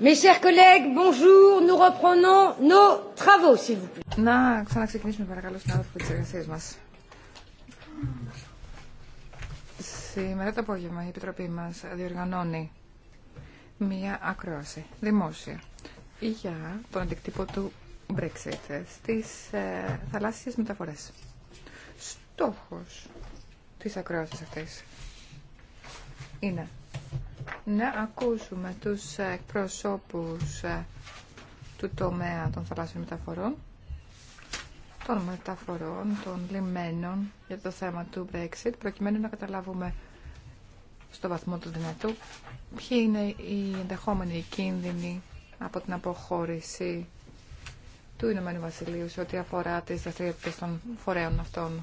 Mes chers collègues, bonjour. Nous reprenons nos travaux, s'il vous plaît. Να ξαναξεκινήσουμε παρακαλώ στην άνθρωπο της εργασίας μας. Σήμερα το απόγευμα η Επιτροπή μας διοργανώνει μία ακρόαση δημόσια για τον αντικτύπο του Brexit στις ε, θαλάσσιες μεταφορές. Στόχος της ακρόασης αυτής είναι να ακούσουμε τους εκπροσώπους ε, του τομέα των θαλάσσιων μεταφορών, των μεταφορών, των λιμένων για το θέμα του Brexit, προκειμένου να καταλάβουμε στο βαθμό του δυνατού ποιοι είναι οι ενδεχόμενοι κίνδυνοι από την αποχώρηση του Ηνωμένου Βασιλείου σε ό,τι αφορά τις δραστηριότητες των φορέων αυτών.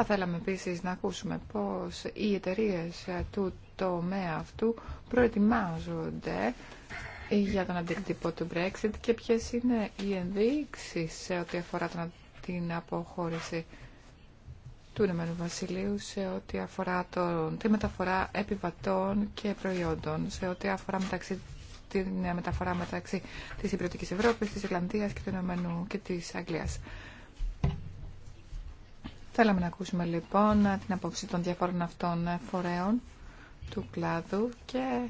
Θα θέλαμε επίσης να ακούσουμε πώς οι εταιρείε του τομέα αυτού προετοιμάζονται για τον αντίκτυπο του Brexit και ποιες είναι οι ενδείξεις σε ό,τι αφορά την αποχώρηση του Ηνωμένου Βασιλείου σε ό,τι αφορά τον τη μεταφορά επιβατών και προϊόντων, σε ό,τι αφορά μεταξύ την μεταφορά μεταξύ της Υπηρετικής Ευρώπης, της Ιρλανδίας και, του Ηνωμένου, και της Αγγλίας. Θέλαμε να ακούσουμε λοιπόν την απόψη των διαφόρων αυτών φορέων του κλάδου και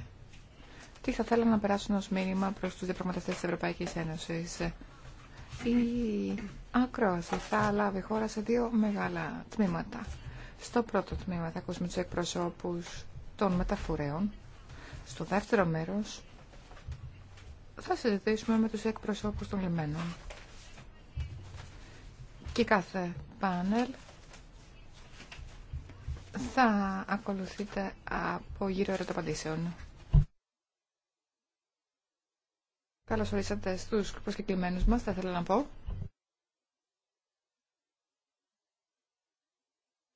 τι θα θέλαμε να περάσουν ως μήνυμα προς τους διαπραγματευτές της Ευρωπαϊκής Ένωσης. Η ακρόαση θα λάβει χώρα σε δύο μεγάλα τμήματα. Στο πρώτο τμήμα θα ακούσουμε τους εκπροσώπους των μεταφορέων. Στο δεύτερο μέρος θα συζητήσουμε με τους εκπροσώπους των λιμένων. Και κάθε πάνελ θα ακολουθείτε από γύρω ερωταπαντήσεων. Καλώς ορίσατε στους προσκεκλημένους μας, θα ήθελα να πω.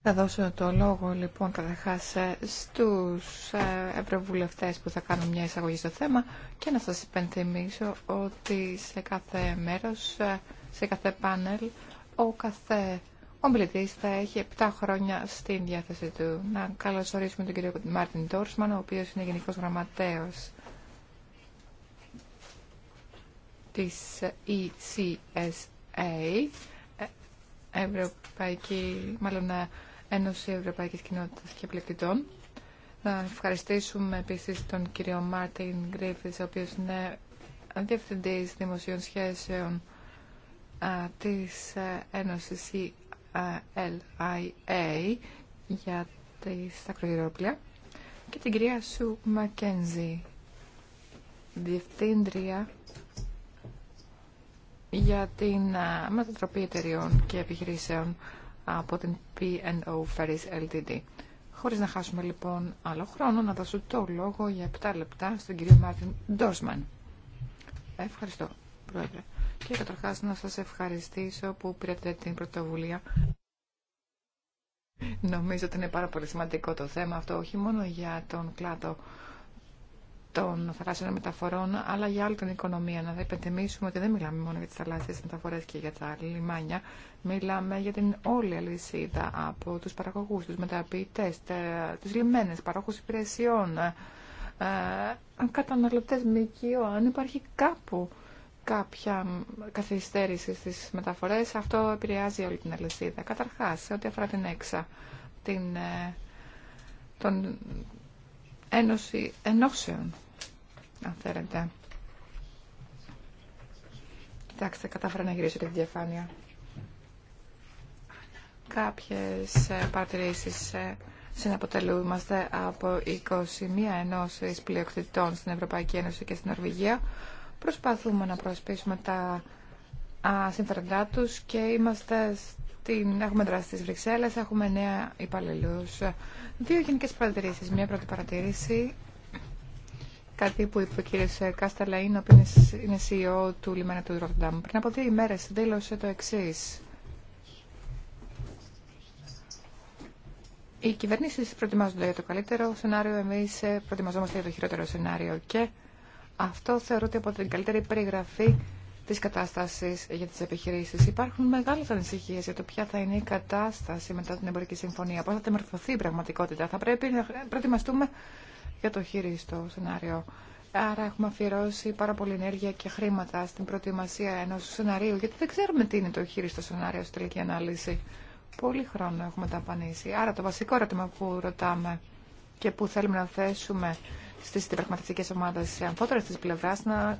Θα δώσω το λόγο λοιπόν καταρχάς ε, στους ε, ευρωβουλευτές που θα κάνουν μια εισαγωγή στο θέμα και να σας υπενθυμίσω ότι σε κάθε μέρος, ε, σε κάθε πάνελ, ο κάθε ο μιλητή θα έχει 7 χρόνια στην διάθεση του. Να καλωσορίσουμε τον κύριο Μάρτιν Τόρσμαν, ο οποίο είναι γενικό γραμματέο τη ECSA, Ευρωπαϊκή, μάλλον Ένωση Ευρωπαϊκή Κοινότητα και Πληκτητών. Να ευχαριστήσουμε επίση τον κύριο Μάρτιν Γκρίφιτ, ο οποίο είναι διευθυντή δημοσίων σχέσεων τη ε, Ένωση LIA για τη ακρογερόπλια και την κυρία Σου Μακένζη, διευθύντρια για την μετατροπή εταιριών και επιχειρήσεων από την P&O Ferries Ltd. Χωρίς να χάσουμε λοιπόν άλλο χρόνο, να δώσω το λόγο για 7 λεπτά στον κύριο Μάρτιν Ντόρσμαν. Ευχαριστώ, Πρόεδρε και καταρχά να σας ευχαριστήσω που πήρατε την πρωτοβουλία. Νομίζω ότι είναι πάρα πολύ σημαντικό το θέμα αυτό, όχι μόνο για τον κλάδο των θαλάσσιων μεταφορών, αλλά για όλη την οικονομία. Να υπενθυμίσουμε ότι δεν μιλάμε μόνο για τις θαλάσσιες μεταφορές και για τα λιμάνια. Μιλάμε για την όλη αλυσίδα από τους παραγωγούς, τους μεταποιητές, τους λιμένες, παρόχους υπηρεσιών, ε, καταναλωτές αν υπάρχει κάπου κάποια καθυστέρηση στις μεταφορές. Αυτό επηρεάζει όλη την αλυσίδα. Καταρχάς, ό,τι αφορά την ΕΞΑ, την, ε, τον Ένωση Ενώσεων, αν θέλετε. Κοιτάξτε, κατάφερα να γυρίσω και τη διαφάνεια. Κάποιες ε, παρατηρήσεις ε, συναποτελούμαστε από 21 ενώσεις πλειοκτητών στην Ευρωπαϊκή Ένωση και στην Νορβηγία Προσπαθούμε να προσπίσουμε τα συμφέροντά του και είμαστε στην... έχουμε δράση στις Βρυξέλλες, έχουμε νέα υπαλληλού. Δύο γενικές παρατηρήσει. Μία πρώτη παρατήρηση, κάτι που είπε ο κ. Κάσταλαΐν, ο οποίο είναι CEO του λιμένα του Ρότερνταμ. Πριν από δύο ημέρε δήλωσε το εξή. Οι κυβερνήσει προετοιμάζονται για το καλύτερο σενάριο, εμεί ε, προετοιμαζόμαστε για το χειρότερο σενάριο. Και αυτό θεωρώ ότι από την καλύτερη περιγραφή της κατάστασης για τις επιχειρήσεις. Υπάρχουν μεγάλες ανησυχίες για το ποια θα είναι η κατάσταση μετά την εμπορική συμφωνία, πώς θα τεμορφωθεί η πραγματικότητα. Θα πρέπει να προετοιμαστούμε για το χειριστό σενάριο. Άρα έχουμε αφιερώσει πάρα πολύ ενέργεια και χρήματα στην προετοιμασία ενός σενάριου, γιατί δεν ξέρουμε τι είναι το χειριστό σενάριο στη τελική ανάλυση. Πολύ χρόνο έχουμε ταπανίσει. Άρα το βασικό ερώτημα που ρωτάμε και που θέλουμε να θέσουμε στις ομάδε ομάδες αμφότερες τη πλευράς να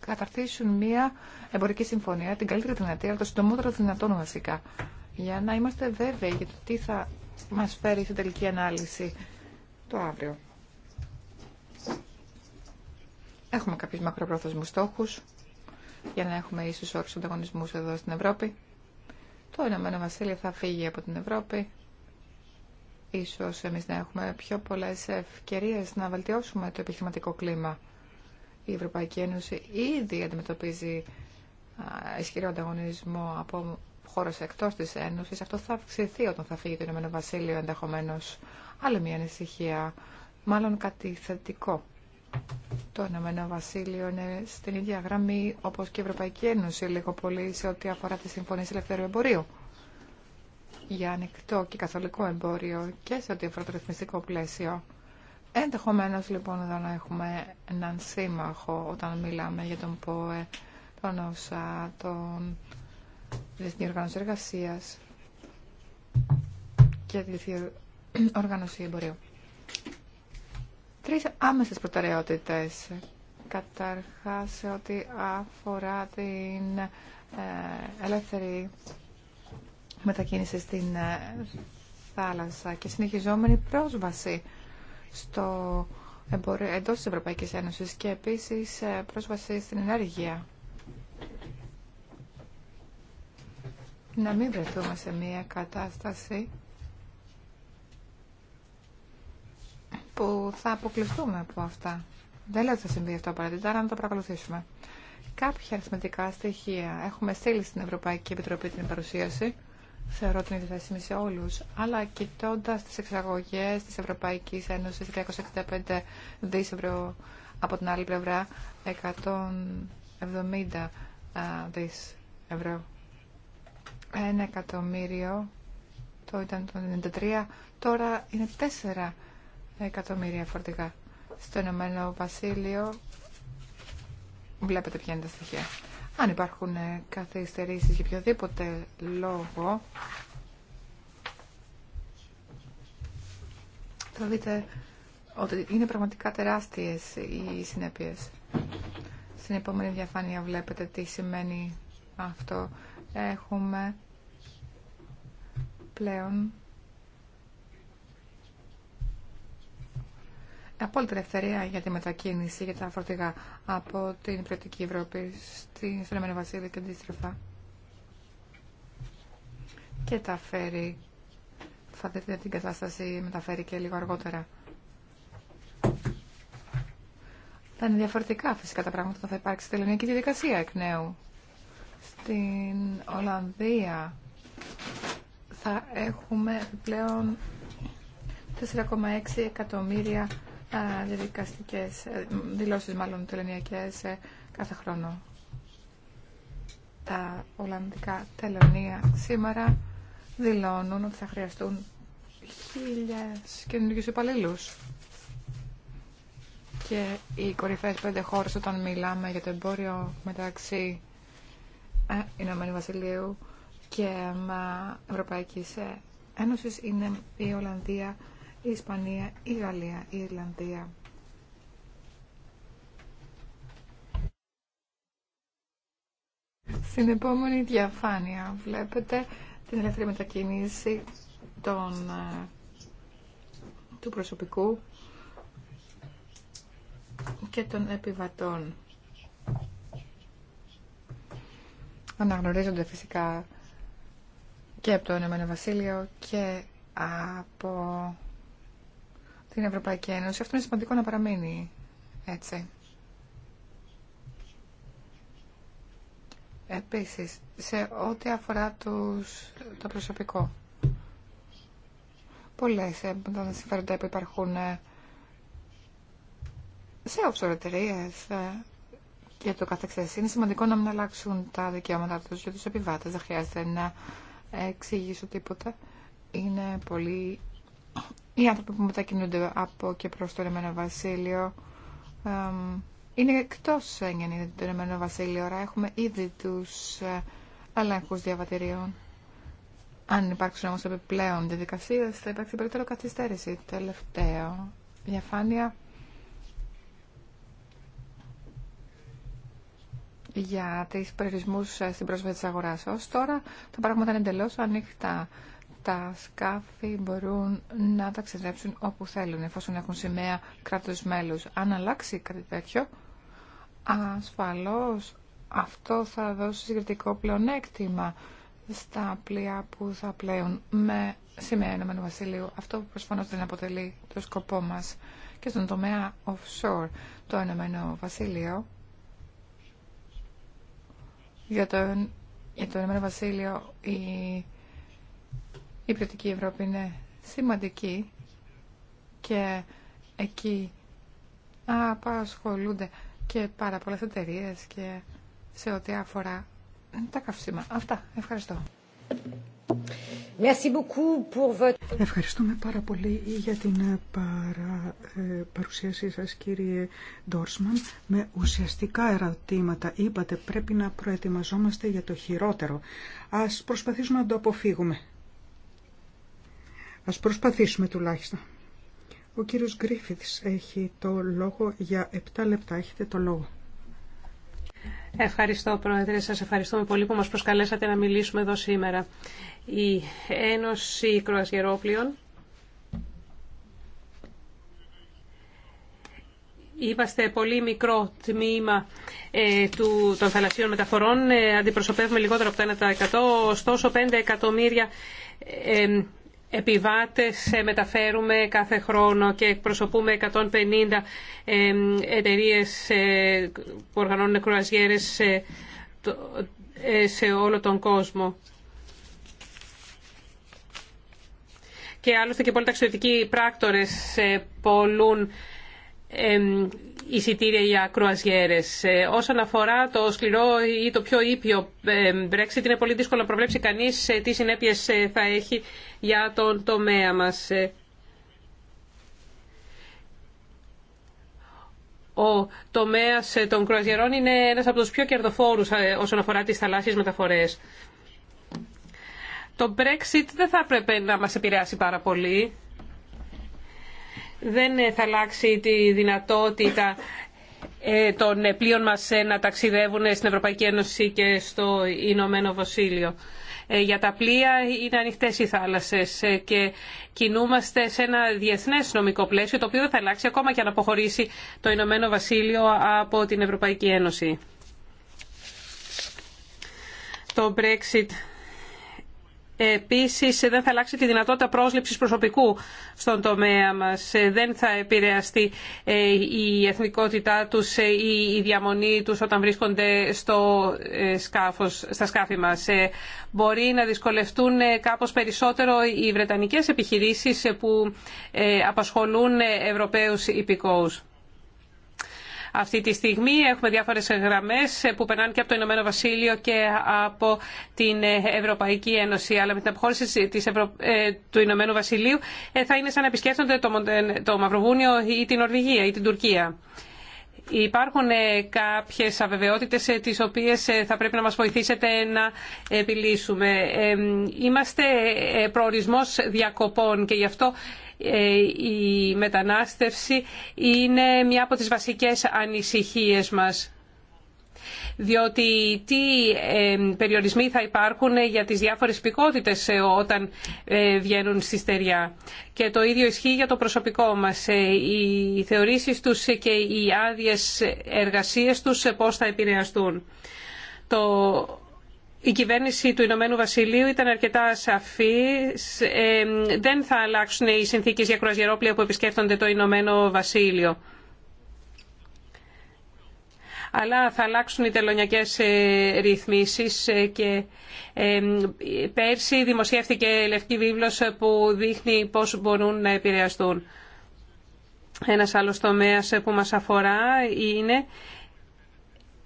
καταρτήσουν μια εμπορική συμφωνία, την καλύτερη δυνατή, αλλά το συντομότερο δυνατόν βασικά, για να είμαστε βέβαιοι για το τι θα μας φέρει στην τελική ανάλυση το αύριο. Έχουμε κάποιου μακροπρόθεσμους στόχους για να έχουμε ίσους όρους ανταγωνισμού εδώ στην Ευρώπη. Το Ηνωμένο Βασίλειο θα φύγει από την Ευρώπη ίσως εμείς να έχουμε πιο πολλές ευκαιρίες να βελτιώσουμε το επιχειρηματικό κλίμα. Η Ευρωπαϊκή Ένωση ήδη αντιμετωπίζει ισχυρό ανταγωνισμό από χώρες εκτός της Ένωσης. Αυτό θα αυξηθεί όταν θα φύγει το Ηνωμένο Βασίλειο ενδεχομένω Άλλη μια ανησυχία, μάλλον κάτι θετικό. Το Ηνωμένο Βασίλειο είναι στην ίδια γραμμή όπως και η Ευρωπαϊκή Ένωση λίγο πολύ σε ό,τι αφορά τις Συμφωνία ελευθερίου εμπορίου για ανοιχτό και καθολικό εμπόριο και σε ό,τι αφορά το ρυθμιστικό πλαίσιο. Ενδεχομένω λοιπόν εδώ να έχουμε έναν σύμμαχο όταν μιλάμε για τον ΠΟΕ, τον ΩΣΑ, τον Διεθνή Οργάνωση Εργασία και τη Διεθνή Οργάνωση Εμπορίου. Τρει άμεσες προτεραιότητες. Καταρχάς σε ό,τι αφορά την ε, ελεύθερη μετακίνηση στην ε, θάλασσα και συνεχιζόμενη πρόσβαση στο τη εντός της Ευρωπαϊκής Ένωσης και επίσης ε, πρόσβαση στην ενέργεια. Να μην βρεθούμε σε μια κατάσταση που θα αποκλειστούμε από αυτά. Δεν λέω ότι θα συμβεί αυτό απαραίτητα, αλλά να το παρακολουθήσουμε. Κάποια αριθμητικά στοιχεία έχουμε στείλει στην Ευρωπαϊκή Επιτροπή την παρουσίαση θεωρώ ότι είναι διαθέσιμη σε όλου, αλλά κοιτώντα τι εξαγωγές τη Ευρωπαϊκή Ένωση, 365 δι ευρώ από την άλλη πλευρά 170 δις ευρώ. Ένα εκατομμύριο, το ήταν το 93, τώρα είναι 4 εκατομμύρια φορτηγά. Στο Ηνωμένο Βασίλειο βλέπετε ποια είναι τα στοιχεία. Αν υπάρχουν ε, καθυστερήσεις για οποιοδήποτε λόγο, θα δείτε ότι είναι πραγματικά τεράστιες οι συνέπειες. Στην επόμενη διαφάνεια βλέπετε τι σημαίνει αυτό. Έχουμε πλέον απόλυτη ελευθερία για τη μετακίνηση για τα φορτηγά από την Πρωτική Ευρώπη στην Ηνωμένο και και αντίστροφα. Και τα φέρει. Θα δείτε την κατάσταση μεταφέρει και λίγο αργότερα. Θα είναι διαφορετικά φυσικά τα πράγματα θα υπάρξει στην ελληνική διαδικασία εκ νέου. Στην Ολλανδία θα έχουμε πλέον 4,6 εκατομμύρια διαδικαστικές ε, δηλώσεις μάλλον τελωνιακές ε, κάθε χρόνο. Τα Ολλανδικά τελωνία σήμερα δηλώνουν ότι θα χρειαστούν χίλιες καινούργιους υπαλλήλου. Και οι κορυφαίες πέντε χώρες όταν μιλάμε για το εμπόριο μεταξύ ε, Ηνωμένου Βασιλείου και ε, Ευρωπαϊκής Ένωσης είναι η Ολλανδία η Ισπανία, η Γαλλία, η Ιρλανδία. Στην επόμενη διαφάνεια βλέπετε την ελεύθερη μετακίνηση των, ε, του προσωπικού και των επιβατών. Αναγνωρίζονται φυσικά και από το Ηνωμένο και από την Ευρωπαϊκή Ένωση. Αυτό είναι σημαντικό να παραμείνει έτσι. Επίσης, σε ό,τι αφορά τους, το προσωπικό. Πολλές συμφέροντα που υπάρχουν ε, σε offshore ε, και το καθεξής. Είναι σημαντικό να μην αλλάξουν τα δικαιώματα τους για τους επιβάτες. Δεν χρειάζεται να εξηγήσω τίποτα. Είναι πολύ οι άνθρωποι που μετακινούνται από και προ το Ηνωμένο Βασίλειο είναι εκτό Σέγγεν το Ηνωμένο Βασίλειο, ώρα έχουμε ήδη του ε, ελέγχου διαβατηρίων. Αν υπάρξουν όμω επιπλέον διαδικασίε, θα υπάρξει περαιτέρω καθυστέρηση. Τελευταίο. Διαφάνεια για τις περιορισμούς ε, στην πρόσβαση της αγοράς. Ως τώρα τα πράγματα είναι εντελώς ανοιχτά τα σκάφη μπορούν να ταξιδέψουν όπου θέλουν, εφόσον έχουν σημαία κράτους μέλους. Αν αλλάξει κάτι τέτοιο, ασφαλώς αυτό θα δώσει συγκριτικό πλεονέκτημα στα πλοία που θα πλέουν με σημαία Ηνωμένου Βασιλείου. Αυτό προσφανώς δεν αποτελεί το σκοπό μας. Και στον τομέα offshore το ενωμένο Βασίλειο για το, για Βασίλειο η η Πρωτική Ευρώπη είναι σημαντική και εκεί απασχολούνται και πάρα πολλέ εταιρείε και σε ό,τι αφορά τα καύσιμα. Αυτά. Ευχαριστώ. Ευχαριστούμε πάρα πολύ για την παρα, ε, παρουσίασή σας κύριε Ντόρσμαν. Με ουσιαστικά ερωτήματα είπατε πρέπει να προετοιμαζόμαστε για το χειρότερο. Ας προσπαθήσουμε να το αποφύγουμε. Ας προσπαθήσουμε τουλάχιστον. Ο κύριος Γκρίφιτς έχει το λόγο για 7 λεπτά. Έχετε το λόγο. Ευχαριστώ, Πρόεδρε. Σας ευχαριστούμε πολύ που μας προσκαλέσατε να μιλήσουμε εδώ σήμερα. Η Ένωση Κροασγερόπλειων Είμαστε πολύ μικρό τμήμα ε, του, των θαλασσίων μεταφορών. Ε, αντιπροσωπεύουμε λιγότερο από το 1%. Ωστόσο, 5 εκατομμύρια ε, επιβάτες ε, μεταφέρουμε κάθε χρόνο και εκπροσωπούμε 150 ε, εταιρείε ε, που οργανώνουν κρουαζιέρες σε όλο τον κόσμο. Και άλλωστε και πολλοί ταξιδιωτικοί πράκτορες πολλούν εισιτήρια για κρουαζιέρες. Ε, όσον αφορά το σκληρό ή το πιο ήπιο ε, Brexit, είναι πολύ δύσκολο να προβλέψει κανείς ε, τι συνέπειες θα έχει για τον τομέα μας. Ο τομέα των κρουαζιερών είναι ένα από του πιο κερδοφόρου όσον αφορά τι θαλάσσιες μεταφορέ. Το Brexit δεν θα έπρεπε να μα επηρεάσει πάρα πολύ δεν ε, θα αλλάξει τη δυνατότητα ε, των ε, πλοίων μας να ταξιδεύουν στην Ευρωπαϊκή Ένωση και στο Ηνωμένο Βασίλειο. Για τα πλοία είναι ανοιχτέ οι θάλασσες και κινούμαστε σε ένα διεθνές νομικό πλαίσιο το οποίο δεν θα αλλάξει ακόμα και αν αποχωρήσει το Ηνωμένο Βασίλειο από την Ευρωπαϊκή Ένωση. Το Brexit Επίσης δεν θα αλλάξει τη δυνατότητα πρόσληψης προσωπικού στον τομέα μας. Δεν θα επηρεαστεί ε, η εθνικότητά τους ή ε, η διαμονή τους όταν βρίσκονται στο ε, σκάφος, στα σκάφη μας. Μπορεί να δυσκολευτούν κάπως περισσότερο οι βρετανικές επιχειρήσεις που απασχολούν Ευρωπαίους υπηκόου. Αυτή τη στιγμή έχουμε διάφορες γραμμέ που περνάνε και από το Ηνωμένο Βασίλειο και από την Ευρωπαϊκή Ένωση. Αλλά με την αποχώρηση ε, του Ηνωμένου Βασιλείου ε, θα είναι σαν να επισκέφτονται το ε, Μαυροβούνιο ή την Ορβηγία ή την Τουρκία. Υπάρχουν κάποιες αβεβαιότητες τις οποίες θα πρέπει να μας βοηθήσετε να επιλύσουμε. Είμαστε προορισμός διακοπών και γι' αυτό ε, η μετανάστευση είναι μια από τις βασικές ανησυχίες μας διότι τι ε, περιορισμοί θα υπάρχουν για τις διάφορες πικότητες ε, όταν βγαίνουν στη στεριά. Και το ίδιο ισχύει για το προσωπικό μας. Οι θεωρήσεις τους και οι άδειες εργασίες τους πώς θα επηρεαστούν. Το η κυβέρνηση του Ηνωμένου Βασιλείου ήταν αρκετά σαφή. Ε, δεν θα αλλάξουν οι συνθήκες για κρουαζιερόπλια που επισκέφτονται το Ηνωμένο Βασίλειο. Αλλά θα αλλάξουν οι τελωνιακέ ε, ρυθμίσεις ε, και πέρσι δημοσιεύτηκε λευκή βίβλος που δείχνει πώς μπορούν να επηρεαστούν. Ένα άλλο τομέα που μας αφορά είναι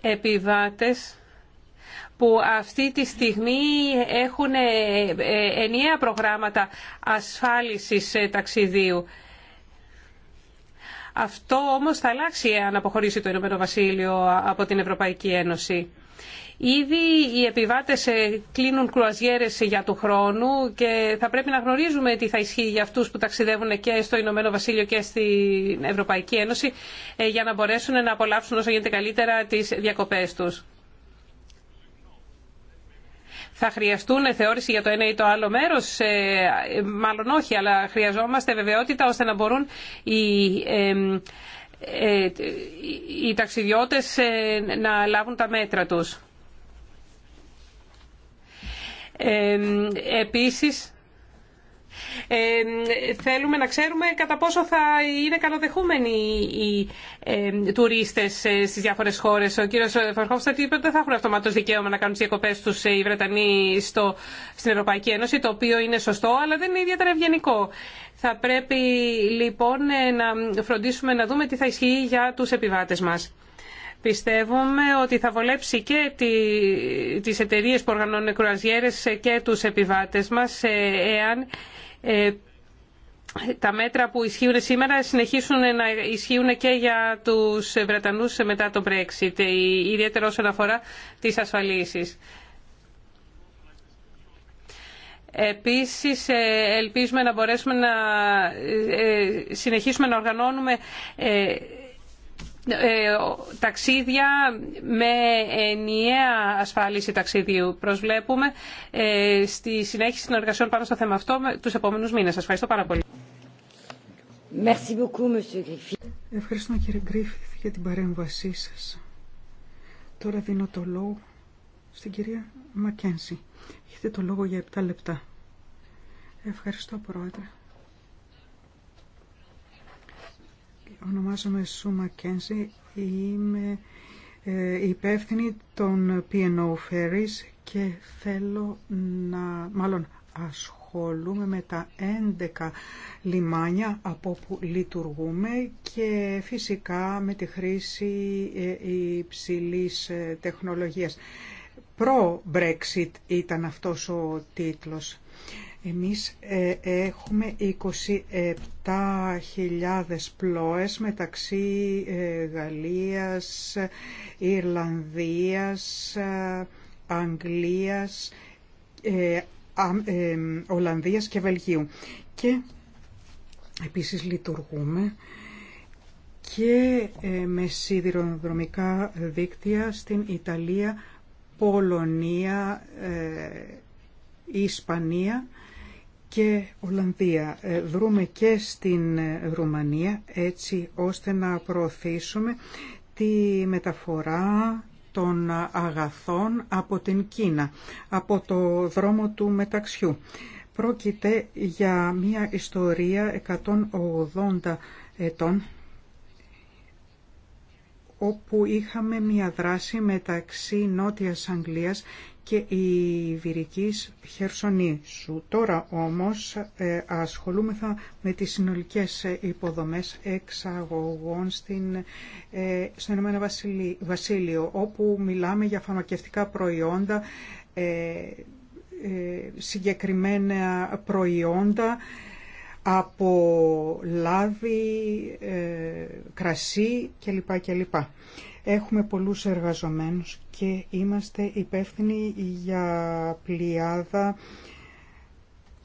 επιβάτες που αυτή τη στιγμή έχουν ε, ε, ενιαία προγράμματα ασφάλισης ε, ταξιδίου. Αυτό όμως θα αλλάξει αν αποχωρήσει το Ηνωμένο Βασίλειο από την Ευρωπαϊκή Ένωση. Ήδη οι επιβάτες κλείνουν κρουαζιέρες για του χρόνου και θα πρέπει να γνωρίζουμε τι θα ισχύει για αυτούς που ταξιδεύουν και στο Ηνωμένο Βασίλειο και στην Ευρωπαϊκή Ένωση για να μπορέσουν να απολαύσουν όσο γίνεται καλύτερα τις διακοπές τους θα χρειαστούν θεώρηση για το ένα ή το άλλο μέρος. Ε, μάλλον όχι, αλλά χρειαζόμαστε βεβαιότητα ώστε να μπορούν οι ε, οι ταξιδιώτες ε, να λάβουν τα μέτρα τους. Επίσης, ε, θέλουμε να ξέρουμε κατά πόσο θα είναι καλοδεχούμενοι οι ε, τουρίστες ε, στι διάφορε χώρε Ο κύριο Φαρχόφστατ είπε ότι δεν θα έχουν αυτομάτως δικαίωμα να κάνουν τις διακοπές τους οι Βρετανοί στο, στην Ευρωπαϊκή Ένωση, το οποίο είναι σωστό, αλλά δεν είναι ιδιαίτερα ευγενικό. Θα πρέπει λοιπόν να φροντίσουμε να δούμε τι θα ισχύει για του επιβάτε μα. Πιστεύουμε ότι θα βολέψει και τις εταιρείες που οργανώνουν κρουαζιέρες και τους επιβάτες μας εάν ε, τα μέτρα που ισχύουν σήμερα συνεχίσουν να ισχύουν και για τους Βρετανούς μετά το Brexit, ε, ιδιαίτερα όσον αφορά τις ασφαλίσεις. Επίσης, ε, ελπίζουμε να μπορέσουμε να συνεχίσουμε να οργανώνουμε ε, ταξίδια με ενιαία ασφάλιση ταξιδιού. Προσβλέπουμε ε, στη συνέχιση των εργασιών πάνω στο θέμα αυτό τους επόμενους μήνες. Σας ευχαριστώ πάρα πολύ. Ευχαριστώ κύριε Γκρίφιθ για την παρέμβασή σας. Τώρα δίνω το λόγο στην κυρία Μακένση. Έχετε το λόγο για 7 λεπτά. Ευχαριστώ πρόεδρε. Ονομάζομαι Σου Μακένζι, είμαι ε, υπεύθυνη των P&O Ferries και θέλω να, μάλλον ασχολούμαι με τα 11 λιμάνια από όπου λειτουργούμε και φυσικά με τη χρήση ε, υψηλής ε, τεχνολογίας. Προ-Brexit ήταν αυτός ο τίτλος. Εμείς ε, έχουμε 27.000 πλώες μεταξύ ε, Γαλλίας, Ιρλανδίας, ε, Αγγλίας, Ολλανδίας και Βελγίου. Και επίσης λειτουργούμε και με σιδηροδρομικά δίκτυα στην Ιταλία, Πολωνία, Ισπανία και Ολλανδία. Δρούμε ε, και στην ε, Ρουμανία έτσι ώστε να προωθήσουμε τη μεταφορά των αγαθών από την Κίνα, από το δρόμο του μεταξιού. Πρόκειται για μια ιστορία 180 ετών όπου είχαμε μια δράση μεταξύ Νότιας Αγγλίας και η Βυρικής Χερσονήσου. Τώρα όμως ε, ασχολούμεθα με τις συνολικές ε, υποδομές εξαγωγών στην, ε, στο Ηνωμένο Βασίλειο, όπου μιλάμε για φαρμακευτικά προϊόντα, ε, συγκεκριμένα προϊόντα, από λάδι, κρασί κλπ. κλπ. Έχουμε πολλούς εργαζομένους και είμαστε υπεύθυνοι για πλειάδα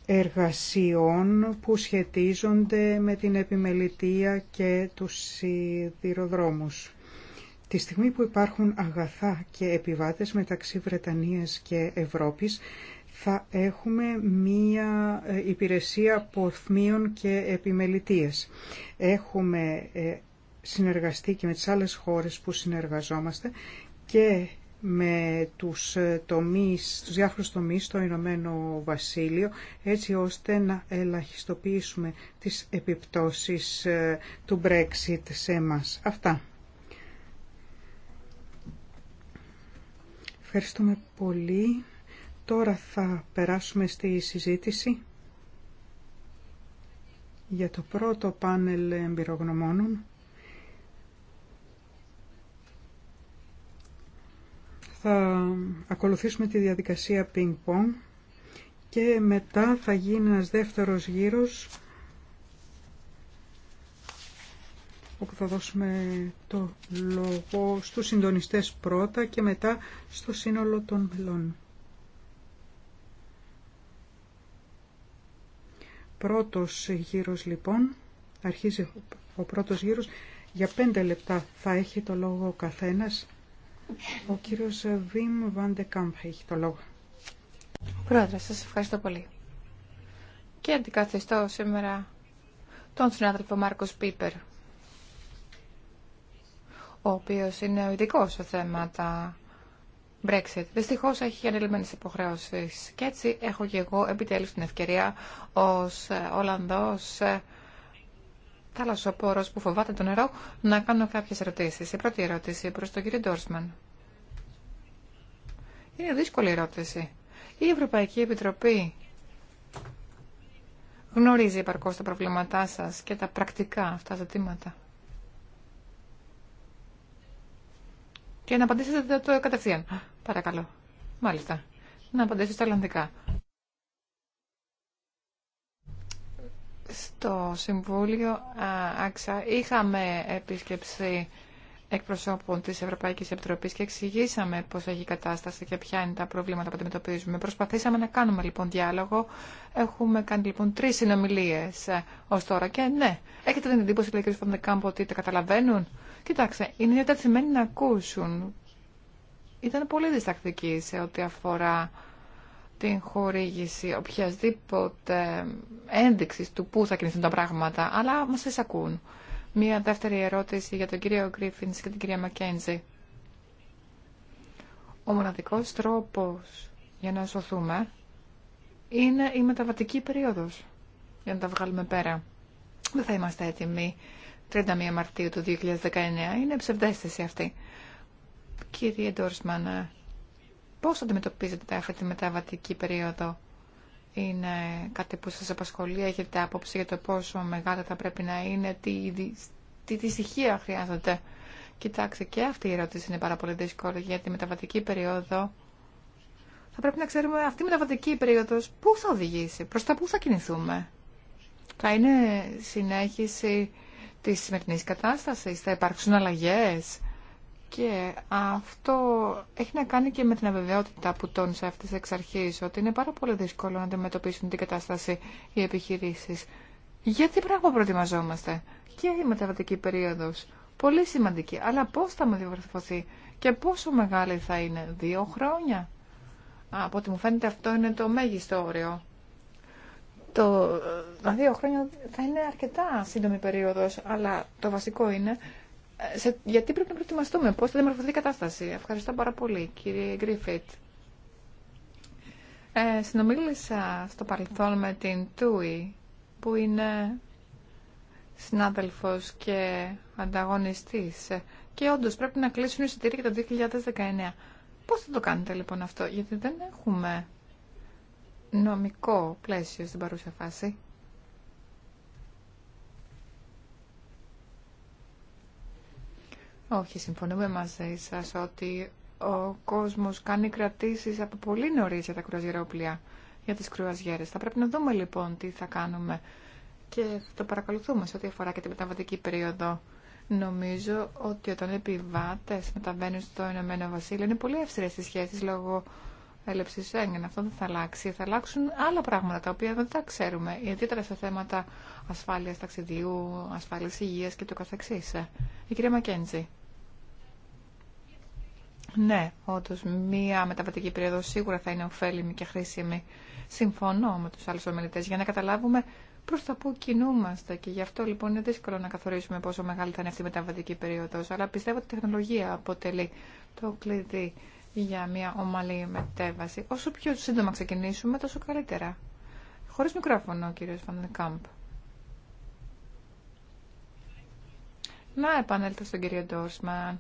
εργασιών που σχετίζονται με την επιμελητία και τους σιδηροδρόμους. Τη στιγμή που υπάρχουν αγαθά και επιβάτες μεταξύ Βρετανίας και Ευρώπης, θα έχουμε μία ε, υπηρεσία ποθμίων και επιμελητίας. Έχουμε ε, συνεργαστεί και με τις άλλες χώρες που συνεργαζόμαστε και με τους, ε, τομείς, τους διάφορους τομείς στο Ηνωμένο Βασίλειο έτσι ώστε να ελαχιστοποιήσουμε τις επιπτώσεις ε, του Brexit σε μας. Αυτά. Ευχαριστούμε πολύ. Τώρα θα περάσουμε στη συζήτηση για το πρώτο πάνελ εμπειρογνωμόνων Θα ακολουθήσουμε τη διαδικασία ping-pong και μετά θα γίνει ένας δεύτερος γύρος όπου θα δώσουμε το λόγο στους συντονιστές πρώτα και μετά στο σύνολο των μελών. Πρώτος γύρος λοιπόν, αρχίζει ο πρώτος γύρος, για πέντε λεπτά θα έχει το λόγο ο καθένας ο κύριος Βίμ Βαντεκάμπ έχει το λόγο. Πρόεδρε, σας ευχαριστώ πολύ. Και αντικαθιστώ σήμερα τον συνάδελφο Μάρκος Πίπερ, ο οποίος είναι ο ειδικό σε θέματα Brexit. Δυστυχώ έχει ανελημμένε υποχρεώσει. Και έτσι έχω και εγώ επιτέλου την ευκαιρία ω Ολλανδό θαλασσοπόρος που φοβάται το νερό να κάνω κάποιες ερωτήσεις. Η πρώτη ερώτηση προς τον κύριο Ντόρσμαν. Είναι δύσκολη ερώτηση. Η Ευρωπαϊκή Επιτροπή γνωρίζει επαρκώς τα προβλήματά σας και τα πρακτικά αυτά ζητήματα. Και να απαντήσετε το κατευθείαν. Παρακαλώ. Μάλιστα. Να απαντήσετε στα Ολλανδικά. στο Συμβούλιο ΑΞΑ είχαμε επίσκεψη εκπροσώπων της Ευρωπαϊκής Επιτροπής και εξηγήσαμε πώς έχει η κατάσταση και ποια είναι τα προβλήματα που αντιμετωπίζουμε. Προσπαθήσαμε να κάνουμε λοιπόν διάλογο. Έχουμε κάνει λοιπόν τρεις συνομιλίες ε, ως τώρα και ναι, έχετε την εντύπωση λέει κ. Φαντεκάμπο ότι τα καταλαβαίνουν. Κοιτάξτε, είναι διατεθειμένοι να ακούσουν. Ήταν πολύ διστακτική σε ό,τι αφορά την χορήγηση οποιασδήποτε ένδειξη... του πού θα κινηθούν τα πράγματα, αλλά μας εισακούν. Μία δεύτερη ερώτηση για τον κύριο Γκρίφιν και την κυρία Μακέντζη. Ο μοναδικός τρόπος για να σωθούμε είναι η μεταβατική περίοδος για να τα βγάλουμε πέρα. Δεν θα είμαστε έτοιμοι 31 Μαρτίου του 2019. Είναι ψευδέστηση αυτή. Κύριε Ντόρσμαν, Πώς αντιμετωπίζετε αυτή τη μεταβατική περίοδο. Είναι κάτι που σας απασχολεί, έχετε άποψη για το πόσο μεγάλα θα πρέπει να είναι, τι, τι, τι στοιχεία χρειάζεται. Κοιτάξτε, και αυτή η ερώτηση είναι πάρα πολύ δύσκολη για τη μεταβατική περίοδο. Θα πρέπει να ξέρουμε αυτή η μεταβατική περίοδο πού θα οδηγήσει, προ τα πού θα κινηθούμε. Θα είναι συνέχιση τη σημερινή κατάσταση. θα υπάρξουν αλλαγέ. Και αυτό έχει να κάνει και με την αβεβαιότητα που τόνισε αυτή εξ αρχή, ότι είναι πάρα πολύ δύσκολο να αντιμετωπίσουν την κατάσταση οι επιχειρήσει. Γιατί πράγμα προετοιμαζόμαστε και η μεταβατική περίοδο. Πολύ σημαντική. Αλλά πώ θα με διαμορφωθεί και πόσο μεγάλη θα είναι, δύο χρόνια. από ό,τι μου φαίνεται αυτό είναι το μέγιστο όριο. Το, ε, δύο χρόνια θα είναι αρκετά σύντομη περίοδος, αλλά το βασικό είναι γιατί πρέπει να προετοιμαστούμε, πώς θα διαμορφωθεί η κατάσταση. Ευχαριστώ πάρα πολύ, κύριε Γκρίφιτ. Ε, συνομίλησα στο παρελθόν με την Τούι, που είναι συνάδελφος και ανταγωνιστής. Και όντω πρέπει να κλείσουν οι εισιτήρια για το 2019. Πώς θα το κάνετε λοιπόν αυτό, γιατί δεν έχουμε νομικό πλαίσιο στην παρούσα φάση. Όχι, συμφωνούμε μαζί ε, σα ότι ο κόσμο κάνει κρατήσει από πολύ νωρί για τα κρουαζιερόπλια, για τι κρουαζιέρε. Θα πρέπει να δούμε λοιπόν τι θα κάνουμε και θα το παρακολουθούμε σε ό,τι αφορά και την μεταβατική περίοδο. Νομίζω ότι όταν οι επιβάτες μεταβαίνουν στο Ηνωμένο Βασίλειο είναι πολύ ευσυρε οι σχέσει λόγω έλευση Σέγγεν. Αυτό δεν θα αλλάξει. Θα αλλάξουν άλλα πράγματα τα οποία δεν τα ξέρουμε. Ιδιαίτερα σε θέματα ασφάλεια ταξιδιού, ασφάλεια υγεία και το καθεξή. Ε, η κυρία Μακέντζη. Ναι, όντω μία μεταβατική περίοδο σίγουρα θα είναι ωφέλιμη και χρήσιμη. Συμφωνώ με του άλλου ομιλητέ για να καταλάβουμε προ τα πού κινούμαστε και γι' αυτό λοιπόν είναι δύσκολο να καθορίσουμε πόσο μεγάλη θα είναι αυτή η μεταβατική περίοδο. Αλλά πιστεύω ότι η τεχνολογία αποτελεί το κλειδί για μια ομαλή μετέβαση. Όσο πιο σύντομα ξεκινήσουμε, τόσο καλύτερα. Χωρί μικρόφωνο, ο κύριο Να επανέλθω στον κύριο Ντόρσμαν.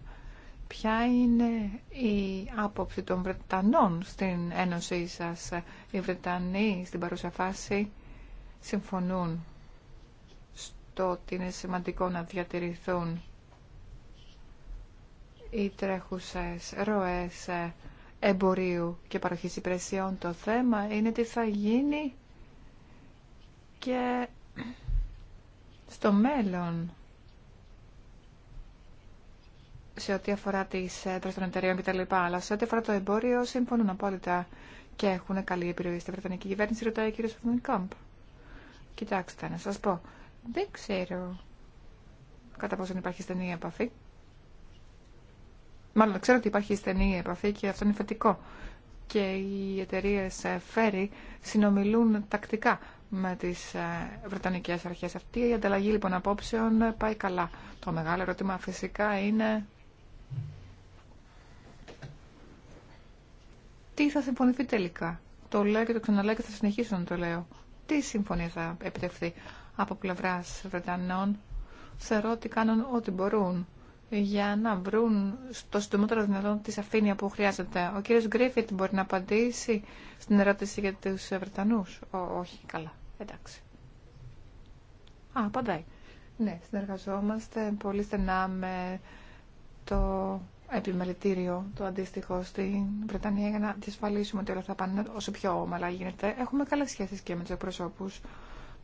Ποια είναι η άποψη των Βρετανών στην ένωσή σας. Οι Βρετανοί στην παρούσα συμφωνούν στο ότι είναι σημαντικό να διατηρηθούν οι τρέχουσες ροές εμπορίου και παροχής υπηρεσιών. Το θέμα είναι τι θα γίνει και στο μέλλον σε ό,τι αφορά τι έδρε των εταιρείων κτλ. Αλλά σε ό,τι αφορά το εμπόριο, συμφωνούν απόλυτα και έχουν καλή επιρροή στη Βρετανική κυβέρνηση, ρωτάει ο κ. Φουμινκόμπ. Κοιτάξτε, να σα πω. Δεν ξέρω κατά πόσο υπάρχει στενή επαφή. Μάλλον ξέρω ότι υπάρχει στενή επαφή και αυτό είναι φετικό. Και οι εταιρείε φέρει συνομιλούν τακτικά με τι ε, Βρετανικέ αρχέ. Αυτή η ανταλλαγή λοιπόν απόψεων ε, πάει καλά. Το μεγάλο ερώτημα φυσικά είναι τι θα συμφωνηθεί τελικά. Το λέω και το ξαναλέω και θα συνεχίσω να το λέω. Τι συμφωνία θα επιτευχθεί από πλευρά Βρετανών. Θεωρώ ότι κάνουν ό,τι μπορούν για να βρουν στο συντομότερο δυνατόν τη σαφήνεια που χρειάζεται. Ο κύριος Γκρίφιτ μπορεί να απαντήσει στην ερώτηση για τους Βρετανούς. όχι, καλά. Εντάξει. Α, απαντάει. Ναι, συνεργαζόμαστε πολύ στενά με το επιμελητήριο το αντίστοιχο στην Βρετανία για να διασφαλίσουμε ότι όλα θα πάνε όσο πιο ομαλά γίνεται. Έχουμε καλέ σχέσει και με του εκπροσώπους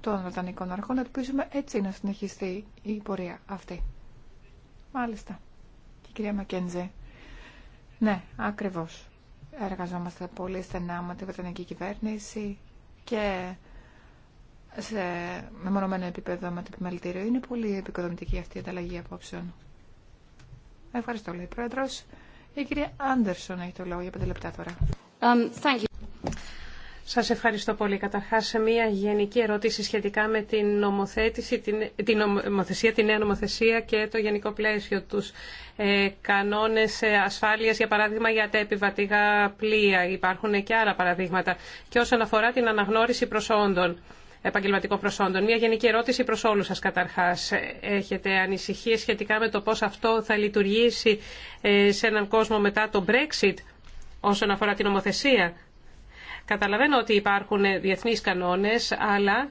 των Βρετανικών Αρχών. να Ελπίζουμε έτσι να συνεχιστεί η πορεία αυτή. Μάλιστα. Και η κυρία Μακέντζε. Ναι, ακριβώ. Εργαζόμαστε πολύ στενά με τη Βρετανική κυβέρνηση και σε μεμονωμένο επίπεδο με το επιμελητήριο. Είναι πολύ επικοδομητική αυτή η ανταλλαγή απόψεων. Ευχαριστώ, λέει πρόεδρο. Η κυρία Άντερσον έχει το λόγο για πέντε λεπτά τώρα. Um, thank you. Σας ευχαριστώ πολύ. Καταρχάς, μια γενική ερώτηση σχετικά με την, νομοθέτηση, την, την νομοθεσία, την νέα νομοθεσία και το γενικό πλαίσιο τους ε, κανόνες ε, ασφάλειας, για παράδειγμα, για τα επιβατικά πλοία. Υπάρχουν και άλλα παραδείγματα. Και όσον αφορά την αναγνώριση προσόντων επαγγελματικών προσόντων. Μια γενική ερώτηση προς όλους σας καταρχάς. Έχετε ανησυχίες σχετικά με το πώς αυτό θα λειτουργήσει ε, σε έναν κόσμο μετά το Brexit όσον αφορά την νομοθεσία. Καταλαβαίνω ότι υπάρχουν διεθνείς κανόνες, αλλά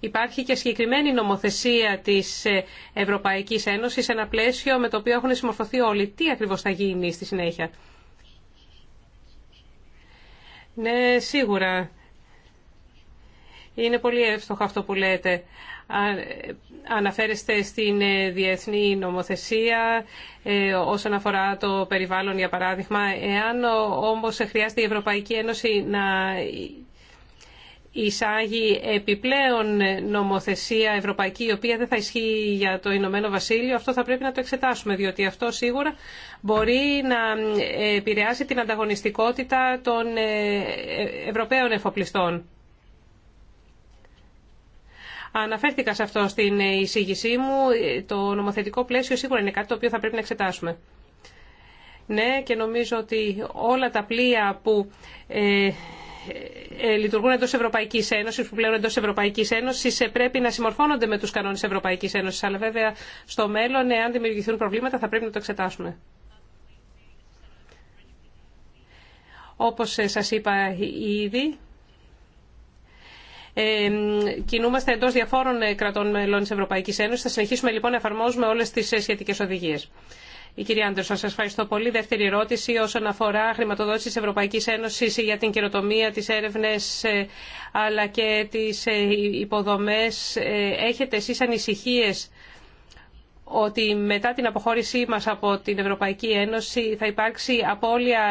υπάρχει και συγκεκριμένη νομοθεσία της ε, Ευρωπαϊκής Ένωσης σε ένα πλαίσιο με το οποίο έχουν συμμορφωθεί όλοι. Τι ακριβώς θα γίνει στη συνέχεια. Ναι, σίγουρα. Είναι πολύ εύστοχο αυτό που λέτε. Αναφέρεστε στην ε, διεθνή νομοθεσία ε, όσον αφορά το περιβάλλον, για παράδειγμα. Εάν όμως χρειάζεται η Ευρωπαϊκή Ένωση να εισάγει επιπλέον νομοθεσία ευρωπαϊκή η οποία δεν θα ισχύει για το Ηνωμένο Βασίλειο αυτό θα πρέπει να το εξετάσουμε διότι αυτό σίγουρα μπορεί να επηρεάσει την ανταγωνιστικότητα των ε, Ευρωπαίων εφοπλιστών. Αναφέρθηκα σε αυτό στην εισήγησή μου. Το νομοθετικό πλαίσιο σίγουρα είναι κάτι το οποίο θα πρέπει να εξετάσουμε. Ναι, και νομίζω ότι όλα τα πλοία που ε, ε, λειτουργούν εντό Ευρωπαϊκή Ένωση, που πλέον εντό Ευρωπαϊκή Ένωση, ε, πρέπει να συμμορφώνονται με του κανόνε Ευρωπαϊκή Ένωση. Αλλά βέβαια στο μέλλον, εάν δημιουργηθούν προβλήματα, θα πρέπει να το εξετάσουμε. Όπως ε, σας είπα ήδη, κινούμαστε εντό διαφόρων ε, κρατών μελών τη Ευρωπαϊκή Ένωση. Θα συνεχίσουμε λοιπόν να εφαρμόζουμε όλες τις ε, σχετικές οδηγίες. Η κυρία Άντερσον, σα ευχαριστώ πολύ. Δεύτερη ερώτηση όσον αφορά χρηματοδότηση τη Ευρωπαϊκή Ένωση για την καιροτομία, τι έρευνε ε, αλλά και τι υποδομέ. Έχετε εσεί ανησυχίε ότι μετά την αποχώρησή μας από την Ευρωπαϊκή Ένωση θα υπάρξει απώλεια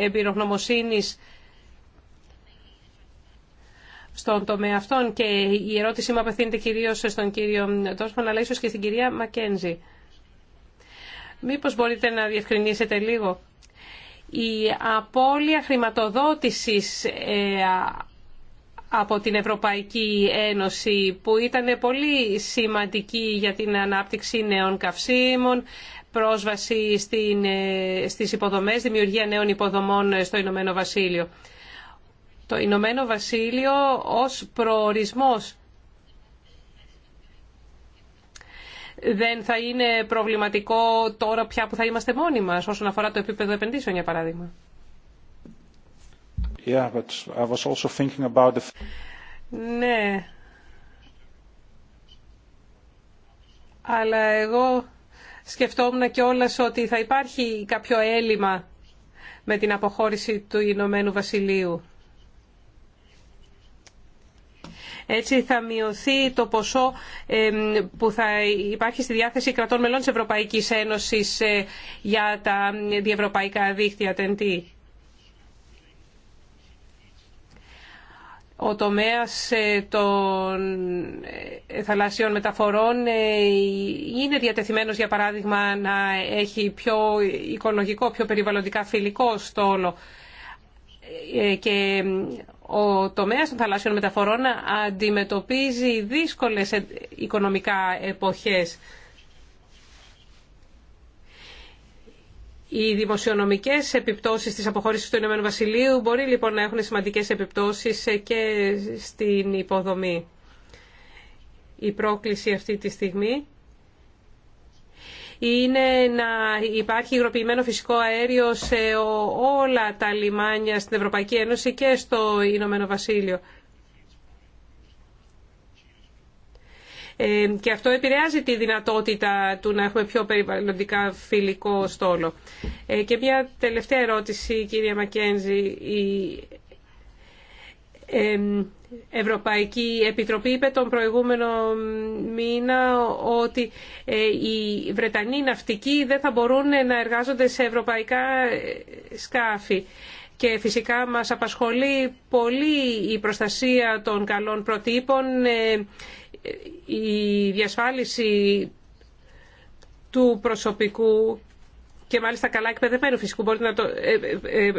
εμπειρογνωμοσύνης στον τομέα αυτών και η ερώτησή μου απευθύνεται κυρίως στον κύριο Τόσμαν αλλά ίσως και στην κυρία Μακένζη. Μήπως μπορείτε να διευκρινίσετε λίγο. Η απώλεια χρηματοδότησης ε, από την Ευρωπαϊκή Ένωση που ήταν πολύ σημαντική για την ανάπτυξη νέων καυσίμων, πρόσβαση στην, ε, στις υποδομές, δημιουργία νέων υποδομών στο Ηνωμένο Βασίλειο το Ηνωμένο Βασίλειο ως προορισμός δεν θα είναι προβληματικό τώρα πια που θα είμαστε μόνοι μας όσον αφορά το επίπεδο επενδύσεων για παράδειγμα. Ναι. Αλλά εγώ σκεφτόμουν και όλας ότι θα υπάρχει κάποιο έλλειμμα με την αποχώρηση του Ηνωμένου Βασιλείου. Έτσι θα μειωθεί το ποσό που θα υπάρχει στη διάθεση κρατών μελών της Ευρωπαϊκής Ένωσης ε, για τα διευρωπαϊκά δίκτυα TNT. ο τομέας ε, των ε, θαλασσιών μεταφορών είναι διατεθειμένος για παράδειγμα να έχει πιο οικολογικό, πιο περιβαλλοντικά φιλικό στόλο και ο τομέας των θαλάσσιων μεταφορών αντιμετωπίζει δύσκολες οικονομικά εποχές. Οι δημοσιονομικές επιπτώσεις της αποχώρησης του Ηνωμένου Βασιλείου μπορεί λοιπόν να έχουν σημαντικές επιπτώσεις και στην υποδομή. Η πρόκληση αυτή τη στιγμή είναι να υπάρχει υγροποιημένο φυσικό αέριο σε όλα τα λιμάνια στην Ευρωπαϊκή Ένωση και στο Ηνωμένο Βασίλειο. Ε, και αυτό επηρεάζει τη δυνατότητα του να έχουμε πιο περιβαλλοντικά φιλικό στόλο. Ε, και μια τελευταία ερώτηση, κυρία Μακένζη. Ε, Ευρωπαϊκή Επιτροπή είπε τον προηγούμενο μήνα ότι ε, οι Βρετανοί ναυτικοί δεν θα μπορούν να εργάζονται σε ευρωπαϊκά ε, σκάφη. Και φυσικά μας απασχολεί πολύ η προστασία των καλών προτύπων, ε, η διασφάλιση του προσωπικού και μάλιστα καλά εκπαιδευμένου φυσικού μπορεί να το, ε, ε, ε,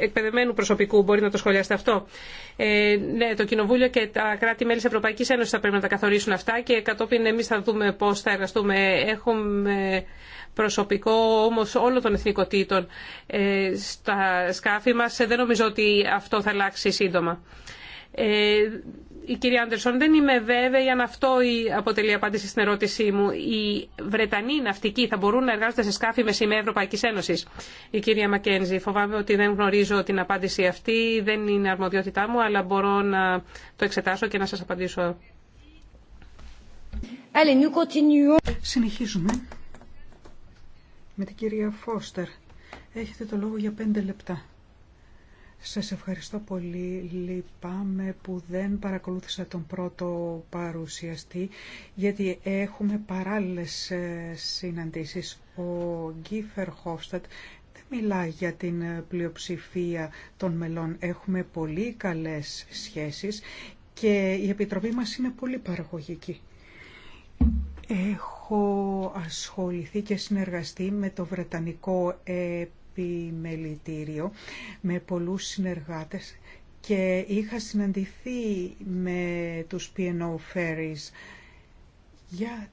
εκπαιδευμένου προσωπικού μπορεί να το σχολιάσετε αυτό. ναι, το Κοινοβούλιο και τα κράτη-μέλη της Ευρωπαϊκής Ένωσης θα πρέπει να τα καθορίσουν αυτά και κατόπιν εμεί θα δούμε πώ θα εργαστούμε. Έχουμε προσωπικό όμω όλων των εθνικοτήτων ε, στα σκάφη μας. Δεν νομίζω ότι αυτό θα αλλάξει σύντομα. Ε, η κυρία Άντερσον, δεν είμαι βέβαιη αν αυτό η αποτελεί απάντηση στην ερώτησή μου. Οι Βρετανοί ναυτικοί θα μπορούν να εργάζονται σε σκάφη με σημαία Ευρωπαϊκή Ένωση. Η κυρία Μακένζη, φοβάμαι ότι δεν γνωρίζω την απάντηση αυτή. Δεν είναι αρμοδιότητά μου, αλλά μπορώ να το εξετάσω και να σα απαντήσω. Συνεχίζουμε με την κυρία Φώστερ. Έχετε το λόγο για πέντε λεπτά. Σας ευχαριστώ πολύ. Λυπάμαι που δεν παρακολούθησα τον πρώτο παρουσιαστή, γιατί έχουμε παράλληλες ε, συναντήσεις. Ο Γκίφερ Χόφστατ δεν μιλάει για την ε, πλειοψηφία των μελών. Έχουμε πολύ καλές σχέσεις και η Επιτροπή μας είναι πολύ παραγωγική. Έχω ασχοληθεί και συνεργαστεί με το Βρετανικό Επιτροπή επιμελητήριο με πολλούς συνεργάτες και είχα συναντηθεί με τους P&O Ferries για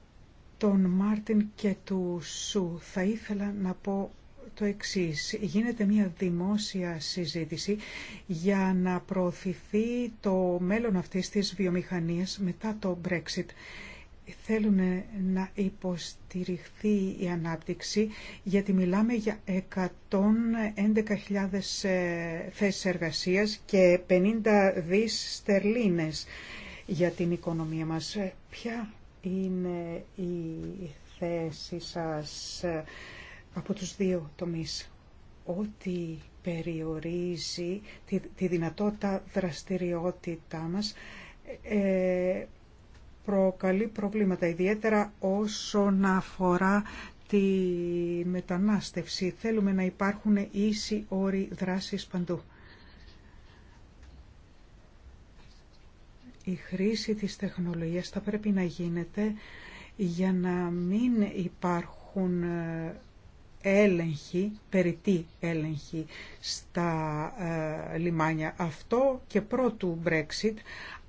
τον Μάρτιν και του Σου. Θα ήθελα να πω το εξής. Γίνεται μια δημόσια συζήτηση για να προωθηθεί το μέλλον αυτής της βιομηχανίας μετά το Brexit θέλουν να υποστηριχθεί η ανάπτυξη γιατί μιλάμε για 111.000 ε, θέσεις εργασίας και 50 δις στερλίνες για την οικονομία μας. Ε, ποια είναι η θέση σας ε, από τους δύο τομείς. Ό,τι περιορίζει τη, δυνατότητα δραστηριότητά μας προκαλεί προβλήματα, ιδιαίτερα όσον αφορά τη μετανάστευση. Θέλουμε να υπάρχουν ίσοι όροι δράσης παντού. Η χρήση της τεχνολογίας θα πρέπει να γίνεται για να μην υπάρχουν ε, έλεγχοι, περιττή έλεγχοι στα ε, λιμάνια. Αυτό και πρώτου Brexit,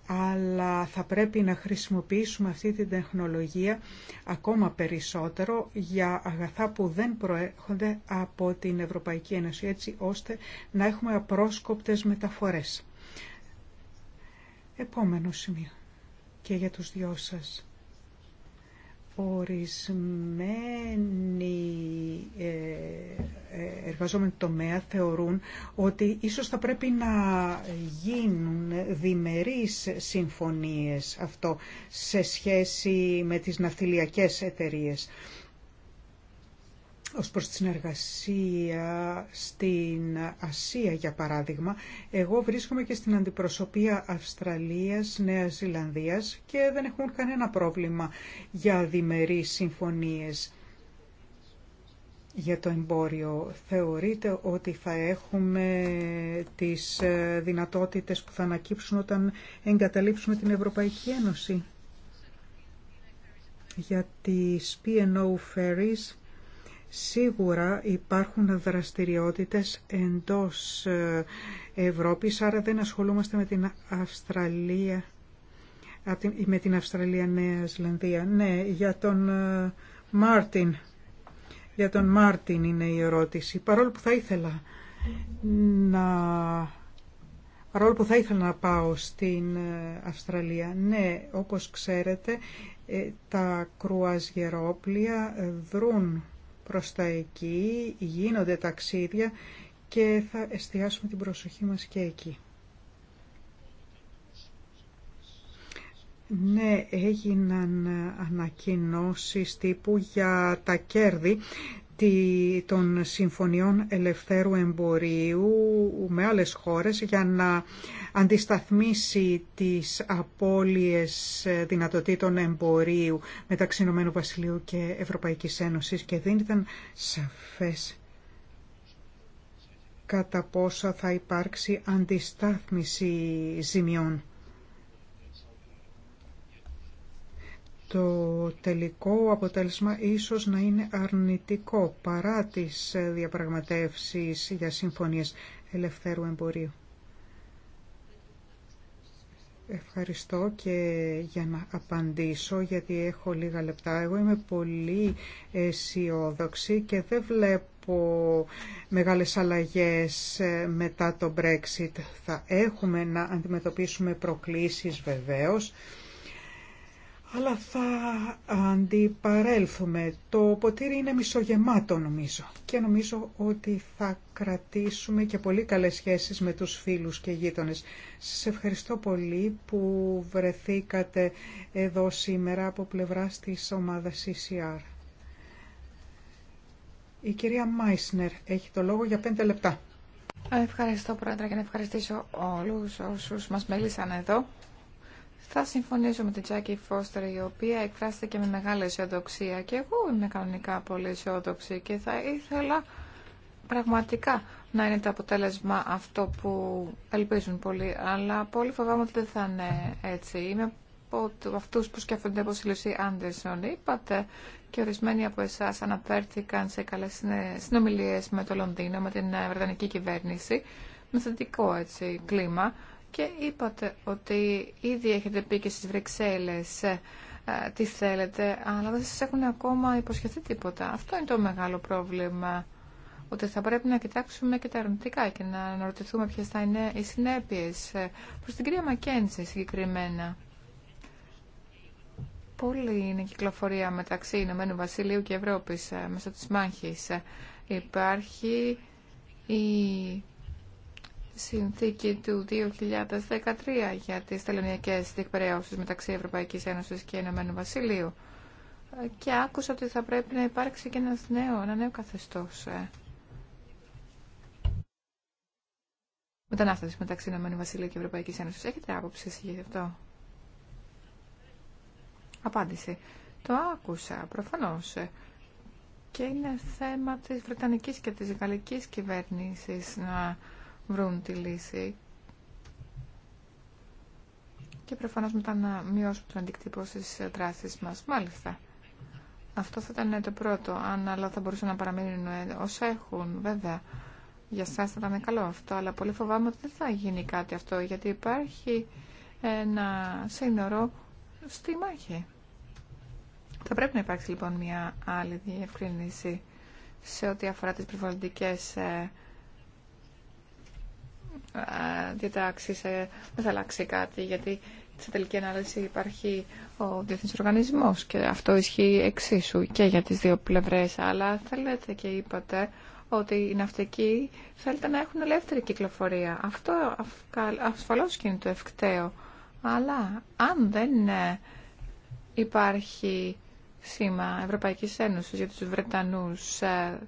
αλλά θα πρέπει να χρησιμοποιήσουμε αυτή την τεχνολογία ακόμα περισσότερο για αγαθά που δεν προέρχονται από την Ευρωπαϊκή Ένωση, έτσι ώστε να έχουμε απρόσκοπτες μεταφορές. Επόμενο σημείο και για τους δυο σας. Ορισμένοι ε, ε, εργαζόμενοι τομέα θεωρούν ότι ίσως θα πρέπει να γίνουν διμερείς συμφωνίες αυτό σε σχέση με τις ναυτιλιακές εταιρείες. Ως προς τη συνεργασία στην Ασία, για παράδειγμα, εγώ βρίσκομαι και στην αντιπροσωπεία Αυστραλίας, Νέας Ζηλανδίας και δεν έχουν κανένα πρόβλημα για διμερείς συμφωνίες για το εμπόριο. Θεωρείτε ότι θα έχουμε τις ε, δυνατότητες που θα ανακύψουν όταν εγκαταλείψουμε την Ευρωπαϊκή Ένωση για τις P&O Ferries Σίγουρα υπάρχουν δραστηριότητες εντός ε, Ευρώπης, άρα δεν ασχολούμαστε με την Αυστραλία, με την Αυστραλία Νέα Ζηλανδία. Ναι, για τον ε, Μάρτιν. Για τον Μάρτιν είναι η ερώτηση. Παρόλο που θα ήθελα να... Παρόλο που θα ήθελα να πάω στην ε, Αυστραλία, ναι, όπως ξέρετε, τα κρουαζιερόπλια δρούν προς τα εκεί, γίνονται ταξίδια και θα εστιάσουμε την προσοχή μας και εκεί. Ναι, έγιναν ανακοινώσεις τύπου για τα κέρδη των συμφωνιών ελευθέρου εμπορίου με άλλες χώρες για να αντισταθμίσει τις απώλειες δυνατοτήτων εμπορίου μεταξύ Ηνωμένου Βασιλείου και Ευρωπαϊκής Ένωσης και δεν ήταν σαφές κατά πόσο θα υπάρξει αντιστάθμιση ζημιών. το τελικό αποτέλεσμα ίσως να είναι αρνητικό παρά τις διαπραγματεύσεις για συμφωνίες ελευθέρου εμπορίου. Ευχαριστώ και για να απαντήσω γιατί έχω λίγα λεπτά. Εγώ είμαι πολύ αισιόδοξη και δεν βλέπω μεγάλες αλλαγές μετά το Brexit. Θα έχουμε να αντιμετωπίσουμε προκλήσεις βεβαίως αλλά θα αντιπαρέλθουμε. Το ποτήρι είναι μισογεμάτο νομίζω και νομίζω ότι θα κρατήσουμε και πολύ καλές σχέσεις με τους φίλους και γείτονες. Σας ευχαριστώ πολύ που βρεθήκατε εδώ σήμερα από πλευρά της ομάδας CCR. Η κυρία Μάισνερ έχει το λόγο για πέντε λεπτά. Ευχαριστώ Πρόεδρε και να ευχαριστήσω όλους όσους μας μέλησαν εδώ. Θα συμφωνήσω με την Τζάκη Φώστερ, η οποία εκφράστηκε με μεγάλη αισιοδοξία και εγώ είμαι κανονικά πολύ αισιοδοξή και θα ήθελα πραγματικά να είναι το αποτέλεσμα αυτό που ελπίζουν πολύ αλλά πολύ φοβάμαι ότι δεν θα είναι έτσι. Είμαι από αυτούς που σκέφτονται όπως η Λουσί Άντερσον. Είπατε και ορισμένοι από εσάς αναφέρθηκαν σε καλές συνομιλίες με το Λονδίνο, με την Βρετανική κυβέρνηση, με θετικό κλίμα και είπατε ότι ήδη έχετε πει και στις Βρυξέλλες ε, τι θέλετε, αλλά δεν σας έχουν ακόμα υποσχεθεί τίποτα. Αυτό είναι το μεγάλο πρόβλημα, ότι θα πρέπει να κοιτάξουμε και τα αρνητικά και να αναρωτηθούμε ποιες θα είναι οι συνέπειες. Ε, προς την κυρία Μακέντζη συγκεκριμένα. Πολύ είναι η κυκλοφορία μεταξύ Ηνωμένου Βασιλείου και Ευρώπης ε, μέσα της μάχης. Υπάρχει η συνθήκη του 2013 για τις τελωνιακές διεκπαιρεώσεις μεταξύ Ευρωπαϊκής Ένωσης και Ηνωμένου Βασιλείου και άκουσα ότι θα πρέπει να υπάρξει και ένας νέο, ένα νέο καθεστώς ε, μετανάστευση μεταξύ Ηνωμένου Βασιλείου και Ευρωπαϊκής Ένωσης. Έχετε άποψη εσύ γι' αυτό. Απάντηση. Το άκουσα, προφανώς. Ε, και είναι θέμα της Βρετανικής και της Γαλλικής κυβέρνησης να βρουν τη λύση και προφανώ μετά να μειώσουμε τον αντικτύπο στι δράσει μα. Μάλιστα. Αυτό θα ήταν το πρώτο, αν αλλά θα μπορούσαν να παραμείνουν όσα έχουν, βέβαια. Για εσά θα ήταν καλό αυτό, αλλά πολύ φοβάμαι ότι δεν θα γίνει κάτι αυτό, γιατί υπάρχει ένα σύνορο στη μάχη. Θα πρέπει να υπάρξει λοιπόν μια άλλη διευκρίνηση σε ό,τι αφορά τις ε, διατάξεις ε, δεν θα αλλάξει κάτι γιατί σε τελική ανάλυση υπάρχει ο διεθνής οργανισμός και αυτό ισχύει εξίσου και για τις δύο πλευρές αλλά θέλετε και είπατε ότι οι ναυτικοί θέλετε να έχουν ελεύθερη κυκλοφορία. Αυτό ασφαλώς και είναι το ευκταίο. Αλλά αν δεν ε, υπάρχει σήμα Ευρωπαϊκής Ένωσης για τους Βρετανούς ε,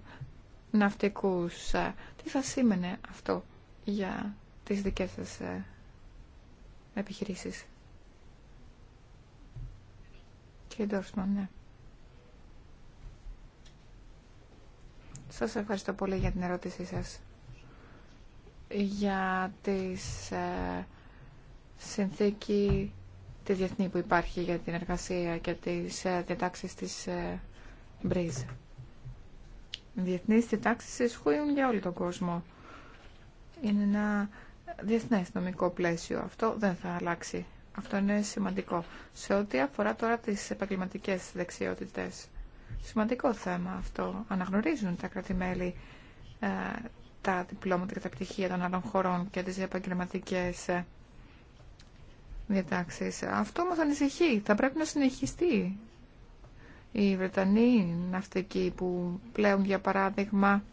ναυτικούς, τι θα σήμαινε αυτό για τις δικές σας ε, επιχειρήσεις. Και Σας ευχαριστώ πολύ για την ερώτησή σας. Για τις ε, συνθήκη τη διεθνή που υπάρχει για την εργασία και τις ε, διατάξεις της ε, Μπρίζ. Διεθνείς διατάξεις ισχύουν για όλο τον κόσμο είναι ένα διεθνές νομικό πλαίσιο. Αυτό δεν θα αλλάξει. Αυτό είναι σημαντικό. Σε ό,τι αφορά τώρα τις επαγγελματικές δεξιότητες. Σημαντικό θέμα αυτό. Αναγνωρίζουν τα κρατημέλη ε, τα διπλώματα και τα πτυχία των άλλων χωρών και τις επαγγελματικές ε, διατάξεις. Αυτό μας ανησυχεί. Θα πρέπει να συνεχιστεί. Οι Βρετανοί ναυτικοί που πλέον για παράδειγμα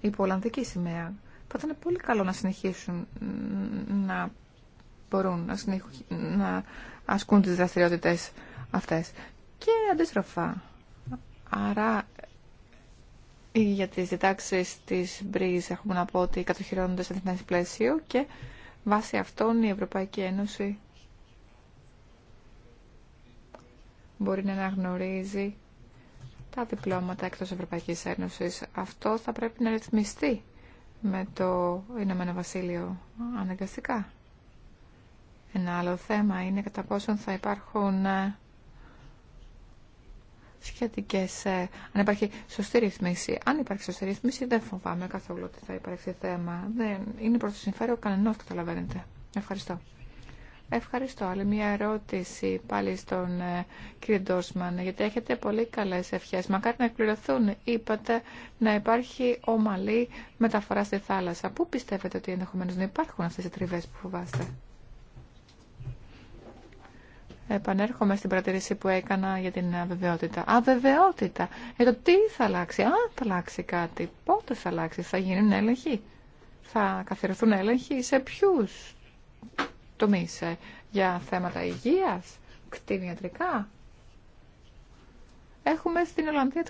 υπό Ολλανδική σημαία. Θα ήταν πολύ καλό να συνεχίσουν να μπορούν να, να ασκούν τις δραστηριότητες αυτές. Και αντίστροφα. Άρα ε, για τις διτάξεις της Μπρίζ έχουμε να πω ότι κατοχυρώνονται σε διεθνές πλαίσιο και βάσει αυτών η Ευρωπαϊκή Ένωση μπορεί να αναγνωρίζει τα διπλώματα εκτός Ευρωπαϊκής Ένωσης. Αυτό θα πρέπει να ρυθμιστεί με το Ηνωμένο Βασίλειο αναγκαστικά. Ένα άλλο θέμα είναι κατά πόσον θα υπάρχουν ε, σχετικές, ε, αν υπάρχει σωστή ρυθμίση. Αν υπάρχει σωστή ρυθμίση δεν φοβάμαι καθόλου ότι θα υπάρξει θέμα. Δεν είναι προς το συμφέρον κανενός, καταλαβαίνετε. Ευχαριστώ. Ευχαριστώ. Άλλη μια ερώτηση πάλι στον ε, κύριο Ντόσμαν, γιατί έχετε πολύ καλές ευχές. Μακάρι να εκπληρωθούν, είπατε, να υπάρχει ομαλή μεταφορά στη θάλασσα. Πού πιστεύετε ότι ενδεχομένως να υπάρχουν αυτές οι τριβές που φοβάστε. ενδεχομενω να στην παρατηρήση που έκανα για την αβεβαιότητα. Αβεβαιότητα. Για ε, το τι θα αλλάξει, αν θα αλλάξει κάτι, πότε θα αλλάξει, θα γίνουν έλεγχοι, θα καθιερωθούν έλεγχοι, σε ποιου τομείς ε, για θέματα υγείας, κτηνιατρικά. Έχουμε στην Ολλανδία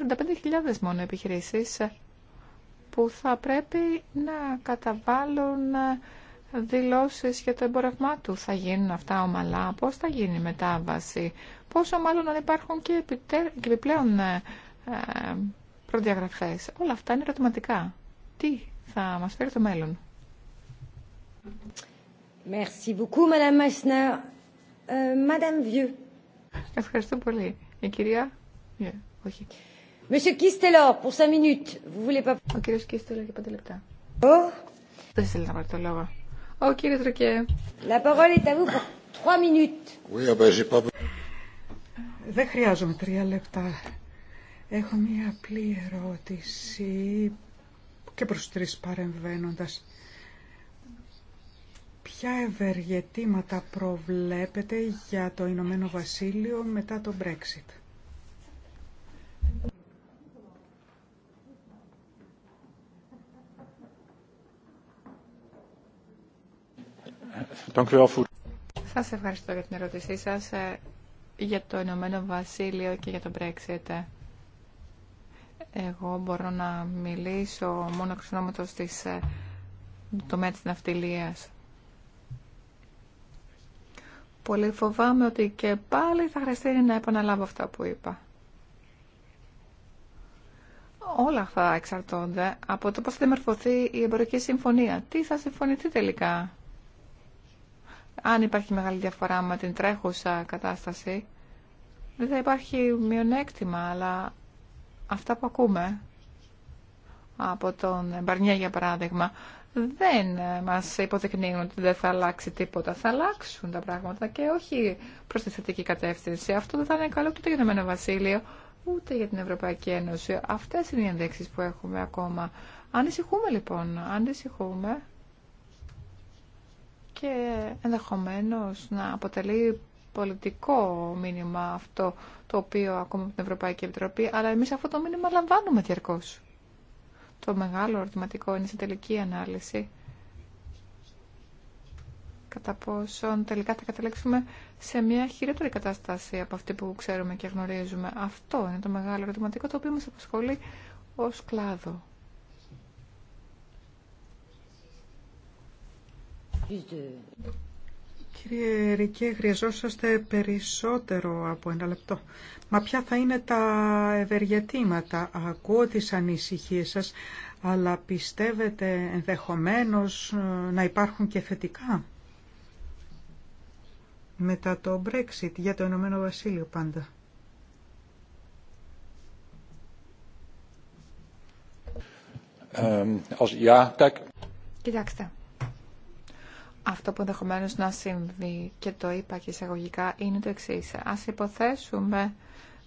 35.000 μόνο επιχειρήσεις ε, που θα πρέπει να καταβάλουν ε, δηλώσεις για το εμπορευμά του. Θα γίνουν αυτά ομαλά, πώς θα γίνει η μετάβαση, πόσο μάλλον αν υπάρχουν και επιπλέον προδιαγραφές. Όλα αυτά είναι ερωτηματικά. Τι θα μας φέρει το μέλλον. Merci beaucoup, Madame Meissner. Euh, Madame Vieux. Ευχαριστώ πολύ. Η κυρία... Yeah, ναι, όχι. Monsieur Kistelor, pour 5 minutes. Vous voulez pas... Ο κύριος Κίστελο για 5 λεπτά. Oh. Δεν θέλει να πάρει το λόγο. Ο κύριε Ροκέ. La parole est à vous pour 3 minutes. Oui, ah ben, j'ai pas... Δεν χρειάζομαι τρία λεπτά. Έχω μία απλή ερώτηση και προς τρεις παρεμβαίνοντας. Ποια ευεργετήματα προβλέπετε για το Ηνωμένο Βασίλειο μετά το Brexit. Σα ευχαριστώ για την ερώτησή σα ε, για το Ηνωμένο Βασίλειο και για το Brexit. Ε. Εγώ μπορώ να μιλήσω μόνο εξ ονόματος της ε, τομέα της ναυτιλίας. Πολύ φοβάμαι ότι και πάλι θα χρειαστεί να επαναλάβω αυτά που είπα. Όλα αυτά εξαρτώνται από το πώς θα δημορφωθεί η εμπορική συμφωνία. Τι θα συμφωνηθεί τελικά. Αν υπάρχει μεγάλη διαφορά με την τρέχουσα κατάσταση, δεν θα υπάρχει μειονέκτημα, αλλά αυτά που ακούμε από τον Μπαρνιέ για παράδειγμα, δεν ε, μας υποδεικνύουν ότι δεν θα αλλάξει τίποτα. Θα αλλάξουν τα πράγματα και όχι προς τη θετική κατεύθυνση. Αυτό δεν θα είναι καλό ούτε για το Βασίλειο, ούτε για την Ευρωπαϊκή Ένωση. Αυτές είναι οι ενδείξεις που έχουμε ακόμα. Ανησυχούμε λοιπόν, ανησυχούμε και ενδεχομένως να αποτελεί πολιτικό μήνυμα αυτό το οποίο ακούμε από την Ευρωπαϊκή Επιτροπή, αλλά εμείς αυτό το μήνυμα λαμβάνουμε διαρκώς. Το μεγάλο ερωτηματικό είναι στην τελική ανάλυση κατά πόσον τελικά θα καταλήξουμε σε μια χειρότερη κατάσταση από αυτή που ξέρουμε και γνωρίζουμε. Αυτό είναι το μεγάλο ερωτηματικό το οποίο μας απασχολεί ως κλάδο. Κύριε Ρικέ, χρειαζόσαστε περισσότερο από ένα λεπτό. Μα ποια θα είναι τα ευεργετήματα. Ακούω τις ανησυχίες σας, αλλά πιστεύετε ενδεχομένως ε, να υπάρχουν και θετικά. Μετά το Brexit για το Ηνωμένο Βασίλειο πάντα. Κοιτάξτε, αυτό που ενδεχομένω να συμβεί και το είπα και εισαγωγικά είναι το εξή. Α υποθέσουμε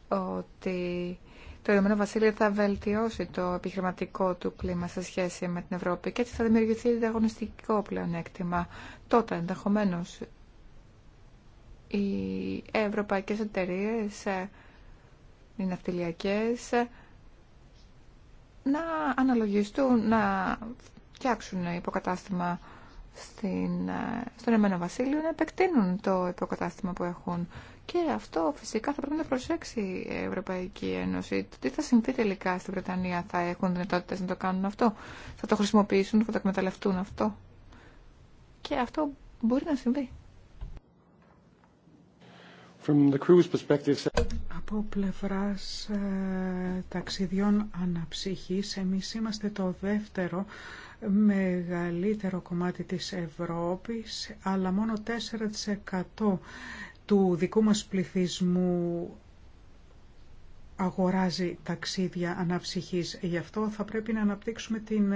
ότι το Ηνωμένο Βασίλειο θα βελτιώσει το επιχειρηματικό του κλίμα σε σχέση με την Ευρώπη και έτσι θα δημιουργηθεί διαγωνιστικό πλεονέκτημα. Τότε ενδεχομένω οι ευρωπαϊκέ εταιρείε, οι ναυτιλιακέ, να αναλογιστούν, να φτιάξουν υποκατάστημα στην, ε, στον Εμένο Βασίλειο να επεκτείνουν το υποκατάστημα που έχουν. Και αυτό φυσικά θα πρέπει να προσέξει η Ευρωπαϊκή Ένωση. Τι θα συμβεί τελικά στην Βρετανία, θα έχουν δυνατότητε να το κάνουν αυτό, θα το χρησιμοποιήσουν, θα το εκμεταλλευτούν αυτό. Και αυτό μπορεί να συμβεί. From the perspective... Από πλευρά ε, ταξιδιών αναψύχη, εμεί είμαστε το δεύτερο μεγαλύτερο κομμάτι της Ευρώπης, αλλά μόνο 4% του δικού μας πληθυσμού αγοράζει ταξίδια αναψυχής. Γι' αυτό θα πρέπει να αναπτύξουμε την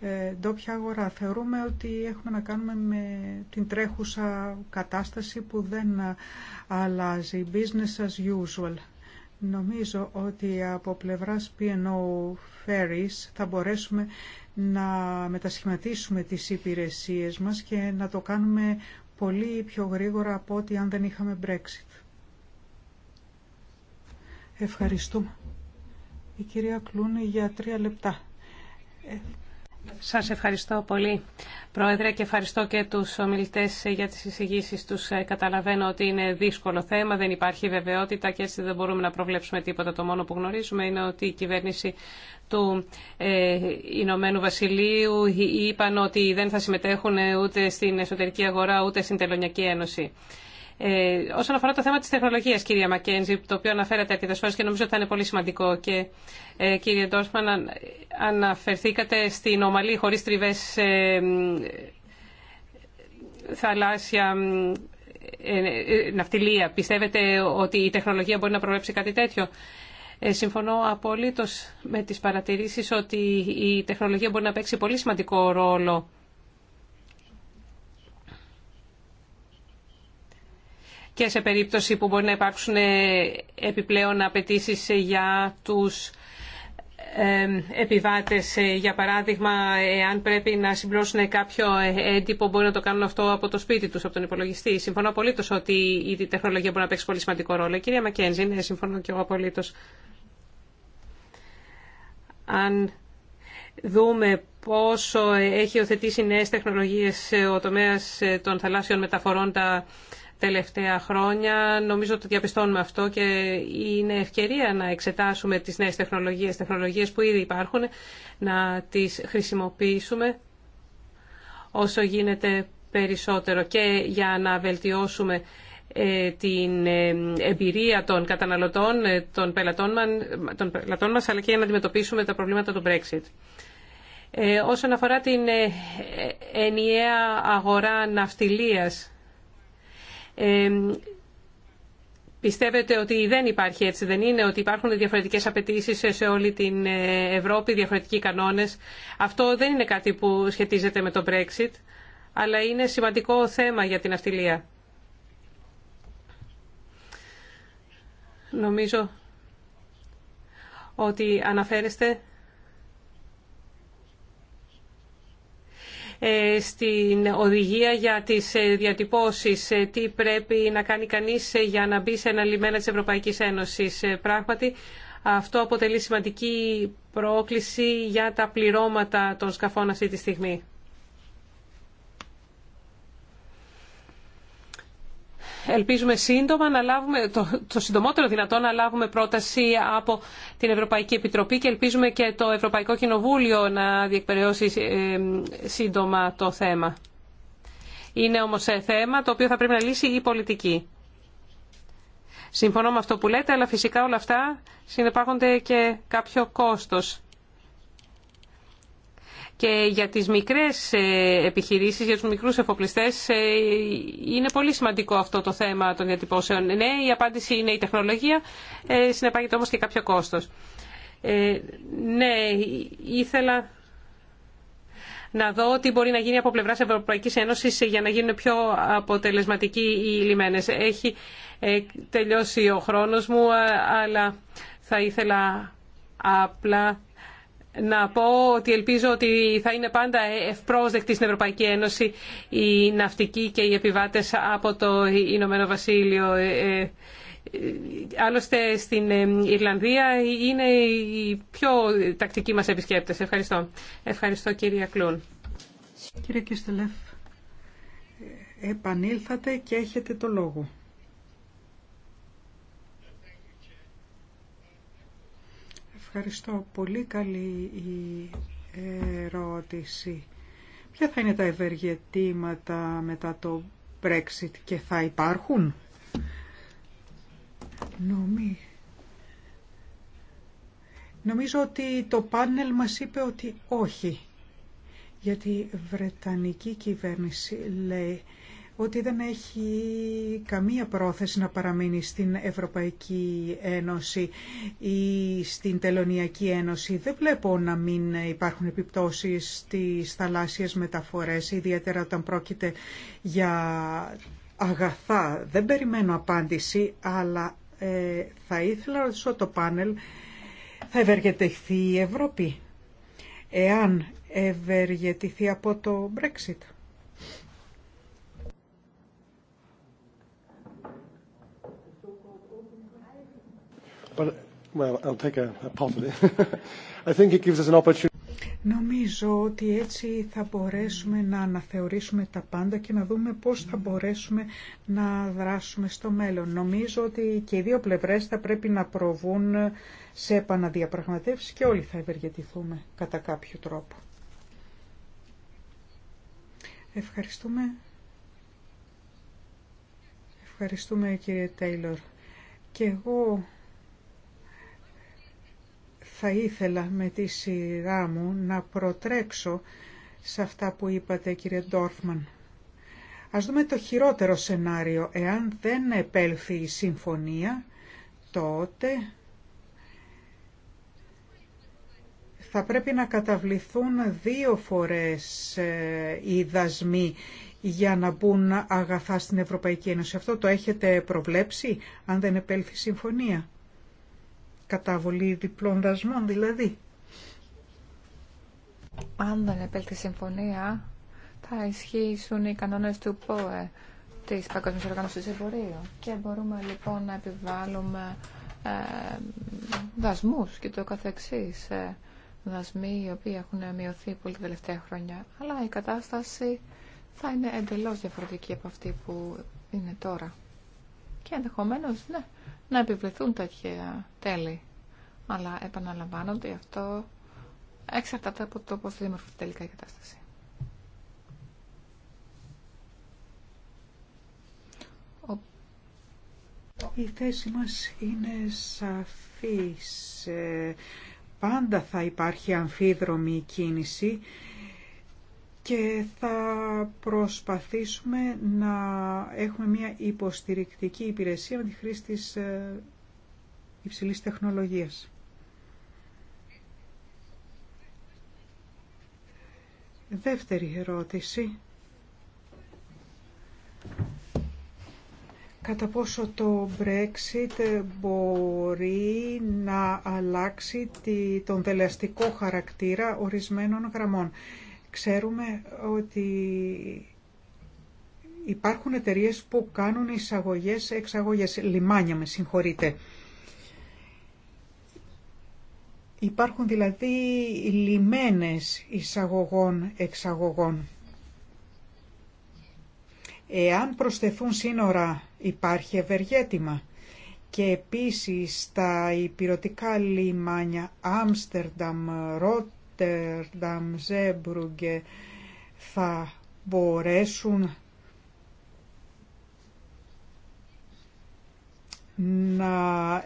ε, ντόπια αγορά. Θεωρούμε ότι έχουμε να κάνουμε με την τρέχουσα κατάσταση που δεν αλλάζει. Business as usual. Νομίζω ότι από πλευράς P&O Ferries θα μπορέσουμε να μετασχηματίσουμε τις υπηρεσίες μας και να το κάνουμε πολύ πιο γρήγορα από ό,τι αν δεν είχαμε Brexit. Ευχαριστούμε. Η κυρία Κλούνη για τρία λεπτά. Ε, σας ευχαριστώ πολύ, Πρόεδρε, και ευχαριστώ και τους ομιλητές για τις εισηγήσεις τους. Ε, καταλαβαίνω ότι είναι δύσκολο θέμα, δεν υπάρχει βεβαιότητα και έτσι δεν μπορούμε να προβλέψουμε τίποτα. Το μόνο που γνωρίζουμε είναι ότι η κυβέρνηση του ε, Ηνωμένου Βασιλείου είπαν ότι δεν θα συμμετέχουν ε, ούτε στην εσωτερική αγορά ούτε στην Τελωνιακή Ένωση. Ε, όσον αφορά το θέμα της τεχνολογίας, κυρία Μακένζη, το οποίο αναφέρατε αρκετές φορές και νομίζω ότι θα είναι πολύ σημαντικό και ε, κύριε Ντόρφμαν, αναφερθήκατε στην ομαλή χωρί τριβέ ε, θαλάσσια ε, ε, ναυτιλία. Πιστεύετε ότι η τεχνολογία μπορεί να προβλέψει κάτι τέτοιο. Ε, συμφωνώ απολύτως με τις παρατηρήσεις ότι η τεχνολογία μπορεί να παίξει πολύ σημαντικό ρόλο και σε περίπτωση που μπορεί να υπάρξουν ε, επιπλέον απαιτήσει για τους ε, επιβάτες. Ε, για παράδειγμα, εάν πρέπει να συμπληρώσουν κάποιο έντυπο, μπορεί να το κάνουν αυτό από το σπίτι τους, από τον υπολογιστή. Συμφωνώ απολύτως ότι η τεχνολογία μπορεί να παίξει πολύ σημαντικό ρόλο. Κυρία Μακένζη, ναι, συμφωνώ και εγώ απολύτως. Αν δούμε πόσο έχει οθετήσει νέες τεχνολογίες ο τομέας των θαλάσσιων μεταφορών τα τελευταία χρόνια. Νομίζω ότι διαπιστώνουμε αυτό και είναι ευκαιρία να εξετάσουμε τις νέες τεχνολογίες, τεχνολογίες που ήδη υπάρχουν, να τις χρησιμοποιήσουμε όσο γίνεται περισσότερο και για να βελτιώσουμε ε, την ε, εμπειρία των καταναλωτών, ε, των πελατών, των μας, αλλά και για να αντιμετωπίσουμε τα προβλήματα του Brexit. Ε, όσον αφορά την ενιαία αγορά ναυτιλίας, Πιστεύετε ότι δεν υπάρχει έτσι, δεν είναι, ότι υπάρχουν διαφορετικές απαιτήσεις σε όλη την ε, Ευρώπη, διαφορετικοί κανόνες. Αυτό δεν είναι κάτι που σχετίζεται με το Brexit, αλλά είναι σημαντικό θέμα για την αυτιλία. Νομίζω ότι αναφέρεστε Ε, στην οδηγία για τις ε, διατυπώσεις, ε, τι πρέπει να κάνει κανείς για να μπει σε ένα λιμένα της Ευρωπαϊκής Ένωσης. Πράγματι, αυτό αποτελεί σημαντική πρόκληση για τα πληρώματα των σκαφών αυτή τη στιγμή. ελπίζουμε σύντομα να λάβουμε, το, το συντομότερο δυνατό να λάβουμε πρόταση από την Ευρωπαϊκή Επιτροπή και ελπίζουμε και το Ευρωπαϊκό Κοινοβούλιο να διεκπαιρεώσει ε, σύντομα το θέμα. Είναι όμως ε, θέμα το οποίο θα πρέπει να λύσει η πολιτική. Συμφωνώ με αυτό που λέτε, αλλά φυσικά όλα αυτά συνεπάγονται και κάποιο κόστος και για τις μικρές ε, επιχειρήσεις, για τους μικρούς εφοπλιστές ε, είναι πολύ σημαντικό αυτό το θέμα των διατυπώσεων. Ναι, η απάντηση είναι η τεχνολογία, ε, συνεπάγεται όμως και κάποιο κόστος. Ναι, ήθελα να δω τι μπορεί να γίνει από πλευράς Ευρωπαϊκής Ένωσης για να γίνουν πιο αποτελεσματικοί οι λιμένες. Έχει τελειώσει ο χρόνος μου, αλλά θα ήθελα απλά να πω ότι ελπίζω ότι θα είναι πάντα ευπρόσδεκτοι στην Ευρωπαϊκή Ένωση οι ναυτικοί και οι επιβάτες από το Ηνωμένο Βασίλειο. Ε, ε, άλλωστε στην ε, Ιρλανδία είναι οι πιο τακτική μας επισκέπτες. Ευχαριστώ. Ευχαριστώ κύριε Κλούν. Κύριε Κιστελεφ, επανήλθατε και έχετε το λόγο. Ευχαριστώ. Πολύ καλή η ερώτηση. Ποια θα είναι τα ευεργετήματα μετά το Brexit και θα υπάρχουν. Νομίζω. Νομίζω ότι το πάνελ μας είπε ότι όχι. Γιατί η Βρετανική κυβέρνηση λέει ότι δεν έχει καμία πρόθεση να παραμείνει στην Ευρωπαϊκή Ένωση ή στην Τελωνιακή Ένωση. Δεν βλέπω να μην υπάρχουν επιπτώσεις στις θαλάσσιες μεταφορές, ιδιαίτερα όταν πρόκειται για αγαθά. Δεν περιμένω απάντηση, αλλά ε, θα ήθελα να ρωτήσω το πάνελ, θα ευεργετηθεί η Ευρώπη εάν ευεργετηθεί από το Brexit. Νομίζω ότι έτσι θα μπορέσουμε να αναθεωρήσουμε τα πάντα και να δούμε πώς θα μπορέσουμε να δράσουμε στο μέλλον. Νομίζω ότι και οι δύο πλευρές θα πρέπει να προβούν σε επαναδιαπραγματεύσεις και όλοι θα ευεργετηθούμε κατά κάποιο τρόπο. Ευχαριστούμε. Ευχαριστούμε κύριε Τέιλορ. Και εγώ θα ήθελα με τη σειρά μου να προτρέξω σε αυτά που είπατε κύριε Ντόρφμαν. Ας δούμε το χειρότερο σενάριο. Εάν δεν επέλθει η συμφωνία, τότε θα πρέπει να καταβληθούν δύο φορές ε, οι δασμοί για να μπουν αγαθά στην Ευρωπαϊκή Ένωση. Αυτό το έχετε προβλέψει αν δεν επέλθει η συμφωνία καταβολή διπλών δασμών δηλαδή. Αν δεν επέλθει συμφωνία, θα ισχύσουν οι κανόνες του ΠΟΕ, της Παγκόσμιας Οργάνωσης Εμπορίου. Και μπορούμε λοιπόν να επιβάλλουμε ε, δασμούς και το καθεξής. Ε, δασμοί οι οποίοι έχουν μειωθεί πολύ τα τελευταία χρόνια. Αλλά η κατάσταση θα είναι εντελώς διαφορετική από αυτή που είναι τώρα. Και ενδεχομένως, ναι, να επιβληθούν τέτοια τέλη. Αλλά επαναλαμβάνονται ότι αυτό εξαρτάται από το πώς θα τελικά η κατάσταση. Η θέση μας είναι σαφής. Ε, πάντα θα υπάρχει αμφίδρομη κίνηση και θα προσπαθήσουμε να έχουμε μια υποστηρικτική υπηρεσία με τη χρήση της ε, υψηλής τεχνολογίας. Δεύτερη ερώτηση. Κατά πόσο το Brexit μπορεί να αλλάξει τον δελεαστικό χαρακτήρα ορισμένων γραμμών. Ξέρουμε ότι υπάρχουν εταιρείε που κάνουν εισαγωγές, εξαγωγές, λιμάνια με συγχωρείτε. Υπάρχουν δηλαδή λιμένες εισαγωγών, εξαγωγών. Εάν προσθεθούν σύνορα υπάρχει ευεργέτημα και επίσης τα υπηρετικά λιμάνια Άμστερνταμ, Ρότ, Ρότερνταμ, Ζέμπρουγκε θα μπορέσουν να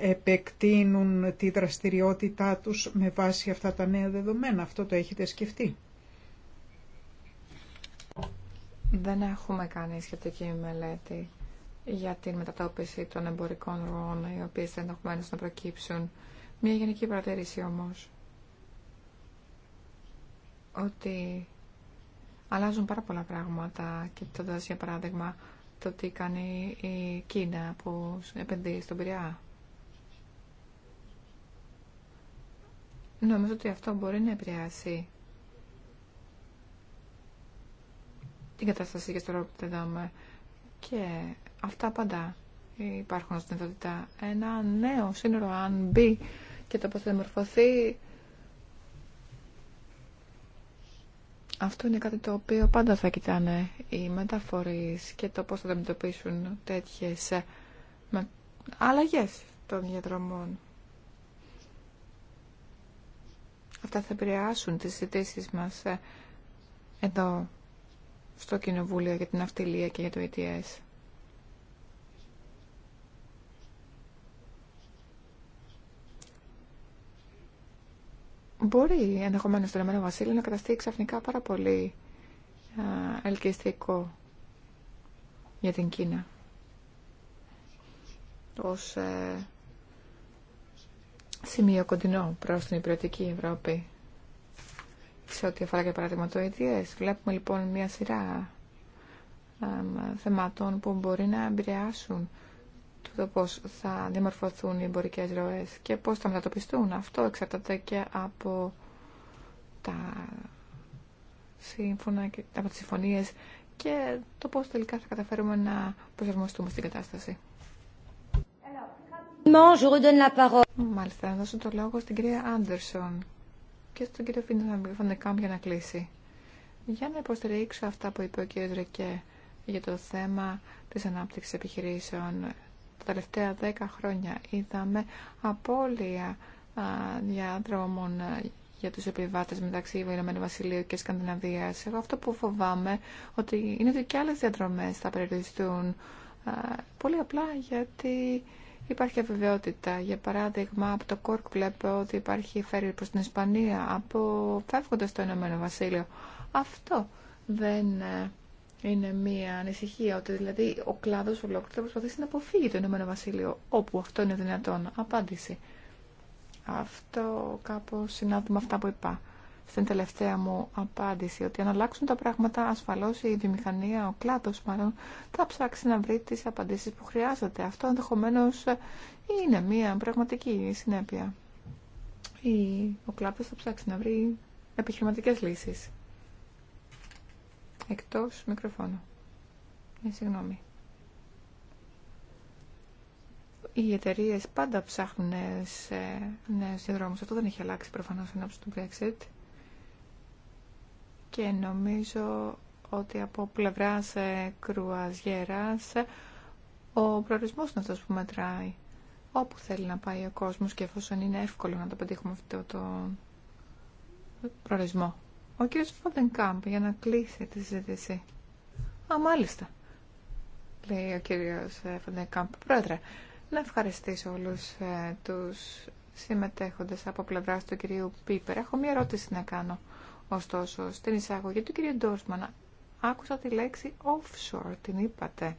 επεκτείνουν τη δραστηριότητά τους με βάση αυτά τα νέα δεδομένα. Αυτό το έχετε σκεφτεί. Δεν έχουμε κάνει σχετική μελέτη για την μετατόπιση των εμπορικών ροών, οι οποίες δεν ενδεχομένω να προκύψουν. Μια γενική παρατήρηση όμως ότι αλλάζουν πάρα πολλά πράγματα, και το κοιτώντα για παράδειγμα το τι κάνει η Κίνα που επενδύει στον Πειραιά. Νομίζω ότι αυτό μπορεί να επηρεάσει την κατάσταση και στο ρόλο που Και αυτά πάντα υπάρχουν στην δυνατότητα. Ένα νέο σύνορο, αν μπει και το πώς θα δημορφωθεί, Αυτό είναι κάτι το οποίο πάντα θα κοιτάνε οι μεταφορείς και το πώς θα αντιμετωπίσουν τέτοιες ε, αλλαγές των διαδρομών. Αυτά θα επηρεάσουν τις συζητήσει μας ε, εδώ στο Κοινοβούλιο για την Αυτιλία και για το ETS. μπορεί ενδεχομένω το Ηνωμένο Βασίλειο να καταστεί ξαφνικά πάρα πολύ ελκυστικό για την Κίνα Ω ε, σημείο κοντινό προ την υπηρετική Ευρώπη σε ό,τι αφορά για παράδειγμα το ETS. Ε βλέπουμε λοιπόν μια σειρά ε, θεμάτων που μπορεί να επηρεάσουν του το πώς θα διαμορφωθούν οι εμπορικές ροές και πώς θα μετατοπιστούν. Αυτό εξαρτάται και από τα σύμφωνα και από τις συμφωνίες και το πώς τελικά θα καταφέρουμε να προσαρμοστούμε στην κατάσταση. Μάλιστα, να δώσω το λόγο στην κυρία Άντερσον και στον κύριο Φαντεκάμ για να κλείσει. Για να υποστηρίξω αυτά που είπε ο κύριος Ρεκέ για το θέμα της ανάπτυξης επιχειρήσεων τα τελευταία δέκα χρόνια είδαμε απώλεια διαδρόμων για τους επιβάτες μεταξύ Ηνωμένου Βασιλείου και Σκανδιναβίας. Εγώ αυτό που φοβάμαι ότι είναι ότι και άλλες διαδρομές θα περιοριστούν πολύ απλά γιατί υπάρχει αβεβαιότητα. Για παράδειγμα, από το Κόρκ βλέπω ότι υπάρχει φέρει προς την Ισπανία από φεύγοντας το Ηνωμένο Βασίλειο. Αυτό δεν ε, είναι μια ανησυχία ότι δηλαδή ο κλάδο ολόκληρο θα προσπαθήσει να αποφύγει το Ηνωμένο Βασίλειο όπου αυτό είναι δυνατόν. Απάντηση. Αυτό κάπω συνάδει με αυτά που είπα στην τελευταία μου απάντηση ότι αν αλλάξουν τα πράγματα ασφαλώ η βιομηχανία, ο κλάδο, μάλλον θα ψάξει να βρει τι απαντήσει που χρειάζεται. Αυτό ενδεχομένω είναι μια πραγματική συνέπεια. Ο κλάδος θα ψάξει να βρει επιχειρηματικέ λύσει εκτός μικροφώνου. Ναι, συγγνώμη. Οι εταιρείε πάντα ψάχνουν νέες, ε, νέους Αυτό δεν έχει αλλάξει προφανώς ενώπιση του Brexit. Και νομίζω ότι από πλευράς ε, κρουαζιέρας ο προορισμός είναι αυτός που μετράει. Όπου θέλει να πάει ο κόσμος και εφόσον είναι εύκολο να το πετύχουμε αυτό το προορισμό. Ο κ. φοντενκάμπ για να κλείσει τη συζήτηση. Α, μάλιστα, λέει ο κ. Ε, φοντενκάμπ Πρόεδρε, να ευχαριστήσω όλους ε, τους συμμετέχοντες από πλευρά του κυρίου Πίπερ. Έχω μία ερώτηση να κάνω. Ωστόσο, στην εισαγωγή του κυρίου Ντόρσμαν άκουσα τη λέξη offshore, την είπατε.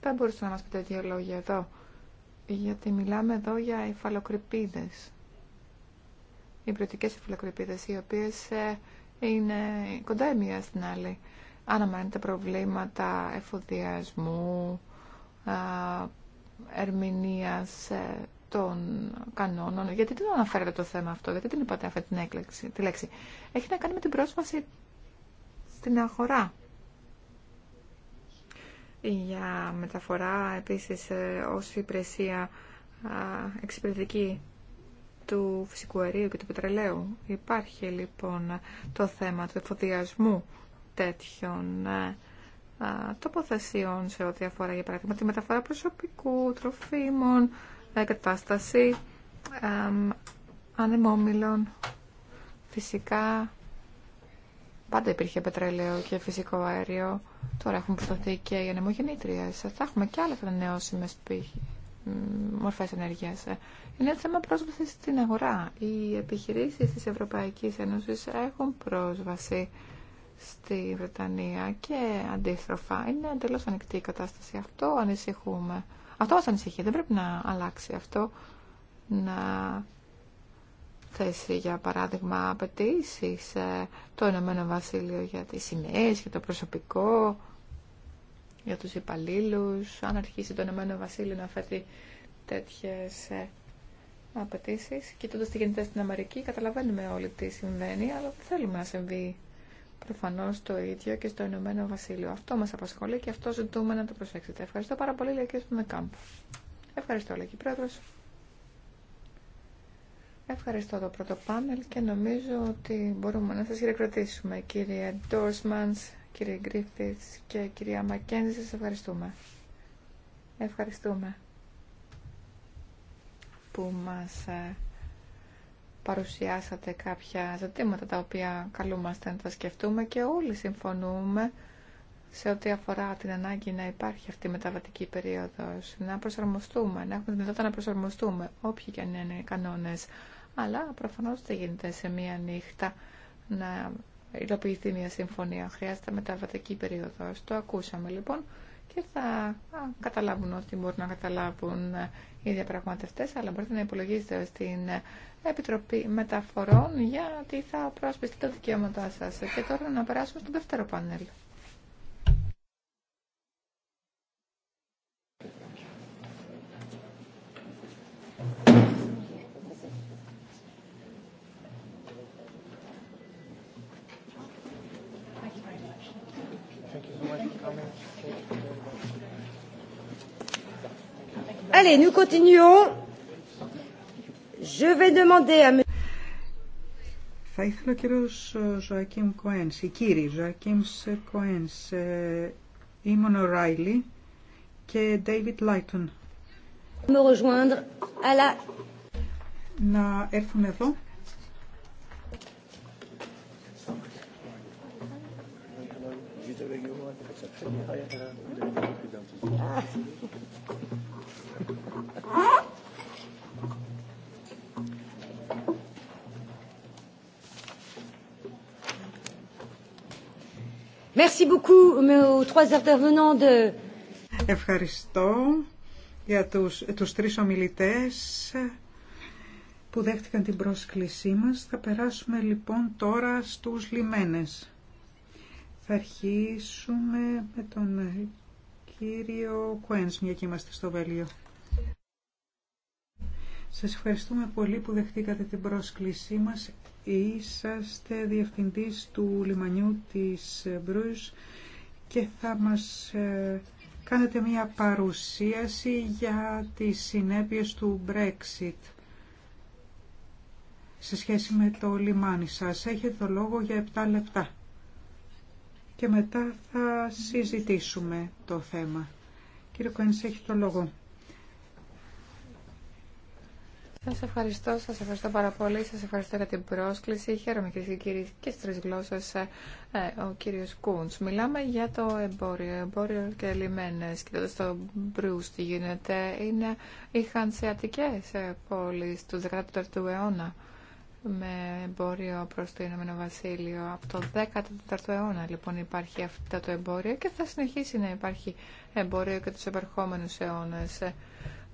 Δεν μπορούσα να μας πείτε δύο λόγια εδώ, γιατί μιλάμε εδώ για υφαλοκρηπίδες υπηρετικές υφυλοκρηπίδες, οι οποίες ε, είναι κοντά η μία στην άλλη. Αναμένεται προβλήματα εφοδιασμού, ερμηνείας ε, των κανόνων. Γιατί δεν αναφέρετε το θέμα αυτό, γιατί δεν είπατε αυτή την έκλεξη, τη λέξη. Έχει να κάνει με την πρόσβαση στην αγορά. Για μεταφορά επίσης ε, ως υπηρεσία εξυπηρετική του φυσικού αερίου και του πετρελαίου. Υπάρχει λοιπόν το θέμα του εφοδιασμού τέτοιων ε, τοποθεσιών σε ό,τι αφορά για παράδειγμα τη μεταφορά προσωπικού, τροφίμων, εγκατάσταση ανεμόμυλων. Φυσικά πάντα υπήρχε πετρέλαιο και φυσικό αέριο. Τώρα έχουν προσταθεί και οι ανεμογεννήτριες. Θα έχουμε και άλλες ανανεώσιμες μορφές ενέργειας. Είναι θέμα πρόσβαση στην αγορά. Οι επιχειρήσεις της Ευρωπαϊκής Ένωσης έχουν πρόσβαση στη Βρετανία και αντίστροφα. Είναι εντελώς ανοιχτή η κατάσταση. Αυτό ανησυχούμε. Αυτό μας ανησυχεί. Δεν πρέπει να αλλάξει αυτό. Να θέσει, για παράδειγμα, απαιτήσει το Ενωμένο Βασίλειο για τις σημαίες, για το προσωπικό, για τους υπαλλήλους. Αν αρχίσει το Ενωμένο Βασίλειο να φέρει τέτοιες ε, απαιτήσει. Κοιτώντα τι γίνεται στην Αμερική, καταλαβαίνουμε όλοι τι συμβαίνει, αλλά δεν θέλουμε να συμβεί προφανώ το ίδιο και στο Ηνωμένο Βασίλειο. Αυτό μα απασχολεί και αυτό ζητούμε να το προσέξετε. Ευχαριστώ πάρα πολύ, λέει ο Ευχαριστώ, λέει και πρόεδρο. Ευχαριστώ το πρώτο πάνελ και νομίζω ότι μπορούμε να σας χειροκροτήσουμε κύριε Ντόρσμανς, κύριε Γκρίφιτς και κυρία Μακένζη, σας ευχαριστούμε. Ευχαριστούμε που μας ε, παρουσιάσατε κάποια ζητήματα τα οποία καλούμαστε να τα σκεφτούμε και όλοι συμφωνούμε σε ό,τι αφορά την ανάγκη να υπάρχει αυτή η μεταβατική περίοδος, να προσαρμοστούμε, να έχουμε δυνατότητα να προσαρμοστούμε, όποιοι και αν είναι οι κανόνες. Αλλά προφανώς δεν γίνεται σε μία νύχτα να υλοποιηθεί μία συμφωνία. Χρειάζεται μεταβατική περίοδος. Το ακούσαμε λοιπόν και θα καταλάβουν ό,τι μπορούν να καταλάβουν ε, οι διαπραγματευτέ, αλλά μπορείτε να υπολογίσετε στην ε, Επιτροπή Μεταφορών για τι θα προασπιστεί τα δικαιώματά σα. Και τώρα να περάσουμε στο δεύτερο πάνελ. nous continuons. Je vais demander à... Θα ήθελα ο κύριος Ζωακίμ ε, Κοέν, η ε, rejoindre Ζωακίμ Κοέν, Λάιτον. Να έρθουν εδώ. Ευχαριστώ για τους, τους τρεις ομιλητές που δέχτηκαν την πρόσκλησή μας. Θα περάσουμε λοιπόν τώρα στους λιμένες. Θα αρχίσουμε με τον κύριο Κουένς, μια και είμαστε στο Βέλιο. Σας ευχαριστούμε πολύ που δεχτήκατε την πρόσκλησή μας. Είσαστε διευθυντής του λιμανιού της Μπρούζ και θα μας ε, κάνετε μια παρουσίαση για τις συνέπειες του Brexit σε σχέση με το λιμάνι σας. Έχετε το λόγο για 7 λεπτά και μετά θα συζητήσουμε το θέμα. Κύριε Κοένης, έχει το λόγο. Σας ευχαριστώ, σα ευχαριστώ πάρα πολύ, Σα ευχαριστώ για την πρόσκληση. Χαίρομαι κυρίε και κύριοι και στι τρει γλώσσε. Ε, ε, ο κύριο Κούντ. Μιλάμε για το εμπόριο, εμπόριο και λιμένε. Κοιτάξτε στο μπρου τι γίνεται, είναι, είχαν σε αττικές ε, πόλεις του 14ου αιώνα με εμπόριο προ το Ηνωμένο Βασίλειο. Από το 14ο αιώνα λοιπόν υπάρχει αυτό το εμπόριο και θα συνεχίσει να υπάρχει εμπόριο και του επερχόμενου αιώνε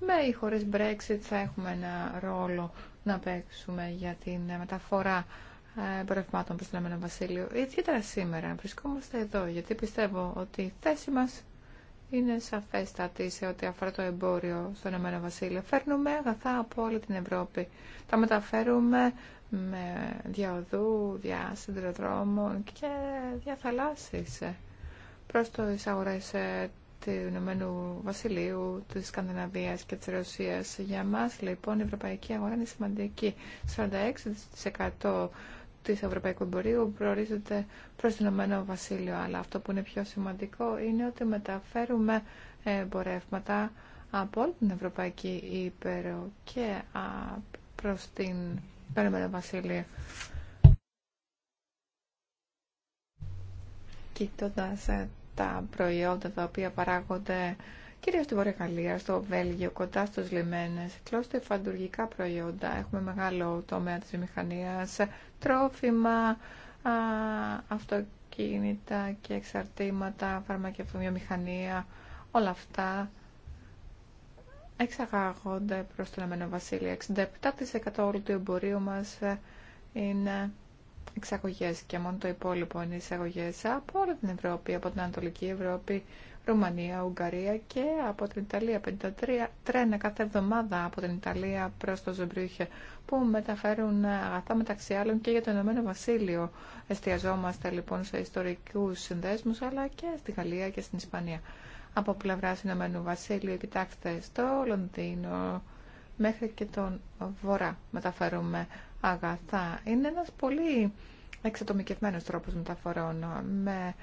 με ή χωρίς Brexit θα έχουμε ένα ρόλο να παίξουμε για την ε, μεταφορά ε, εμπορευμάτων προς το Ηνωμένο Βασίλειο. Ιδιαίτερα σήμερα βρισκόμαστε εδώ, γιατί πιστεύω ότι η θέση μας είναι σαφέστατη σε ό,τι αφορά το εμπόριο στο Ηνωμένο Βασίλειο. Φέρνουμε αγαθά από όλη την Ευρώπη. Τα μεταφέρουμε με διαοδού, δια και διαθαλάσσεις ε, προς τις αγορές του Ηνωμένου Βασιλείου, τη Σκανδιναβία και τη Ρωσία. Για μα, λοιπόν η ευρωπαϊκή αγορά είναι σημαντική. 46% της ευρωπαϊκού εμπορίου προορίζεται προ το Ηνωμένο Βασίλειο. Αλλά αυτό που είναι πιο σημαντικό είναι ότι μεταφέρουμε ε, εμπορεύματα από όλη την Ευρωπαϊκή Ήπειρο και προ την Ηνωμένο Βασίλειο. Κοιτώντας ε, τα προϊόντα τα οποία παράγονται κυρίως στη Βόρεια Γαλλία, στο Βέλγιο, κοντά στους λιμένες, φαντουργικά προϊόντα. Έχουμε μεγάλο τομέα της μηχανίας, τρόφιμα, α, αυτοκίνητα και εξαρτήματα, φαρμακευτομιομηχανία, όλα αυτά εξαγάγονται προς το Ηνωμένο Βασίλειο. 67% όλου του εμπορίου μας είναι Εξαγωγέ και μόνο το υπόλοιπο είναι εισαγωγέ από όλη την Ευρώπη, από την Ανατολική Ευρώπη, Ρουμανία, Ουγγαρία και από την Ιταλία. 53 τρένα κάθε εβδομάδα από την Ιταλία προ το Ζεμπρίχε που μεταφέρουν αγαθά μεταξύ άλλων και για το Ηνωμένο Βασίλειο. Εστιαζόμαστε λοιπόν σε ιστορικού συνδέσμου, αλλά και στη Γαλλία και στην Ισπανία. Από πλευρά Ηνωμένου Βασίλειου, κοιτάξτε, στο Λονδίνο μέχρι και τον Βορρά μεταφέρουμε αγαθά. Είναι ένας πολύ εξατομικευμένος τρόπος μεταφορών με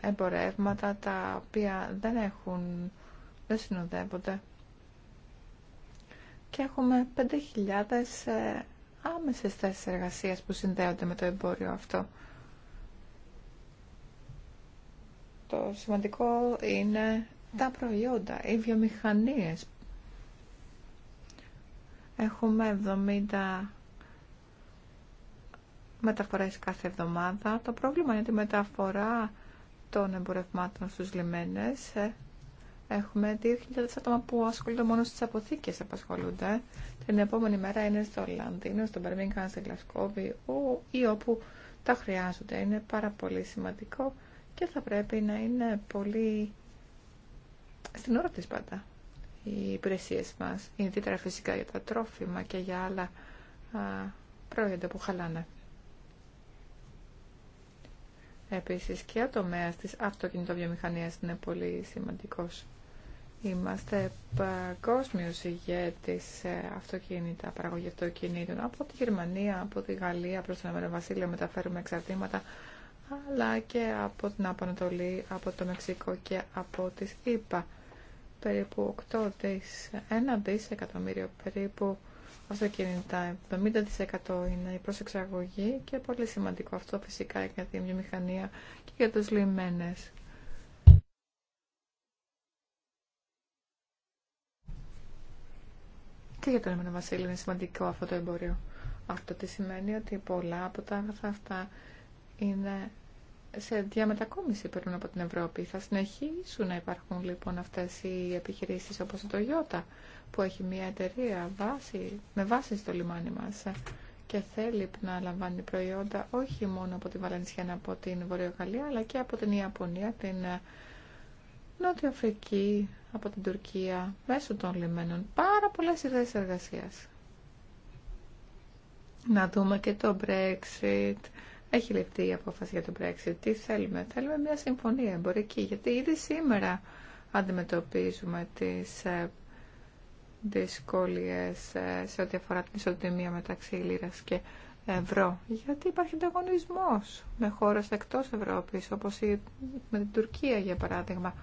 εμπορεύματα τα οποία δεν έχουν, δεν συνοδεύονται. Και έχουμε 5.000 ε, άμεσες θέσεις εργασίας που συνδέονται με το εμπόριο αυτό. Το σημαντικό είναι τα προϊόντα, οι βιομηχανίες. Έχουμε 70 μεταφορές κάθε εβδομάδα. Το πρόβλημα είναι τη μεταφορά των εμπορευμάτων στους λιμένες. Ε, έχουμε 2.000 άτομα που ασχολούνται μόνο στις αποθήκες απασχολούνται. Την επόμενη μέρα είναι στο Λανδίνο, στο Μπερμίγκαν, στη Γλασκόβη ή όπου τα χρειάζονται. Είναι πάρα πολύ σημαντικό και θα πρέπει να είναι πολύ στην ώρα της πάντα οι υπηρεσίε μας. Είναι ιδιαίτερα φυσικά για τα τρόφιμα και για άλλα προϊόντα που χαλάνε. Επίσης και ο τομέας της αυτοκινητοβιομηχανίας είναι πολύ σημαντικός. Είμαστε παγκόσμιο ηγέτης σε αυτοκίνητα, παραγωγή αυτοκινήτων. Από τη Γερμανία, από τη Γαλλία προς τον Βασίλειο μεταφέρουμε εξαρτήματα, αλλά και από την Απανατολή, από το Μεξικό και από τις ΗΠΑ. Περίπου 8 δις, 1 δις εκατομμύριο περίπου αυτοκίνητα. 70% είναι η προσεξαγωγή και πολύ σημαντικό αυτό φυσικά για τη μηχανία και για τους λιμένες. Και για τον Εμένα Βασίλη είναι σημαντικό αυτό το εμπόριο. Αυτό τι σημαίνει ότι πολλά από τα αγαθά αυτά είναι σε διαμετακόμιση περνούν από την Ευρώπη. Θα συνεχίσουν να υπάρχουν λοιπόν αυτές οι επιχειρήσεις όπως το Toyota που έχει μια εταιρεία βάση, με βάση στο λιμάνι μας και θέλει να λαμβάνει προϊόντα όχι μόνο από τη Βαλενσιana, από την Βορειοκαλία, αλλά και από την Ιαπωνία, την Νότια Αφρική, από την Τουρκία, μέσω των λιμένων. Πάρα πολλέ ιδέες εργασίας. Να δούμε και το Brexit έχει ληφθεί η απόφαση για το Brexit. Τι θέλουμε. Θέλουμε μια συμφωνία εμπορική, γιατί ήδη σήμερα αντιμετωπίζουμε τις ε, δυσκολίες ε, σε ό,τι αφορά την ισοτιμία μεταξύ λίρας και ευρώ. Γιατί υπάρχει ανταγωνισμός με χώρες εκτός Ευρώπης, όπως με την Τουρκία για παράδειγμα,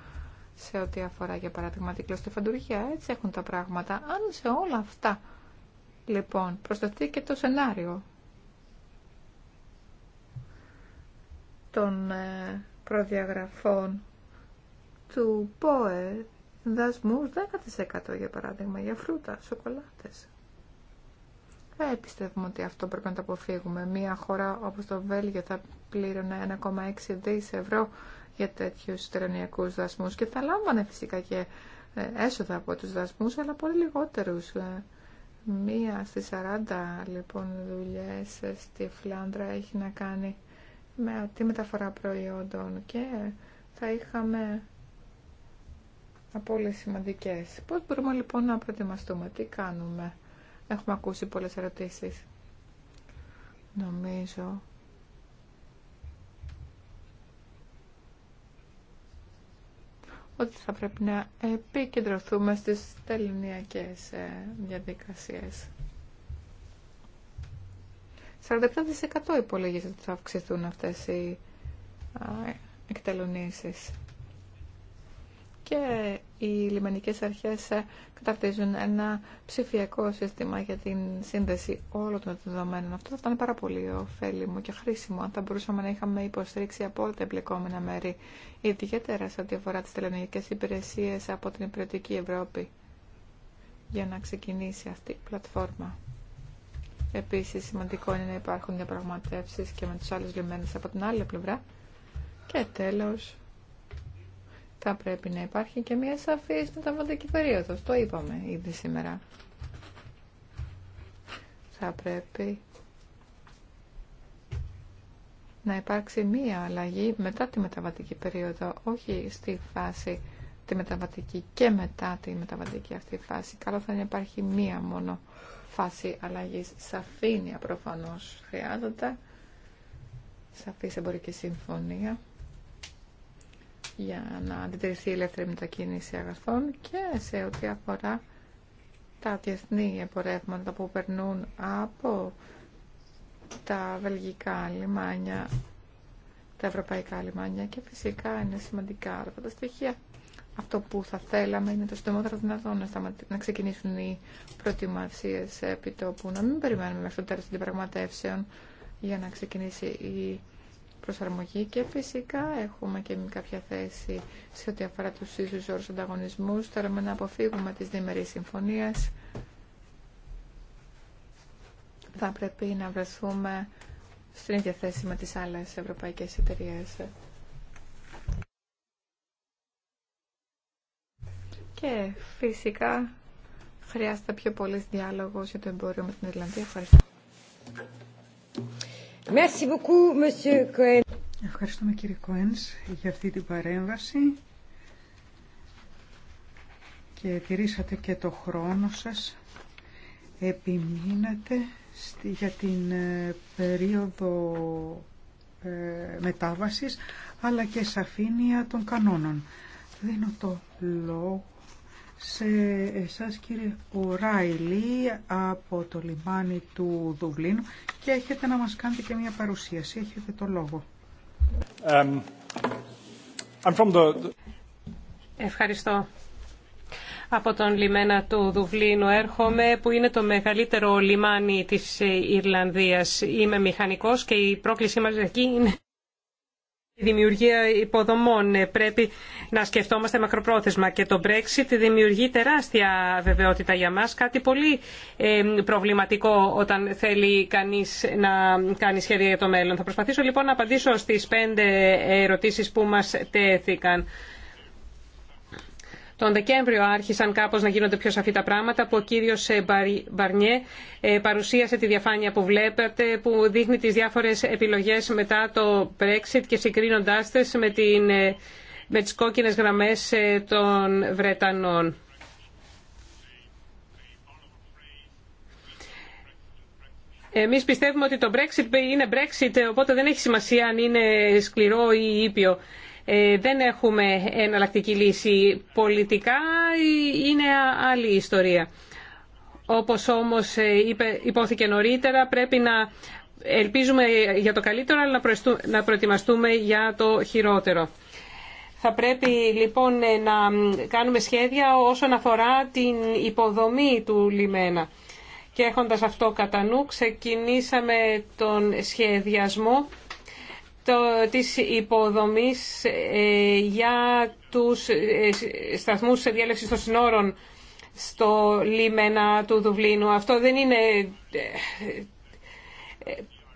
σε ό,τι αφορά για παράδειγμα την κλωστοφαντουργία. Έτσι έχουν τα πράγματα. Αν σε όλα αυτά λοιπόν προσταθεί και το σενάριο των ε, προδιαγραφών του ΠΟΕ δασμού 10% για παράδειγμα για φρούτα, σοκολάτες. Δεν ότι αυτό πρέπει να το αποφύγουμε. Μία χώρα όπως το Βέλγιο θα πλήρωνε 1,6 δις ευρώ για τέτοιους τελωνιακούς δασμούς και θα λάμβανε φυσικά και ε, έσοδα από τους δασμούς, αλλά πολύ λιγότερους. Ε, μία στις 40 λοιπόν δουλειές στη Φλάνδρα έχει να κάνει με τη μεταφορά προϊόντων και θα είχαμε πολύ σημαντικές. Πώς μπορούμε λοιπόν να προετοιμαστούμε, τι κάνουμε. Έχουμε ακούσει πολλές ερωτήσεις. Νομίζω ότι θα πρέπει να επικεντρωθούμε στις τελωνιακές ε, διαδικασίες. 47% υπολογίζεται ότι θα αυξηθούν αυτές οι εκτελονίσεις. Και οι λιμενικές αρχές ε, καταρτίζουν ένα ψηφιακό σύστημα για την σύνδεση όλων των δεδομένων. Αυτό θα ήταν πάρα πολύ ωφέλιμο και χρήσιμο αν θα μπορούσαμε να είχαμε υποστήριξη από όλα τα εμπλεκόμενα μέρη, ιδιαίτερα σε ό,τι αφορά τις τελωνιακές υπηρεσίες από την υπηρετική Ευρώπη, για να ξεκινήσει αυτή η πλατφόρμα. Επίσης σημαντικό είναι να υπάρχουν διαπραγματεύσεις και με τους άλλους λιμένες από την άλλη πλευρά. Και τέλος, θα πρέπει να υπάρχει και μια σαφή μεταβατική περίοδος. Το είπαμε ήδη σήμερα. Θα πρέπει να υπάρξει μία αλλαγή μετά τη μεταβατική περίοδο, όχι στη φάση τη μεταβατική και μετά τη μεταβατική αυτή φάση. Καλό θα υπάρχει μία μόνο φάση αλλαγής. σαφήνια προφανώς χρειάζονται, σαφής εμπορική συμφωνία για να αντιτηρηθεί η ελεύθερη μετακίνηση αγαθών και σε ό,τι αφορά τα διεθνή εμπορεύματα που περνούν από τα βελγικά λιμάνια, τα ευρωπαϊκά λιμάνια και φυσικά είναι σημαντικά όλα τα στοιχεία αυτό που θα θέλαμε είναι το συντομότερο δυνατό να, ξεκινήσουν να ξεκινήσουν οι προετοιμασίε που να μην περιμένουμε μέχρι το τέλο των διαπραγματεύσεων για να ξεκινήσει η προσαρμογή και φυσικά έχουμε και κάποια θέση σε ό,τι αφορά τους ίδιου όρους ανταγωνισμού. Θέλουμε να αποφύγουμε τις διμερείς συμφωνίες. Θα πρέπει να βρεθούμε στην ίδια θέση με τις άλλες ευρωπαϊκές εταιρείες. Και φυσικά χρειάζεται πιο πολύ διάλογο για το εμπόριο με την Ιρλανδία. Ευχαριστώ. Merci beaucoup, Monsieur Ευχαριστούμε κύριε Κοέν για αυτή την παρέμβαση και τηρήσατε και το χρόνο σας. Επιμείνατε για την ε, περίοδο ε, μετάβασης αλλά και σαφήνεια των κανόνων. Δίνω το λόγο σε εσάς κύριε Ράιλι από το λιμάνι του Δουβλίνου και έχετε να μας κάνετε και μια παρουσίαση. Έχετε το λόγο. Um, I'm Ευχαριστώ. Από τον λιμένα του Δουβλίνου έρχομαι, που είναι το μεγαλύτερο λιμάνι της Ιρλανδίας. Είμαι μηχανικός και η πρόκλησή μας εκεί είναι η δημιουργία υποδομών ε, πρέπει να σκεφτόμαστε μακροπρόθεσμα και το Brexit δημιουργεί τεράστια βεβαιότητα για μας, κάτι πολύ ε, προβληματικό όταν θέλει κανείς να κάνει σχέδια για το μέλλον. Θα προσπαθήσω λοιπόν να απαντήσω στις πέντε ερωτήσεις που μας τέθηκαν. Τον Δεκέμβριο άρχισαν κάπως να γίνονται πιο σαφή τα πράγματα που ο κύριος ε, Μπαρνιέ ε, παρουσίασε τη διαφάνεια που βλέπετε που δείχνει τις διάφορες επιλογές μετά το Brexit και συγκρίνοντάς τες με, την, ε, με τις κόκκινες γραμμές των Βρετανών. Εμείς πιστεύουμε ότι το Brexit είναι Brexit, οπότε δεν έχει σημασία αν είναι σκληρό ή ήπιο. Ε, δεν έχουμε εναλλακτική λύση. Πολιτικά ε, είναι άλλη ιστορία. Όπως όμως ε, υπόθηκε νωρίτερα, πρέπει να ελπίζουμε για το καλύτερο, αλλά να προετοιμαστούμε για το χειρότερο. Θα πρέπει λοιπόν να κάνουμε σχέδια όσον αφορά την υποδομή του λιμένα. Και έχοντας αυτό κατά νου, ξεκινήσαμε τον σχεδιασμό το, της υποδομής ε, για τους ε, σταθμούς διέλευση των συνόρων στο λίμενα του Δουβλίνου. Αυτό δεν είναι ε,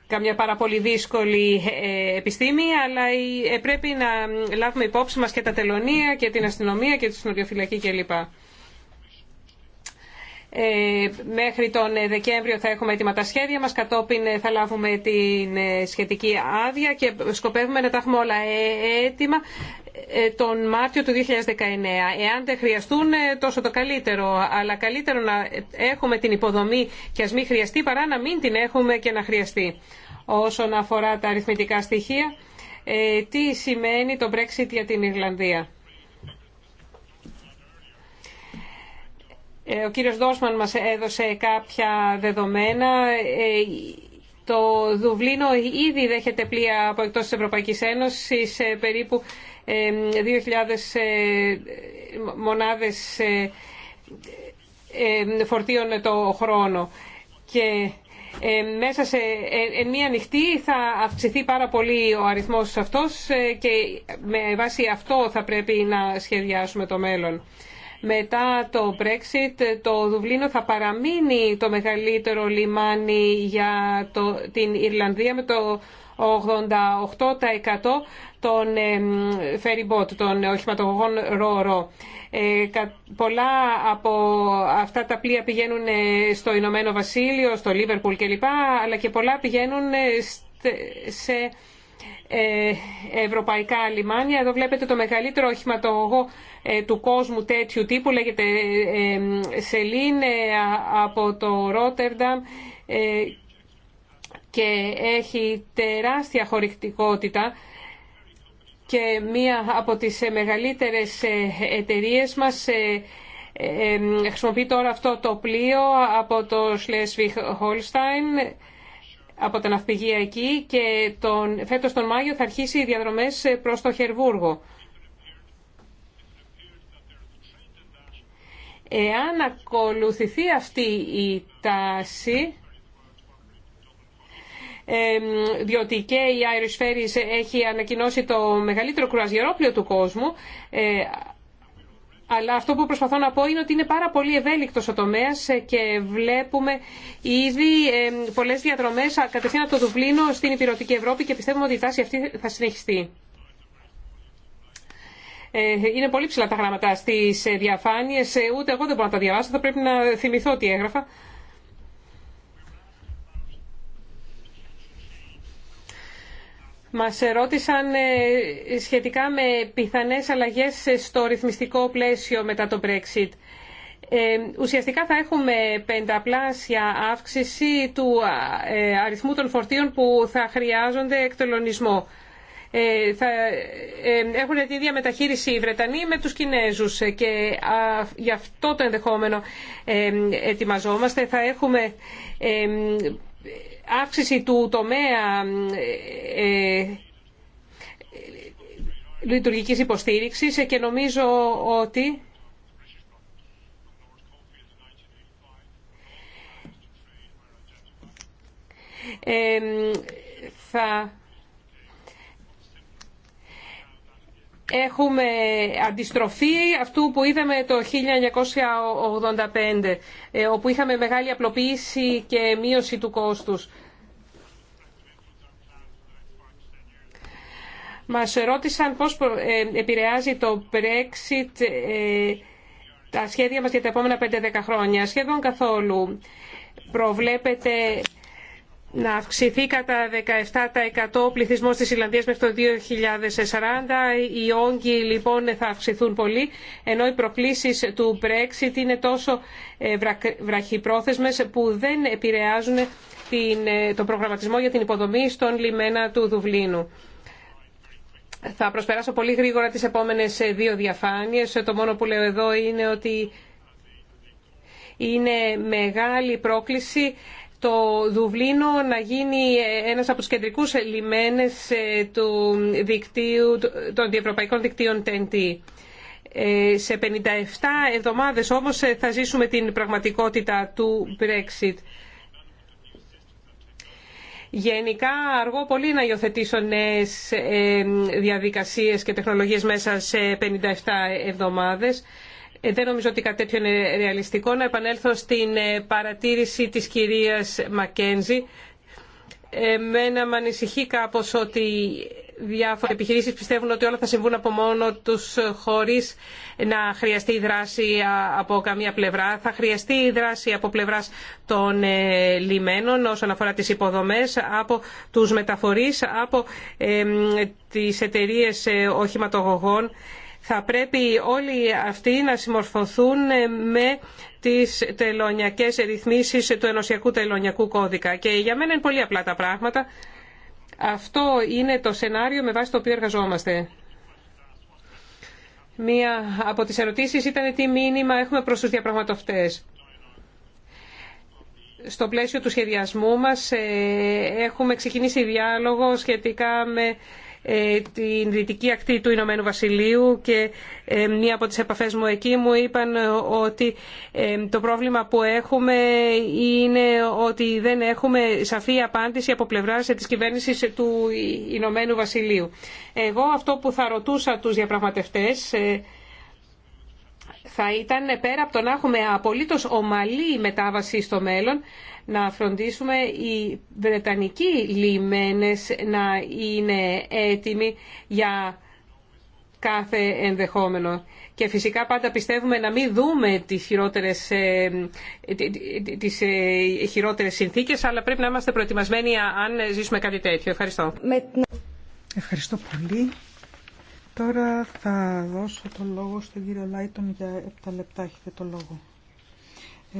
καμιά πάρα πολύ δύσκολη επιστήμη, αλλά πρέπει να λάβουμε υπόψη μας και τα τελωνία και την αστυνομία και τη συνοριοφυλακή κλπ. Ε, μέχρι τον ε, Δεκέμβριο θα έχουμε έτοιμα τα σχέδια μας, κατόπιν ε, θα λάβουμε την σχετική άδεια και σκοπεύουμε να τα έχουμε όλα έτοιμα τον Μάρτιο του 2019. Εάν δεν χρειαστούν, τόσο το καλύτερο. Αλλά καλύτερο να έχουμε την υποδομή και ας μην χρειαστεί παρά να μην την έχουμε και να χρειαστεί. Όσον αφορά τα αριθμητικά στοιχεία, τι σημαίνει το Brexit για την Ιρλανδία. Ε, ο κύριος Δόσμαν μας έδωσε κάποια δεδομένα. Ε, το Δουβλίνο ήδη δέχεται πλοία από εκτός της Ευρωπαϊκής Ένωσης σε περίπου 2.000 ε, μονάδες φορτίων το χρόνο. Και μέσα σε μία νυχτή θα αυξηθεί πάρα πολύ ο αριθμός αυτός και με βάση αυτό θα πρέπει να σχεδιάσουμε το μέλλον. Μετά το Brexit το Δουβλίνο θα παραμείνει το μεγαλύτερο λιμάνι για το, την Ιρλανδία με το 88% των ferry boat, των οχηματογωγών ρο-ρο. Ε, πολλά από αυτά τα πλοία πηγαίνουν ε, στο Ηνωμένο Βασίλειο, στο Λίβερπουλ κλπ. Αλλά και πολλά πηγαίνουν ε, σε ευρωπαϊκά λιμάνια. Εδώ βλέπετε το μεγαλύτερο οχηματογωγό ε, του κόσμου τέτοιου τύπου. Λέγεται ε, Σελήν από το Ρότερνταμ ε, και έχει τεράστια χορηκτικότητα και μία από τις μεγαλύτερες εταιρείες μας χρησιμοποιεί τώρα αυτό το πλοίο από το Schleswig-Holstein από τα ναυπηγεία εκεί και τον, φέτος τον Μάιο θα αρχίσει οι διαδρομές προς το Χερβούργο. Εάν ακολουθηθεί αυτή η τάση, διότι και η Irish έχει ανακοινώσει το μεγαλύτερο κρουαζιερόπλιο του κόσμου, ε, αλλά αυτό που προσπαθώ να πω είναι ότι είναι πάρα πολύ ευέλικτος ο τομέας και βλέπουμε ήδη πολλές διαδρομές κατευθείαν από το Δουβλίνο στην υπηρετική Ευρώπη και πιστεύουμε ότι η τάση αυτή θα συνεχιστεί. Ε, είναι πολύ ψηλά τα γράμματα στις ε, διαφάνειες, ε, ούτε εγώ δεν μπορώ να τα διαβάσω, θα πρέπει να θυμηθώ τι έγραφα. Μας ερώτησαν σχετικά με πιθανές αλλαγές στο ρυθμιστικό πλαίσιο μετά το Brexit. Ουσιαστικά θα έχουμε πενταπλάσια αύξηση του αριθμού των φορτίων που θα χρειάζονται εκτελονισμό. Ε, θα ε, έχουν την ίδια μεταχείριση οι Βρετανοί με τους Κινέζους ε, και γι' αυτό το ενδεχόμενο ετοιμαζόμαστε. Θα έχουμε αύξηση του τομέα λειτουργικής υποστήριξης και νομίζω ότι θα έχουμε αντιστροφή αυτού που είδαμε το 1985, ε, όπου είχαμε μεγάλη απλοποίηση και μείωση του κόστους. Μας ρώτησαν πώς ε, επηρεάζει το Brexit ε, τα σχέδια μας για τα επόμενα 5-10 χρόνια. Σχεδόν καθόλου προβλέπεται να αυξηθεί κατά 17% ο πληθυσμός της Ιλλανδίας μέχρι το 2040. Οι όγκοι λοιπόν θα αυξηθούν πολύ, ενώ οι προκλήσεις του Brexit είναι τόσο ε, βραχυπρόθεσμες που δεν επηρεάζουν την, ε, τον προγραμματισμό για την υποδομή στον λιμένα του Δουβλίνου. Θα προσπεράσω πολύ γρήγορα τις επόμενες ε, δύο διαφάνειες. Το μόνο που λέω εδώ είναι ότι είναι μεγάλη πρόκληση το Δουβλίνο να γίνει ένας από τους κεντρικούς λιμένες ε, του δικτύου, των διευρωπαϊκών δικτύων TNT. Ε, σε 57 εβδομάδες όμως ε, θα ζήσουμε την πραγματικότητα του Brexit. Γενικά αργό πολύ να υιοθετήσω νέες διαδικασίες και τεχνολογίες μέσα σε 57 εβδομάδες δεν νομίζω ότι κάτι τέτοιο είναι ρεαλιστικό. Να επανέλθω στην ε, παρατήρηση της κυρίας Μακένζη. Εμένα με ανησυχεί κάπως ότι διάφορες επιχειρήσεις πιστεύουν ότι όλα θα συμβούν από μόνο τους ε, χωρίς να χρειαστεί δράση ε, από καμία πλευρά. Θα χρειαστεί δράση από πλευράς των λιμένων όσον αφορά τις υποδομές, από τους μεταφορείς, από τις εταιρείες οχηματογωγών θα πρέπει όλοι αυτοί να συμμορφωθούν με τις τελωνιακές ρυθμίσεις του Ενωσιακού Τελωνιακού Κώδικα. Και για μένα είναι πολύ απλά τα πράγματα. Αυτό είναι το σενάριο με βάση το οποίο εργαζόμαστε. Μία από τις ερωτήσεις ήταν τι μήνυμα έχουμε προς τους διαπραγματευτές. Στο πλαίσιο του σχεδιασμού μας ε, έχουμε ξεκινήσει διάλογο σχετικά με ε, την δυτική ακτή του Ηνωμένου Βασιλείου και ε, μία από τις επαφές μου εκεί μου είπαν ε, ότι το πρόβλημα που έχουμε είναι ότι δεν έχουμε σαφή απάντηση από πλευράς της κυβέρνησης του Ηνωμένου Βασιλείου. Εγώ αυτό που θα ρωτούσα τους διαπραγματευτές θα ήταν πέρα από το να έχουμε απολύτως ομαλή μετάβαση στο μέλλον να φροντίσουμε οι Βρετανικοί λιμένες να είναι έτοιμοι για κάθε ενδεχόμενο. Και φυσικά πάντα πιστεύουμε να μην δούμε τις χειρότερες, ε, τις ε, χειρότερες συνθήκες, αλλά πρέπει να είμαστε προετοιμασμένοι αν ζήσουμε κάτι τέτοιο. Ευχαριστώ. Ευχαριστώ πολύ. Τώρα θα δώσω το λόγο στον κύριο Λάιτον για 7 λεπτά. Έχετε το λόγο.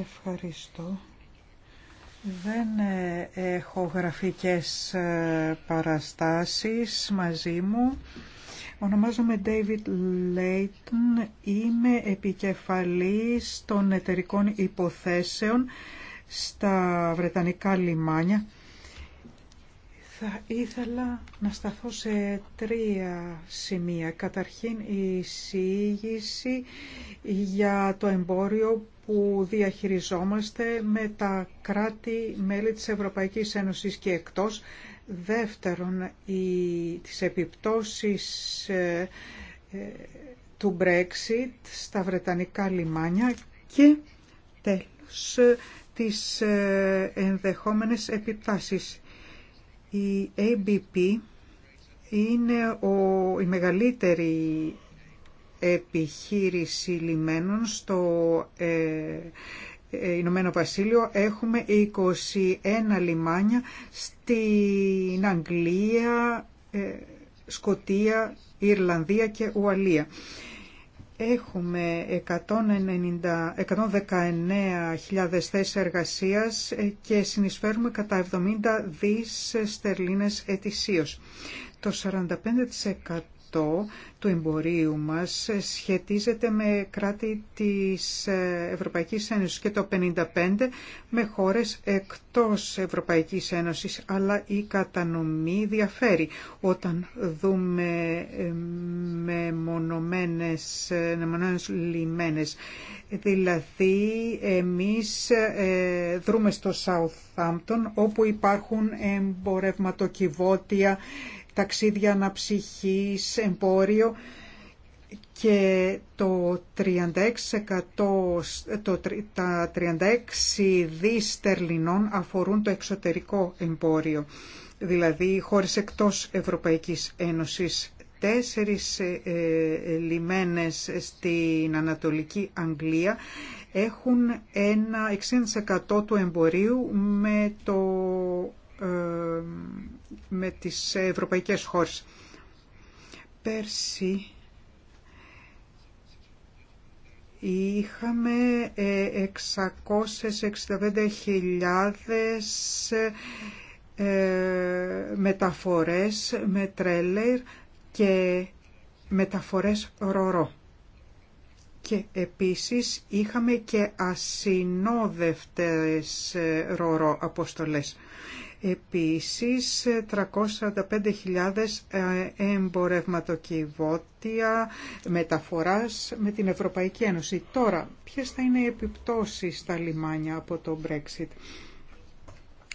Ευχαριστώ. Δεν ε, έχω γραφικές ε, παραστάσεις μαζί μου. Ονομάζομαι David Layton, είμαι επικεφαλής των εταιρικών υποθέσεων στα Βρετανικά λιμάνια. Θα ήθελα να σταθώ σε τρία σημεία. Καταρχήν η εισήγηση για το εμπόριο που διαχειριζόμαστε με τα κράτη-μέλη της Ευρωπαϊκής Ένωσης και εκτός. Δεύτερον, οι, τις επιπτώσεις ε, ε, του Brexit στα Βρετανικά λιμάνια και τέλος ε, τις ε, ενδεχόμενες επιπτάσεις. Η ABP είναι ο, η μεγαλύτερη επιχείρηση λιμένων στο ε, ε, Ηνωμένο Βασίλειο. Έχουμε 21 λιμάνια στην Αγγλία, ε, Σκοτία, Ιρλανδία και Ουαλία. Έχουμε 119.000 θέσεις εργασίας και συνεισφέρουμε κατά 70 δις στερλίνες ετησίως. Το αυτό του εμπορίου μας σχετίζεται με κράτη της ε, Ευρωπαϊκής Ένωσης και το 55 με χώρες εκτός Ευρωπαϊκής Ένωσης, αλλά η κατανομή διαφέρει. Όταν δούμε ε, με μονομένες, ε, μονομένες λιμένες, δηλαδή εμείς δρούμε στο Southampton όπου υπάρχουν εμπορευματοκιβώτια ταξίδια αναψυχής, εμπόριο και το 36%, το, τα 36 δις τερλινών αφορούν το εξωτερικό εμπόριο, δηλαδή χώρες εκτός Ευρωπαϊκής Ένωσης. Τέσσερις ε, ε λιμένες στην Ανατολική Αγγλία έχουν ένα 60% του εμπορίου με το ε, με τις ευρωπαϊκές χώρες. Πέρσι είχαμε 665.000 ε, ε, μεταφορές με τρέλερ και μεταφορές ρορό. Και επίσης είχαμε και ασυνόδευτες ρορό αποστολές. Επίσης, 345.000 ε, εμπορευματοκιβώτια μεταφοράς με την Ευρωπαϊκή Ένωση. Τώρα, ποιες θα είναι οι επιπτώσεις στα λιμάνια από το Brexit.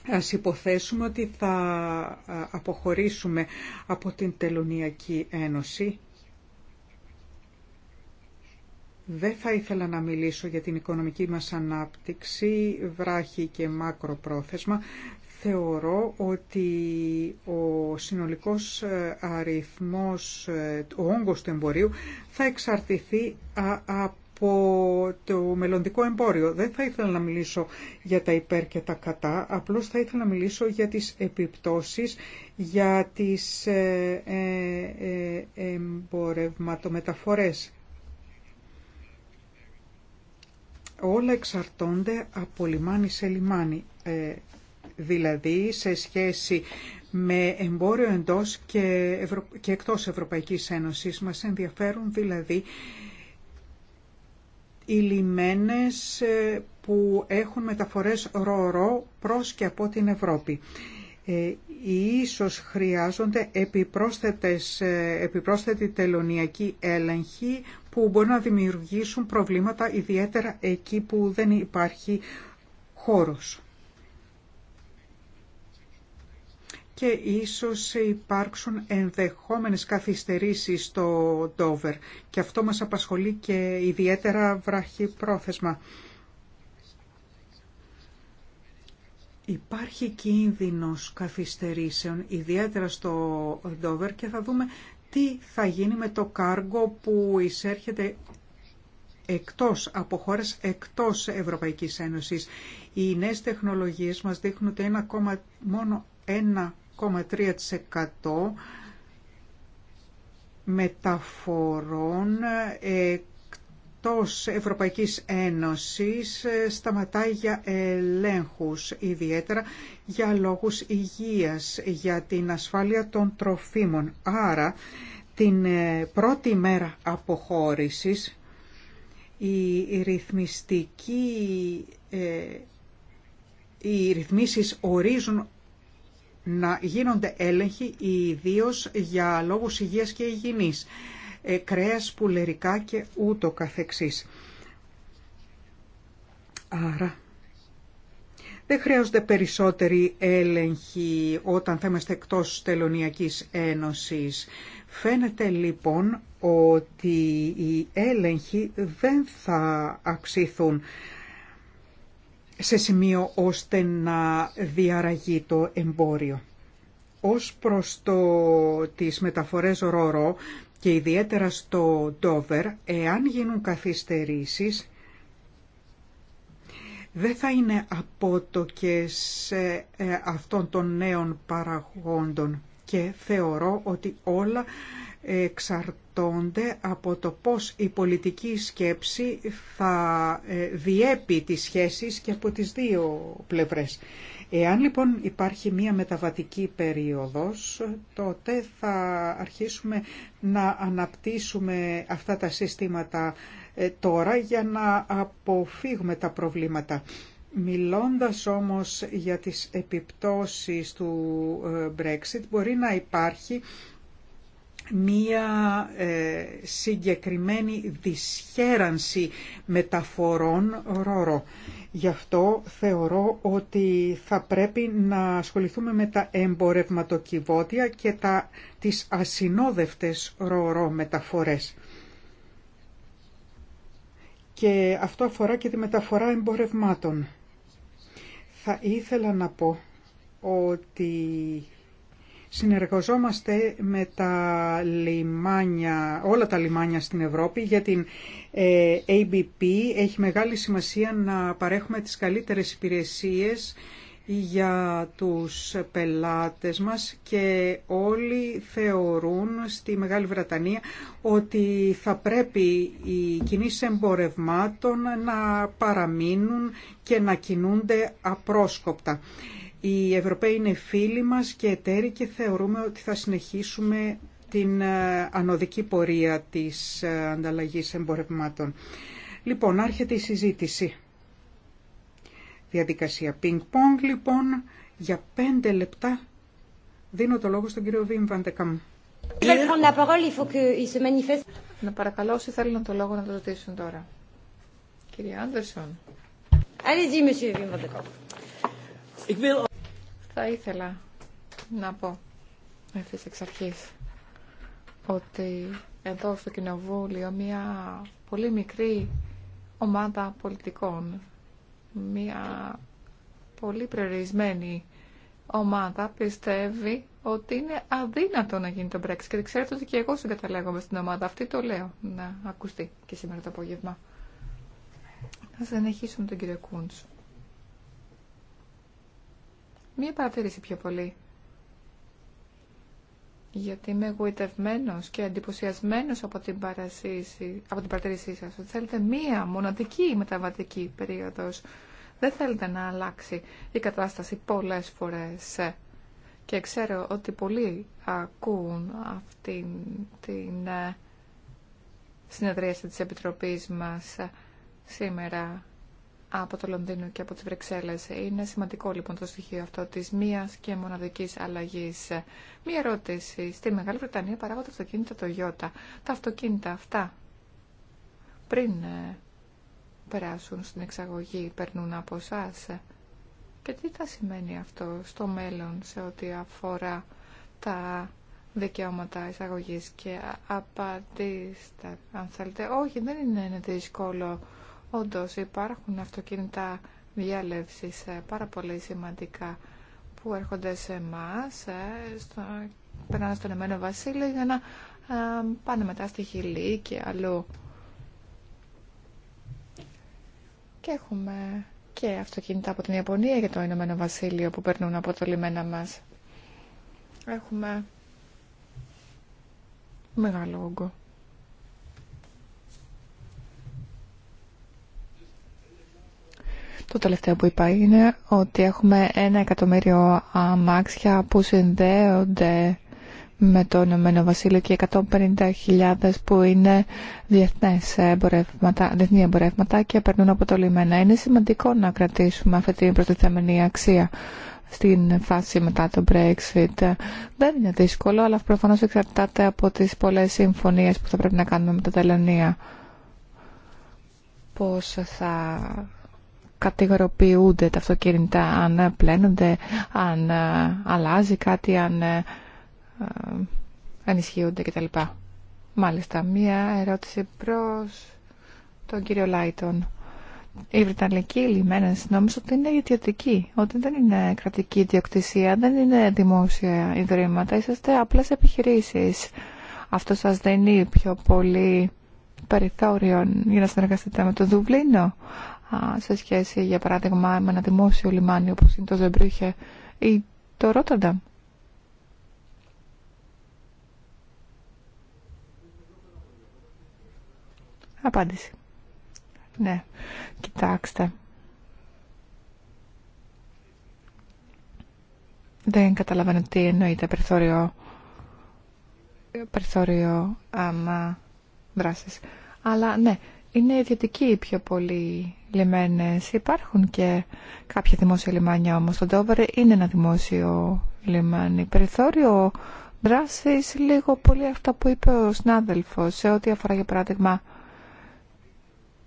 Ας υποθέσουμε ότι θα ε, αποχωρήσουμε από την Τελωνιακή Ένωση. Δεν θα ήθελα να μιλήσω για την οικονομική μας ανάπτυξη, βράχη και μακροπρόθεσμα θεωρώ ότι ο συνολικός ε, αριθμός, ε, ο όγκος του εμπορίου θα εξαρτηθεί από το μελλοντικό εμπόριο. Δεν θα ήθελα να μιλήσω για τα υπέρ και τα κατά, απλώς θα ήθελα να μιλήσω για τις επιπτώσεις, για τις ε, εμπορευματομεταφορές. Όλα εξαρτώνται από λιμάνι σε λιμάνι δηλαδή σε σχέση με εμπόριο εντός και, Ευρω... και εκτός Ευρωπαϊκής Ένωσης. Μας ενδιαφέρουν δηλαδή οι λιμένες ε, που έχουν μεταφορές ρο-ρο προς και από την Ευρώπη. Ε, ίσως χρειάζονται επιπρόσθετες, ε, επιπρόσθετη τελωνιακή έλεγχη που μπορεί να δημιουργήσουν προβλήματα ιδιαίτερα εκεί που δεν υπάρχει χώρος. και ίσως υπάρξουν ενδεχόμενες καθυστερήσεις στο Ντόβερ. και αυτό μας απασχολεί και ιδιαίτερα πρόθεσμα. Υπάρχει κίνδυνος καθυστερήσεων, ιδιαίτερα στο Ντόβερ και θα δούμε τι θα γίνει με το κάργο που εισέρχεται εκτός από χώρες εκτός Ευρωπαϊκής Ένωσης. Οι νέες τεχνολογίες μας δείχνουν ότι ένα μόνο ένα 1,3% μεταφορών εκτός Ευρωπαϊκής Ένωσης σταματάει για ελέγχους, ιδιαίτερα για λόγους υγείας, για την ασφάλεια των τροφίμων. Άρα, την ε, πρώτη μέρα αποχώρησης, η ρυθμιστική ε, οι ρυθμίσεις ορίζουν να γίνονται έλεγχοι ιδίω για λόγους υγείας και υγιεινής, ε, κρέας, πουλερικά και ούτω καθεξής. Άρα, δεν χρειάζονται περισσότεροι έλεγχοι όταν θα είμαστε εκτός τελωνιακής ένωσης. Φαίνεται λοιπόν ότι οι έλεγχοι δεν θα αυξηθούν σε σημείο ώστε να διαραγεί το εμπόριο. Ως προς το, τις μεταφορές ρορό και ιδιαίτερα στο ντόβερ, εάν γίνουν καθυστερήσεις, δεν θα είναι απότοκες ε, ε, αυτών των νέων παραγόντων και θεωρώ ότι όλα εξαρτάται εξαρτώνται από το πώς η πολιτική σκέψη θα ε, διέπει τις σχέσεις και από τις δύο πλευρές. Εάν λοιπόν υπάρχει μία μεταβατική περίοδος, τότε θα αρχίσουμε να αναπτύσσουμε αυτά τα συστήματα ε, τώρα για να αποφύγουμε τα προβλήματα. Μιλώντας όμως για τις επιπτώσεις του ε, Brexit, μπορεί να υπάρχει μία ε, συγκεκριμένη δυσχέρανση μεταφορών ρόρο. Γι' αυτό θεωρώ ότι θα πρέπει να ασχοληθούμε με τα εμπορευματοκιβώτια και τα, τις ασυνόδευτες ρόρο μεταφορές. Και αυτό αφορά και τη μεταφορά εμπορευμάτων. Θα ήθελα να πω ότι Συνεργαζόμαστε με τα λιμάνια, όλα τα λιμάνια στην Ευρώπη για την ε, ABP. Έχει μεγάλη σημασία να παρέχουμε τις καλύτερες υπηρεσίες για τους πελάτες μας και όλοι θεωρούν στη Μεγάλη Βρετανία ότι θα πρέπει οι κινήσεις εμπορευμάτων να παραμείνουν και να κινούνται απρόσκοπτα. Οι Ευρωπαίοι είναι φίλοι μας και εταίροι και θεωρούμε ότι θα συνεχίσουμε την ε, ανωδική πορεία της ε, ανταλλαγής εμπορευμάτων. Λοιπόν, άρχεται η συζήτηση. Διαδικασία πινκ-πονγκ, λοιπόν, για πέντε λεπτά δίνω το λόγο στον κύριο Βίμ Βαντεκαμ. Να παρακαλώ όσοι θέλουν το λόγο να το ρωτήσουν τώρα. Κύριε Άντερσον. Allez-y, θα ήθελα να πω ευθύς εξ αρχής ότι εδώ στο Κοινοβούλιο μια πολύ μικρή ομάδα πολιτικών, μια πολύ περιορισμένη ομάδα πιστεύει ότι είναι αδύνατο να γίνει το Brexit. Και ξέρετε ότι και εγώ συγκαταλέγομαι στην ομάδα αυτή, το λέω να ακουστεί και σήμερα το απόγευμα. Να συνεχίσουμε τον κύριο Κούντσο Μία παρατήρηση πιο πολύ. Γιατί είμαι εγωιτευμένο και εντυπωσιασμένο από την, από την παρατήρησή σα θέλετε μία μοναδική μεταβατική περίοδο. Δεν θέλετε να αλλάξει η κατάσταση πολλέ φορέ. Και ξέρω ότι πολλοί ακούν αυτήν την ε, συνεδρίαση της Επιτροπής μας σήμερα από το Λονδίνο και από τις Βρεξέλλες. Είναι σημαντικό λοιπόν το στοιχείο αυτό της μίας και μοναδικής αλλαγής. Μία ερώτηση. Στη Μεγάλη Βρετανία παράγονται αυτοκίνητα Toyota. Τα αυτοκίνητα αυτά πριν ε, περάσουν στην εξαγωγή, περνούν από εσά. Και τι θα σημαίνει αυτό στο μέλλον σε ό,τι αφορά τα δικαιώματα εισαγωγής και απαντήστε αν θέλετε. Όχι, δεν είναι δύσκολο Όντως υπάρχουν αυτοκίνητα διάλευσης ε, πάρα πολύ σημαντικά που έρχονται σε εμά, ε, στο, περνάνε στον Εμένο Βασίλειο για να ε, πάνε μετά στη Χιλή και αλλού. Και έχουμε και αυτοκίνητα από την Ιαπωνία για το Ηνωμένο Βασίλειο που περνούν από το λιμένα μας. Έχουμε μεγάλο όγκο. Το τελευταίο που είπα είναι ότι έχουμε ένα εκατομμύριο αμάξια που συνδέονται με το Ηνωμένο Βασίλειο και 150.000 που είναι διεθνές εμπορεύματα, διεθνή εμπορεύματα και περνούν από το λιμένα. Είναι σημαντικό να κρατήσουμε αυτή την προστιθέμενη αξία στην φάση μετά το Brexit. Δεν είναι δύσκολο, αλλά προφανώς εξαρτάται από τις πολλές συμφωνίες που θα πρέπει να κάνουμε με τα Τελωνία. Πώς θα κατηγοροποιούνται τα αυτοκίνητα αν πλένονται, αν ε, αλλάζει κάτι, αν ε, ε, ενισχύονται κτλ. Μάλιστα, μία ερώτηση προς τον κύριο Λάιτον. Οι Βρετανικοί λιμένε νόμιζαν ότι είναι ιδιωτικοί, ότι δεν είναι κρατική ιδιοκτησία, δεν είναι δημόσια ιδρύματα, είσαστε απλέ επιχειρήσει. Αυτό σα δίνει πιο πολύ περιθώριο για να συνεργαστείτε με το Δουβλίνο σε σχέση, για παράδειγμα, με ένα δημόσιο λιμάνι όπως είναι το Ζεμπρίχε ή το Ρότερνταμ. Απάντηση. Ναι, κοιτάξτε. Δεν καταλαβαίνω τι εννοείται περιθώριο, περιθώριο δράσης. Αλλά ναι, είναι ιδιωτικοί οι πιο πολλοί λιμένες. Υπάρχουν και κάποια δημόσια λιμάνια όμως. Το Ντόβερ είναι ένα δημόσιο λιμάνι. Περιθώριο δράσης λίγο πολύ αυτά που είπε ο συνάδελφος σε ό,τι αφορά για παράδειγμα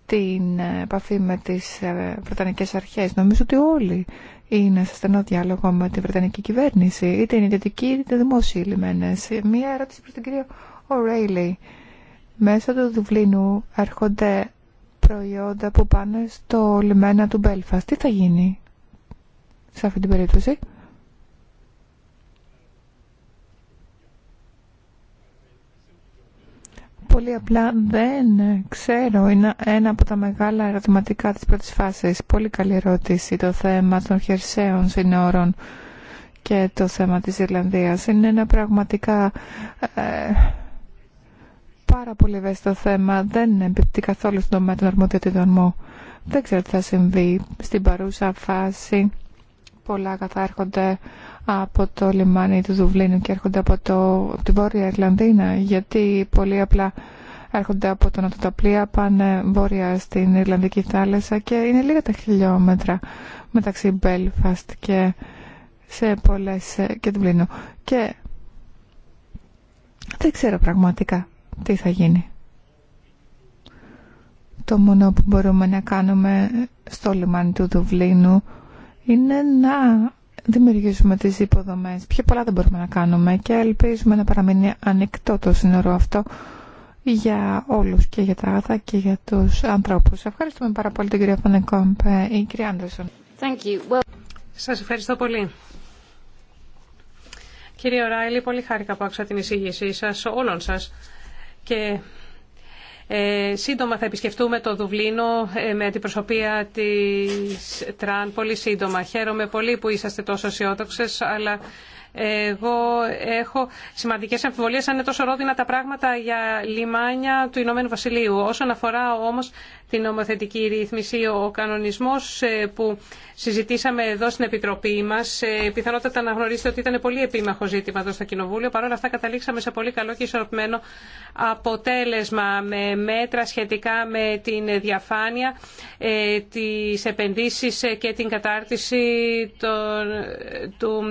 την επαφή με τις ε, Βρετανικές αρχές. Νομίζω ότι όλοι είναι σε στενό διάλογο με την Βρετανική κυβέρνηση, είτε είναι ιδιωτική είτε δημόσιοι λιμένες. Ε, μία ερώτηση προς την κύριο O'Reilly. Μέσα του Δουβλίνου έρχονται προϊόντα που πάνε στο λιμένα του Μπέλφας. Τι θα γίνει σε αυτή την περίπτωση. Πολύ απλά δεν ξέρω. Είναι ένα από τα μεγάλα ερωτηματικά της πρώτης φάσης. Πολύ καλή ερώτηση το θέμα των χερσαίων συνόρων και το θέμα της Ιρλανδίας. Είναι ένα πραγματικά ε, πάρα πολύ ευαίσθητο θέμα. Δεν εμπιπτεί καθόλου στον τομέα των αρμοδιοτήτων μου. Δεν ξέρω τι θα συμβεί. Στην παρούσα φάση πολλά αγαθά από το λιμάνι του Δουβλίνου και έρχονται από το, τη Βόρεια Ιρλανδίνα γιατί πολύ απλά έρχονται από τον Ατοταπλία, πάνε βόρεια στην Ιρλανδική θάλασσα και είναι λίγα τα χιλιόμετρα μεταξύ Belfast και σε πολλές ε, και Δουβλίνου. Και δεν ξέρω πραγματικά τι θα γίνει. Το μόνο που μπορούμε να κάνουμε στο λιμάνι του Δουβλίνου είναι να δημιουργήσουμε τις υποδομές. Πιο πολλά δεν μπορούμε να κάνουμε και ελπίζουμε να παραμείνει ανοιχτό το σύνορο αυτό για όλους και για τα αγαθά και για τους ανθρώπους. Ευχαριστούμε πάρα πολύ την κυρία Φανεκόμπ ή κυρία Άντερσον. Thank you. Σας ευχαριστώ πολύ. Κύριε Ράιλι, πολύ χάρηκα που άκουσα την εισήγησή σας, όλων σας και ε, σύντομα θα επισκεφτούμε το Δουβλίνο ε, με προσωπία της Τραν πολύ σύντομα. Χαίρομαι πολύ που είσαστε τόσο αισιόδοξε, αλλά εγώ έχω σημαντικές αμφιβολίε αν είναι τόσο ρόδινα τα πράγματα για λιμάνια του Ηνωμένου Βασιλείου. Όσον αφορά όμως την νομοθετική ρύθμιση, ο κανονισμός ε, που συζητήσαμε εδώ στην Επιτροπή μας, ε, πιθανότατα να γνωρίσετε ότι ήταν πολύ επίμαχο ζήτημα εδώ στο Κοινοβούλιο. Παρ' όλα αυτά καταλήξαμε σε πολύ καλό και ισορροπημένο αποτέλεσμα με μέτρα σχετικά με την διαφάνεια, ε, τι επενδύσει και την κατάρτιση του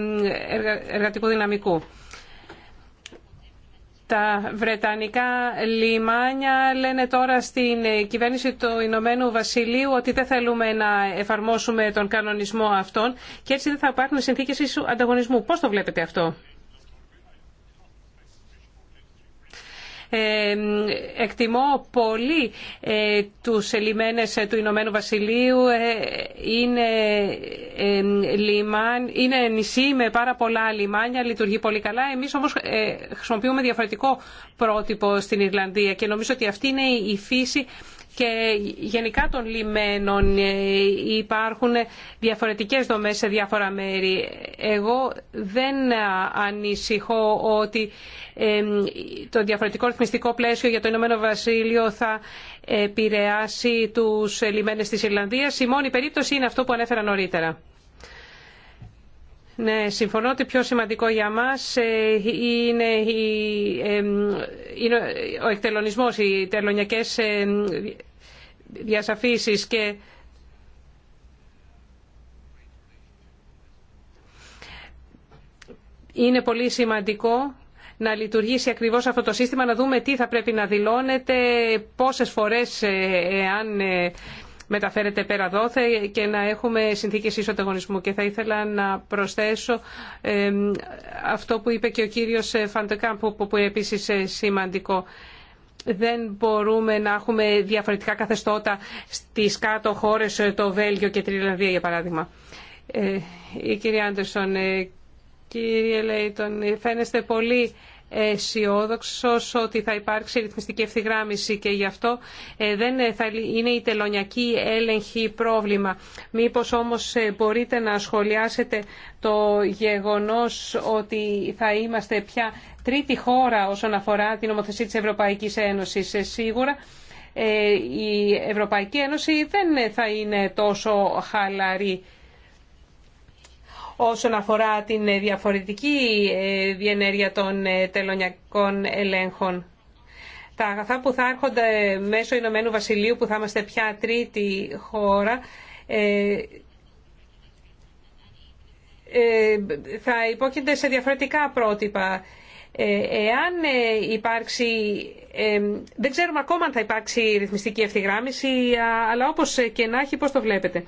εργατικού δυναμικού. Τα βρετανικά λιμάνια λένε τώρα στην κυβέρνηση του Ηνωμένου Βασιλείου ότι δεν θέλουμε να εφαρμόσουμε τον κανονισμό αυτόν και έτσι δεν θα υπάρχουν συνθήκες ανταγωνισμού. Πώς το βλέπετε αυτό? εκτιμώ πολύ ε, τους λιμένες ε, του Ηνωμένου Βασιλείου. Ε, είναι, λιμάν, είναι νησί με πάρα πολλά λιμάνια, λειτουργεί πολύ καλά. Εμείς όμως χρησιμοποιούμε διαφορετικό πρότυπο στην Ιρλανδία και νομίζω ότι αυτή είναι η φύση και γενικά των λιμένων ε, υπάρχουν διαφορετικές δομές σε διάφορα μέρη. Εγώ δεν ε, ανησυχώ ότι ε, το διαφορετικό ρυθμιστικό πλαίσιο για το Ηνωμένο Βασίλειο θα επηρεάσει τους λιμένες της Ιρλανδίας. Η μόνη περίπτωση είναι αυτό που ανέφερα νωρίτερα. Ναι, συμφωνώ ότι πιο σημαντικό για μας ε, είναι, ο εκτελονισμός, οι τελωνιακές διασαφήσεις και είναι πολύ σημαντικό να λειτουργήσει ακριβώς αυτό το σύστημα, να δούμε τι θα πρέπει να δηλώνεται, πόσες φορές αν ε, μεταφέρεται πέρα δόθε και να έχουμε συνθήκες ίσου ανταγωνισμού. Και θα ήθελα να προσθέσω αυτό που είπε και ο κύριος Φαντεκάμπ, που επίσης ε, σημαντικό δεν μπορούμε να έχουμε διαφορετικά καθεστώτα στις κάτω χώρες, ε, το Βέλγιο και την Ιρλανδία για παράδειγμα. Ε, η κυρία Άντερσον, ε, κύριε Λέιτον, ε, φαίνεστε πολύ αισιόδοξο ότι θα υπάρξει ρυθμιστική ευθυγράμμιση και γι' αυτό ε, δεν ε, θα είναι η τελωνιακή έλεγχη πρόβλημα. Μήπως όμως ε, μπορείτε να σχολιάσετε το γεγονός ότι θα είμαστε πια τρίτη χώρα όσον αφορά την νομοθεσία της Ευρωπαϊκής Ένωσης. Σίγουρα η Ευρωπαϊκή Ένωση δεν θα είναι τόσο χαλαρή όσον αφορά την ε, διαφορετική ε, διενέργεια των ε, τελωνιακών ελέγχων. Τα αγαθά που θα έρχονται μέσω Ηνωμένου Βασιλείου, που θα είμαστε πια τρίτη χώρα, θα υπόκεινται σε διαφορετικά πρότυπα. Εάν υπάρξει, δεν ξέρουμε ακόμα αν θα υπάρξει ρυθμιστική ευθυγράμμιση, αλλά όπως και να έχει, πώς το βλέπετε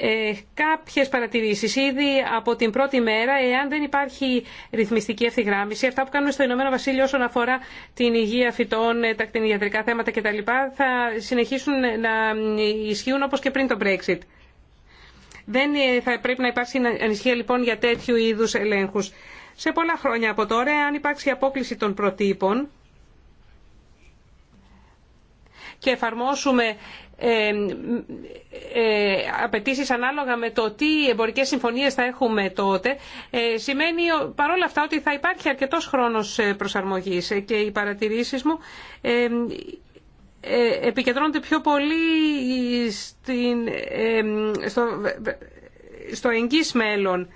ε, κάποιες παρατηρήσεις ήδη από την πρώτη μέρα εάν δεν υπάρχει ρυθμιστική ευθυγράμμιση αυτά που κάνουμε στο Ηνωμένο Βασίλειο όσον αφορά την υγεία φυτών, ε, τα κτηνιατρικά θέματα κτλ θα συνεχίσουν να ισχύουν όπως και πριν το Brexit. Δεν ε, θα πρέπει να υπάρξει ανησυχία λοιπόν για τέτοιου είδους ελέγχους. Σε πολλά χρόνια από τώρα, αν υπάρξει απόκληση των προτύπων και εφαρμόσουμε ε, απαιτήσει ανάλογα με το τι εμπορικές συμφωνίες θα έχουμε τότε ε, σημαίνει παρόλα αυτά ότι θα υπάρχει αρκετός χρόνος ε, προσαρμογής ε, και οι παρατηρήσει μου επικεντρώνονται πιο πολύ στην, στο, στο εγγύς μέλλον.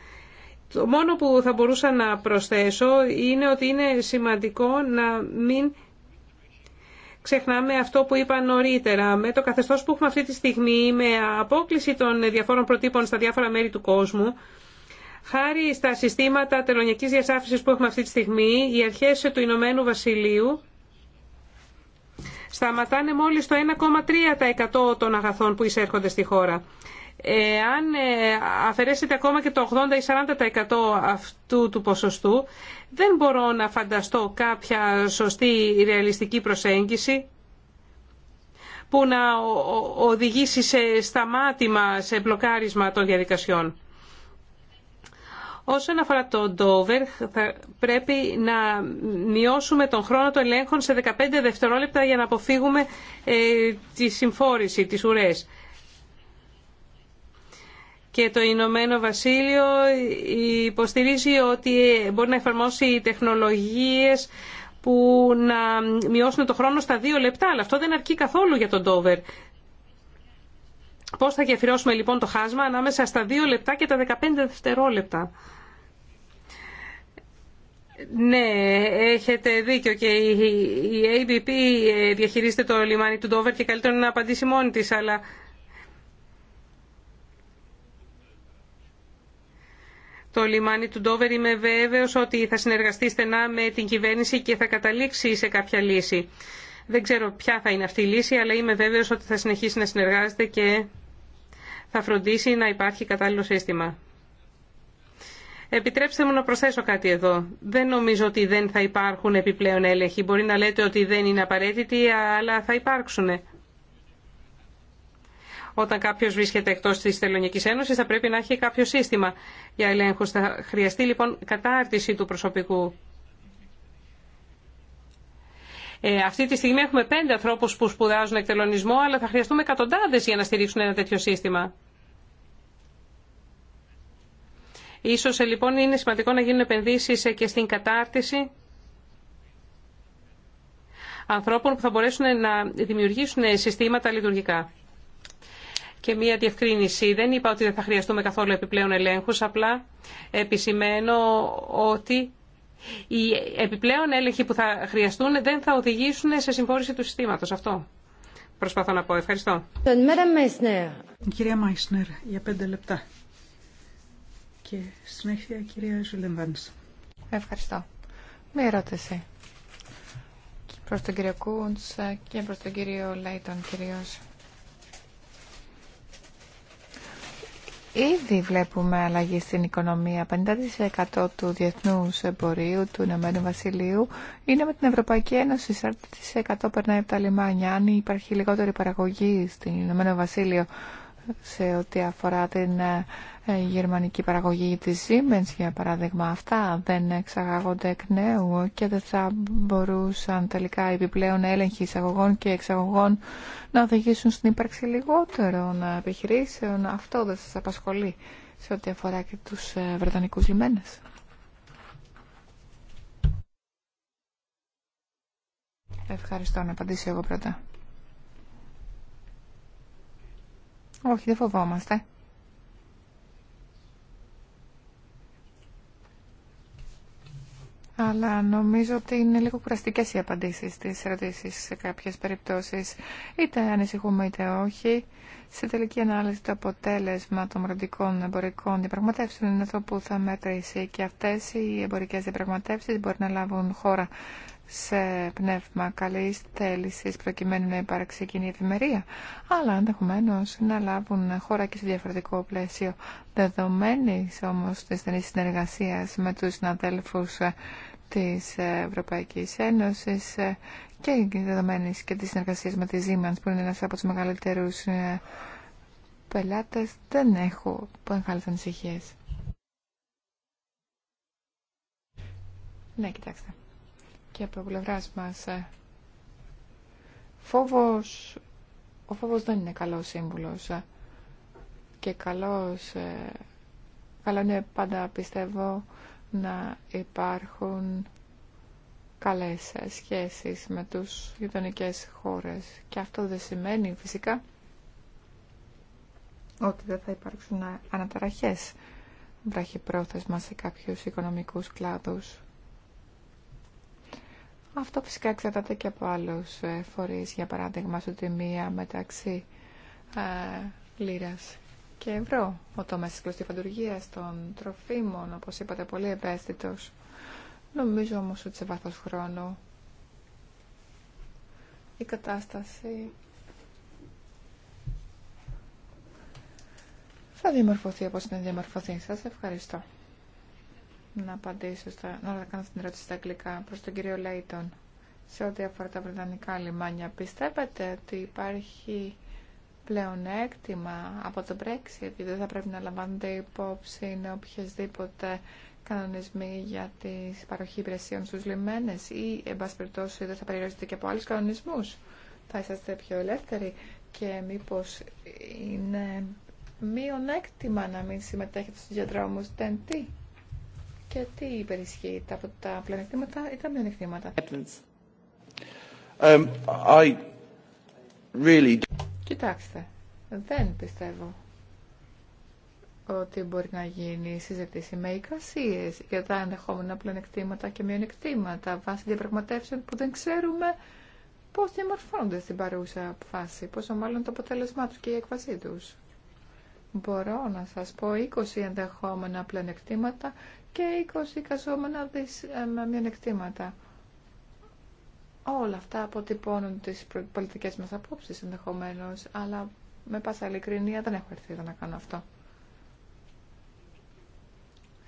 Το μόνο που θα μπορούσα να προσθέσω είναι ότι είναι σημαντικό να μην ξεχνάμε αυτό που είπα νωρίτερα. Με το καθεστώ που έχουμε αυτή τη στιγμή, με απόκληση των διαφόρων προτύπων στα διάφορα μέρη του κόσμου, χάρη στα συστήματα τελωνιακή διασάφηση που έχουμε αυτή τη στιγμή, οι αρχέ του Ηνωμένου Βασιλείου σταματάνε μόλις το 1,3% των αγαθών που εισέρχονται στη χώρα. Ε, αν ε, αφαιρέσετε ακόμα και το 80 ή 40% αυτού του ποσοστού, δεν μπορώ να φανταστώ κάποια σωστή ρεαλιστική προσέγγιση που να οδηγήσει σε σταμάτημα, σε μπλοκάρισμα των διαδικασιών. Όσον αφορά το ντόβερ, θα πρέπει να μειώσουμε τον χρόνο των ελέγχων σε 15 δευτερόλεπτα για να αποφύγουμε ε, τη συμφόρηση, τις ουρές και το Ηνωμένο Βασίλειο υποστηρίζει ότι μπορεί να εφαρμόσει τεχνολογίες που να μειώσουν το χρόνο στα δύο λεπτά, αλλά αυτό δεν αρκεί καθόλου για τον Dover. Πώς θα γεφυρώσουμε λοιπόν το χάσμα ανάμεσα στα δύο λεπτά και τα 15 δευτερόλεπτα. Ναι, έχετε δίκιο και η ABP ε, διαχειρίζεται το λιμάνι του Ντόβερ και καλύτερο να απαντήσει μόνη της, αλλά το λιμάνι του Ντόβερ. Είμαι βέβαιος ότι θα συνεργαστεί στενά με την κυβέρνηση και θα καταλήξει σε κάποια λύση. Δεν ξέρω ποια θα είναι αυτή η λύση, αλλά είμαι βέβαιος ότι θα συνεχίσει να συνεργάζεται και θα φροντίσει να υπάρχει κατάλληλο σύστημα. Επιτρέψτε μου να προσθέσω κάτι εδώ. Δεν νομίζω ότι δεν θα υπάρχουν επιπλέον έλεγχοι. Μπορεί να λέτε ότι δεν είναι απαραίτητοι, αλλά θα υπάρξουν. Όταν κάποιο βρίσκεται εκτό τη Τελωνιακή Ένωση, θα πρέπει να έχει κάποιο σύστημα για ελέγχου. Θα χρειαστεί λοιπόν κατάρτιση του προσωπικού. Ε, αυτή τη στιγμή έχουμε πέντε ανθρώπου που σπουδάζουν εκτελονισμό, αλλά θα χρειαστούμε εκατοντάδε για να στηρίξουν ένα τέτοιο σύστημα. Ίσως ε, λοιπόν είναι σημαντικό να γίνουν επενδύσεις ε, και στην κατάρτιση ανθρώπων που θα μπορέσουν να δημιουργήσουν ε, συστήματα λειτουργικά και μία διευκρίνηση. Δεν είπα ότι δεν θα χρειαστούμε καθόλου επιπλέον ελέγχους, απλά επισημαίνω ότι οι επιπλέον έλεγχοι που θα χρειαστούν δεν θα οδηγήσουν σε συμφόρηση του συστήματος. Αυτό προσπαθώ να πω. Ευχαριστώ. Κυρία Μάισνερ, για πέντε λεπτά. Και συνέχεια κυρία Ζουλεμβάνης. Ευχαριστώ. Μία ερώτηση προς τον κύριο Κούντς και προς τον κύριο Λέιτον κυρίως. Ήδη βλέπουμε αλλαγή στην οικονομία. 50% του διεθνού εμπορίου του Ηνωμένου Βασιλείου είναι με την Ευρωπαϊκή Ένωση. 40% περνάει από τα λιμάνια. Αν υπάρχει λιγότερη παραγωγή στην Ηνωμένο Βασίλειο, σε ό,τι αφορά την ε, ε, γερμανική παραγωγή της Siemens, για παράδειγμα. Αυτά δεν εξαγάγονται εκ νέου και δεν θα μπορούσαν τελικά επιπλέον έλεγχοι εισαγωγών και εξαγωγών να οδηγήσουν στην ύπαρξη λιγότερων επιχειρήσεων. Αυτό δεν σας απασχολεί σε ό,τι αφορά και τους ε, Βρετανικούς λιμένες. Ευχαριστώ να απαντήσω εγώ πρώτα. Όχι, δεν φοβόμαστε. Αλλά νομίζω ότι είναι λίγο κουραστικές οι απαντήσεις στις ερωτήσεις σε κάποιες περιπτώσεις. Είτε ανησυχούμε είτε όχι. Σε τελική ανάλυση το αποτέλεσμα των μερωτικών εμπορικών διαπραγματεύσεων είναι αυτό που θα μετρήσει και αυτές οι εμπορικές διαπραγματεύσεις μπορεί να λάβουν χώρα σε πνεύμα καλής θέληση προκειμένου να υπάρξει κοινή ευημερία, αλλά ενδεχομένω να λάβουν χώρα και σε διαφορετικό πλαίσιο δεδομένης όμως της στενής συνεργασίας με τους συναδέλφου ε, της Ευρωπαϊκής Ένωσης ε, και δεδομένης και της συνεργασίας με τη Siemens που είναι ένας από τους μεγαλύτερου ε, πελάτες δεν έχω που ανησυχίε. Ναι, κοιτάξτε και από πλευρά μα. Ε, φόβος, ο φόβος δεν είναι καλός σύμβουλος ε, και καλός, ε, καλό είναι πάντα πιστεύω να υπάρχουν καλές σχέσεις με τους γειτονικέ χώρες και αυτό δεν σημαίνει φυσικά ότι δεν θα υπάρξουν αναταραχές βραχυπρόθεσμα σε κάποιους οικονομικούς κλάδους. Αυτό φυσικά εξαρτάται και από άλλους ε, φορείς, για παράδειγμα, στο τιμία μεταξύ ε, λίρας και ευρώ. Ο τομέας της φαντουργίας των τροφίμων, όπως είπατε, πολύ ευαίσθητος. Νομίζω όμως ότι σε βάθος χρόνου η κατάσταση θα διαμορφωθεί όπως είναι διαμορφωθεί. Σας ευχαριστώ να απαντήσω, στα, να κάνω την ερώτηση στα αγγλικά προς τον κύριο Λέιτον σε ό,τι αφορά τα βρετανικά λιμάνια. Πιστεύετε ότι υπάρχει πλεονέκτημα από το Brexit, δεν θα πρέπει να λαμβάνονται υπόψη οποιασδήποτε κανονισμοί για τη παροχή υπηρεσιών στους λιμένες ή, εν πάση περιπτώσει, δεν θα περιορίζεται και από άλλους κανονισμούς. Θα είσαστε πιο ελεύθεροι και μήπως είναι μειονέκτημα να μην συμμετέχετε στους διαδρόμους τι και τι υπερισχύει από τα πλανεκτήματα ή τα μειονεκτήματα. Um, I really... Κοιτάξτε, δεν πιστεύω ότι μπορεί να γίνει συζήτηση με εικασίε για τα ενδεχόμενα πλανεκτήματα και μειονεκτήματα βάσει διαπραγματεύσεων που δεν ξέρουμε πώς διαμορφώνονται στην παρούσα φάση, πόσο μάλλον το αποτέλεσμά του και η έκβασή του μπορώ να σας πω 20 ενδεχόμενα πλεονεκτήματα και 20 καζόμενα μη μειονεκτήματα. Όλα αυτά αποτυπώνουν τις πολιτικές μας απόψεις ενδεχομένως, αλλά με πάσα ειλικρινία δεν έχω έρθει εδώ να κάνω αυτό.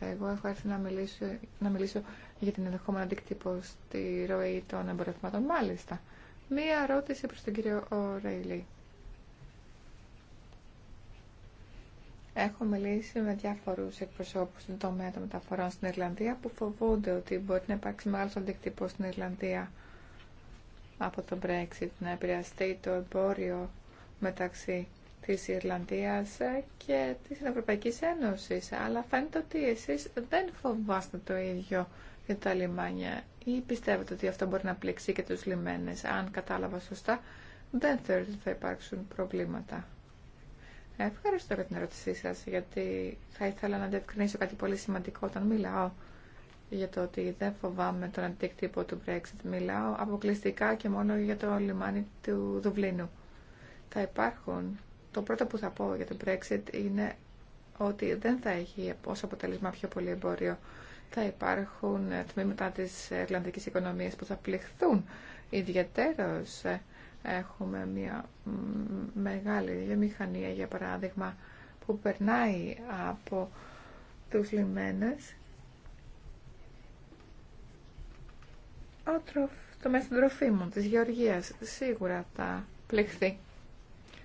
Εγώ έχω έρθει να μιλήσω, για την ενδεχόμενη αντίκτυπο στη ροή των εμπορευμάτων. Μάλιστα, μία ερώτηση προς τον κύριο Ρέιλι. Έχω μιλήσει με διάφορου εκπροσώπου στον τομέα των μεταφορών στην Ιρλανδία που φοβούνται ότι μπορεί να υπάρξει μεγάλο αντίκτυπο στην Ιρλανδία από τον Brexit, να επηρεαστεί το εμπόριο μεταξύ τη Ιρλανδία και τη Ευρωπαϊκή Ένωση. Αλλά φαίνεται ότι εσεί δεν φοβάστε το ίδιο για τα λιμάνια ή πιστεύετε ότι αυτό μπορεί να πλήξει και του λιμένες. Αν κατάλαβα σωστά, δεν θεωρείτε ότι θα υπάρξουν προβλήματα. Ευχαριστώ για την ερώτησή σα, γιατί θα ήθελα να διευκρινίσω κάτι πολύ σημαντικό όταν μιλάω για το ότι δεν φοβάμαι τον αντίκτυπο του Brexit. Μιλάω αποκλειστικά και μόνο για το λιμάνι του Δουβλίνου. Θα υπάρχουν. Το πρώτο που θα πω για το Brexit είναι ότι δεν θα έχει ως αποτέλεσμα πιο πολύ εμπόριο. Θα υπάρχουν τμήματα της Ιρλανδικής οικονομίας που θα πληχθούν ιδιαίτερως ε, Έχουμε μια μεγάλη βιομηχανία, για παράδειγμα, που περνάει από τους λιμένες το μέσο των τροφίμων της Γεωργίας σίγουρα θα πληχθεί.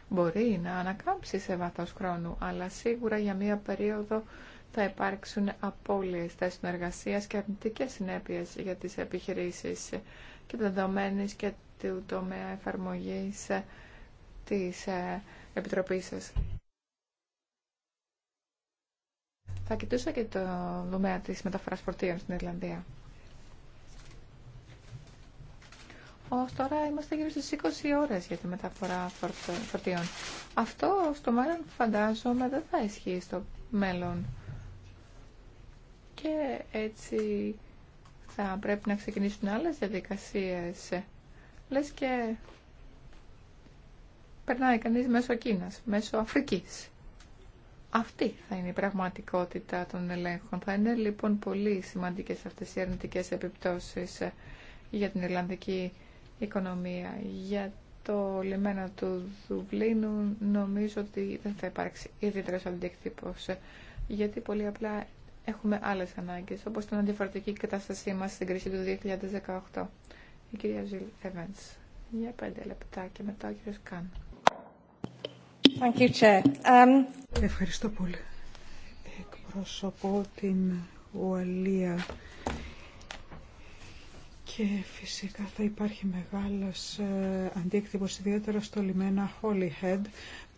Μπορεί να ανακάμψει σε βάθος χρόνου, αλλά σίγουρα για μία περίοδο θα υπάρξουν απώλειες θέσεων εργασίας και αρνητικές συνέπειες για τις επιχειρήσεις και δεδομένες και του τομέα εφαρμογής ε, της ε, Επιτροπής σας. Θα κοιτούσα και το δομέα της μεταφοράς φορτίων στην Ιρλανδία. Ως τώρα είμαστε γύρω στις 20 ώρες για τη μεταφορά φορτίων. Αυτό στο μέλλον φαντάζομαι δεν θα ισχύει στο μέλλον. Και έτσι θα πρέπει να ξεκινήσουν άλλες διαδικασίες λες και περνάει κανείς μέσω Κίνας, μέσω Αφρικής. Αυτή θα είναι η πραγματικότητα των ελέγχων. Θα είναι λοιπόν πολύ σημαντικές αυτές οι αρνητικές επιπτώσεις ε, για την Ιρλανδική οικονομία. Για το λιμένα του Δουβλίνου νομίζω ότι δεν θα υπάρξει ιδιαίτερος αντίκτυπος, ε, γιατί πολύ απλά έχουμε άλλες ανάγκες, όπως την αντιφορτική κατάστασή μας στην κρίση του 2018 η κυρία Ζιλ Εβέντς για πέντε λεπτά και μετά ο κύριος Καν. Um, Ευχαριστώ πολύ. Εκπροσωπώ την Ουαλία και φυσικά θα υπάρχει μεγάλος ε, αντίκτυπος, ιδιαίτερα στο λιμένα Holyhead,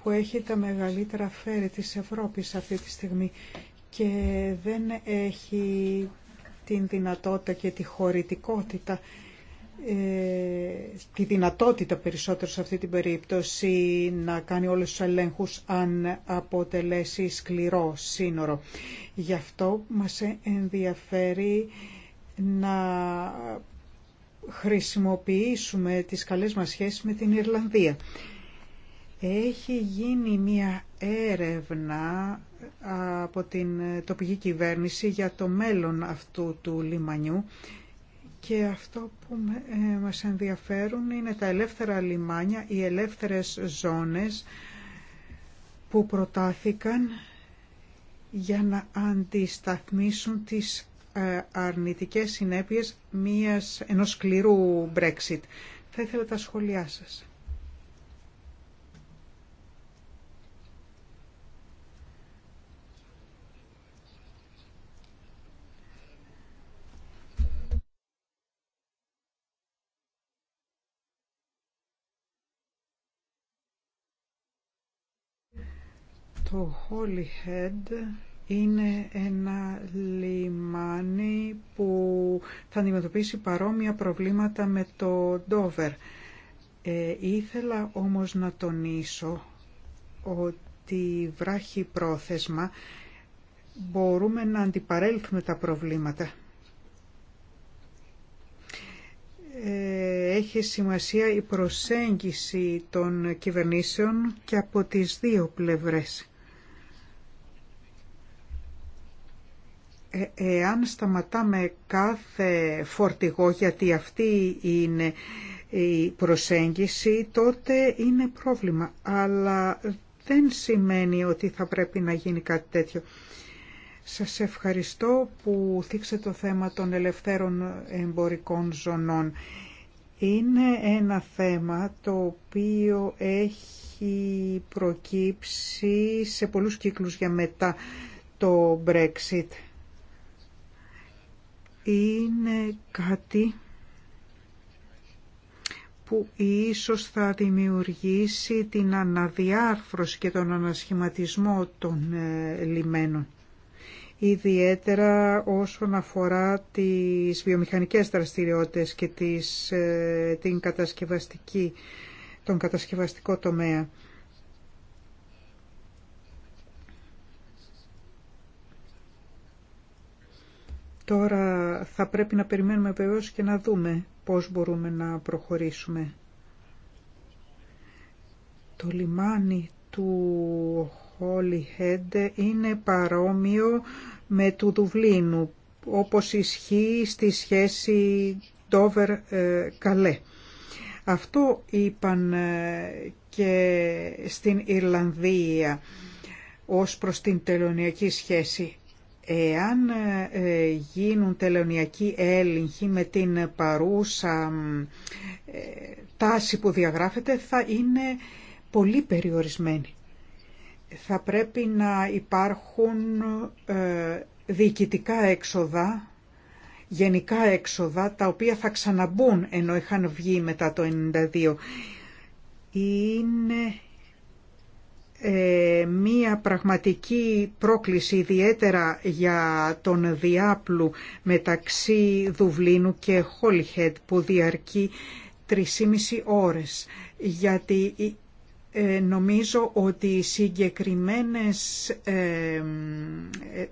που έχει τα μεγαλύτερα φέρη της Ευρώπης αυτή τη στιγμή και δεν έχει την δυνατότητα και τη χωρητικότητα ε, τη δυνατότητα περισσότερο σε αυτή την περίπτωση να κάνει όλους τους ελέγχους αν αποτελέσει σκληρό σύνορο. Γι' αυτό μας ενδιαφέρει να χρησιμοποιήσουμε τις καλές μας σχέσεις με την Ιρλανδία. Έχει γίνει μια έρευνα από την τοπική κυβέρνηση για το μέλλον αυτού του λιμανιού και αυτό που ε, μας ενδιαφέρουν είναι τα ελεύθερα λιμάνια, οι ελεύθερες ζώνες που προτάθηκαν για να αντισταθμίσουν τις ε, αρνητικές συνέπειες μιας, ενός σκληρού Brexit. Θα ήθελα τα σχόλιά σας. Το Holyhead είναι ένα λιμάνι που θα αντιμετωπίσει παρόμοια προβλήματα με το Dover. Ε, ήθελα όμως να τονίσω ότι βράχει πρόθεσμα μπορούμε να αντιπαρέλθουμε τα προβλήματα. Ε, έχει σημασία η προσέγγιση των κυβερνήσεων και από τις δύο πλευρές. Ε, εάν σταματάμε κάθε φορτηγό, γιατί αυτή είναι η προσέγγιση, τότε είναι πρόβλημα. Αλλά δεν σημαίνει ότι θα πρέπει να γίνει κάτι τέτοιο. Σας ευχαριστώ που θίξε το θέμα των ελευθέρων εμπορικών ζωνών. Είναι ένα θέμα το οποίο έχει προκύψει σε πολλούς κύκλους για μετά το Brexit είναι κάτι που ίσως θα δημιουργήσει την αναδιάρθρωση και τον ανασχηματισμό των ε, λιμένων. Ιδιαίτερα όσον αφορά τις βιομηχανικές δραστηριότητες και τις, ε, την κατασκευαστική, τον κατασκευαστικό τομέα. Τώρα θα πρέπει να περιμένουμε βεβαίως και να δούμε πώς μπορούμε να προχωρήσουμε. Το λιμάνι του Holyhead είναι παρόμοιο με του Δουβλίνου, όπως ισχύει στη σχέση Dover-Καλέ. Αυτό είπαν ε, και στην Ιρλανδία ως προς την τελωνιακή σχέση. Εάν ε, γίνουν τελωνιακοί έλεγχοι με την παρούσα ε, τάση που διαγράφεται θα είναι πολύ περιορισμένοι. Θα πρέπει να υπάρχουν ε, διοικητικά έξοδα, γενικά έξοδα, τα οποία θα ξαναμπούν ενώ είχαν βγει μετά το 1992. Είναι ε, μία πραγματική πρόκληση ιδιαίτερα για τον διάπλου μεταξύ Δουβλίνου και Χόλιχετ που διαρκεί 3,5 ώρες γιατί ε, νομίζω ότι οι συγκεκριμένες ε,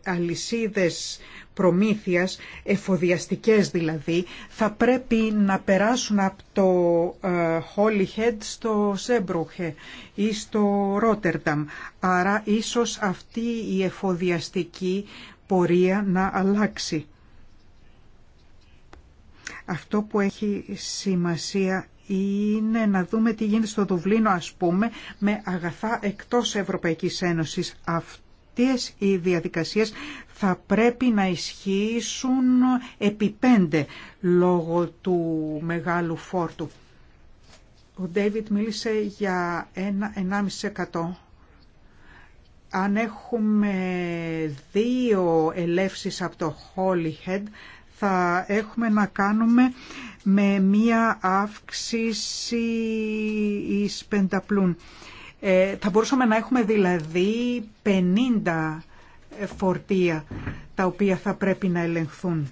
αλυσίδες προμήθειας, εφοδιαστικές δηλαδή, θα πρέπει να περάσουν από το ε, Holyhead στο Σέμπρουχε ή στο Ρότερνταμ. Άρα ίσως αυτή η εφοδιαστική πορεία να αλλάξει. Αυτό που έχει σημασία είναι να δούμε τι γίνεται στο Δουβλίνο ας πούμε με αγαθά εκτός Ευρωπαϊκής Ένωσης. Αυτές οι διαδικασίες θα πρέπει να ισχύσουν επί πέντε λόγω του μεγάλου φόρτου. Ο Ντέιβιτ μίλησε για 1,5%. Αν έχουμε δύο ελεύσεις από το Holyhead, θα έχουμε να κάνουμε με μία αύξηση εις πενταπλούν. Ε, θα μπορούσαμε να έχουμε δηλαδή 50 φορτία τα οποία θα πρέπει να ελεγχθούν.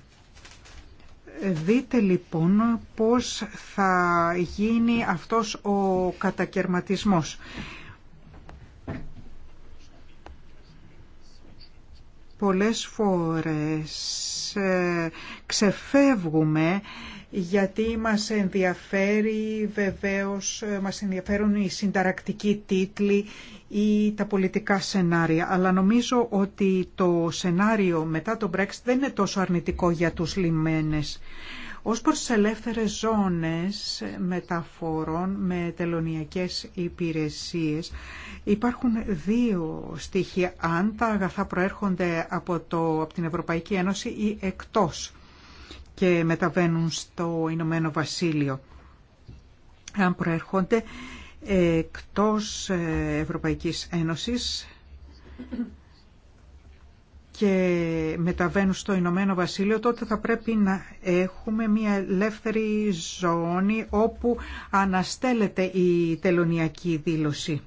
Δείτε λοιπόν πώς θα γίνει αυτός ο κατακερματισμός. πολλές φορές ε, ξεφεύγουμε γιατί μας ενδιαφέρει βεβαίως, ε, μας ενδιαφέρουν οι συνταρακτικοί τίτλοι ή τα πολιτικά σενάρια. Αλλά νομίζω ότι το σενάριο μετά το Brexit δεν είναι τόσο αρνητικό για τους λιμένες. Ως προς τις ελεύθερες ζώνες μεταφορών με τελωνιακές υπηρεσίες υπάρχουν δύο στοιχεία αν τα αγαθά προέρχονται από, το, από την Ευρωπαϊκή Ένωση ή εκτός και μεταβαίνουν στο Ηνωμένο Βασίλειο. Αν προέρχονται εκτός ε, Ευρωπαϊκής Ένωσης και μεταβαίνουν στο Ηνωμένο Βασίλειο, τότε θα πρέπει να έχουμε μια ελεύθερη ζώνη όπου αναστέλλεται η τελωνιακή δήλωση.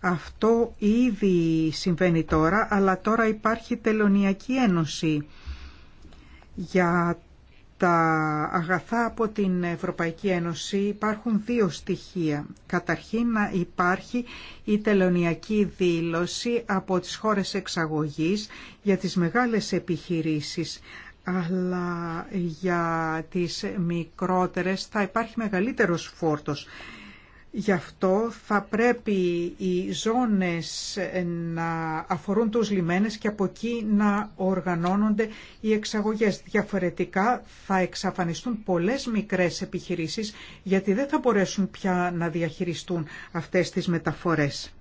Αυτό ήδη συμβαίνει τώρα, αλλά τώρα υπάρχει τελωνιακή ένωση για τα αγαθά από την Ευρωπαϊκή Ένωση υπάρχουν δύο στοιχεία. Καταρχήν να υπάρχει η τελωνιακή δήλωση από τις χώρες εξαγωγής για τις μεγάλες επιχειρήσεις αλλά για τις μικρότερες θα υπάρχει μεγαλύτερος φόρτος Γι' αυτό θα πρέπει οι ζώνες να αφορούν τους λιμένες και από εκεί να οργανώνονται οι εξαγωγές. Διαφορετικά θα εξαφανιστούν πολλές μικρές επιχειρήσεις γιατί δεν θα μπορέσουν πια να διαχειριστούν αυτές τις μεταφορές.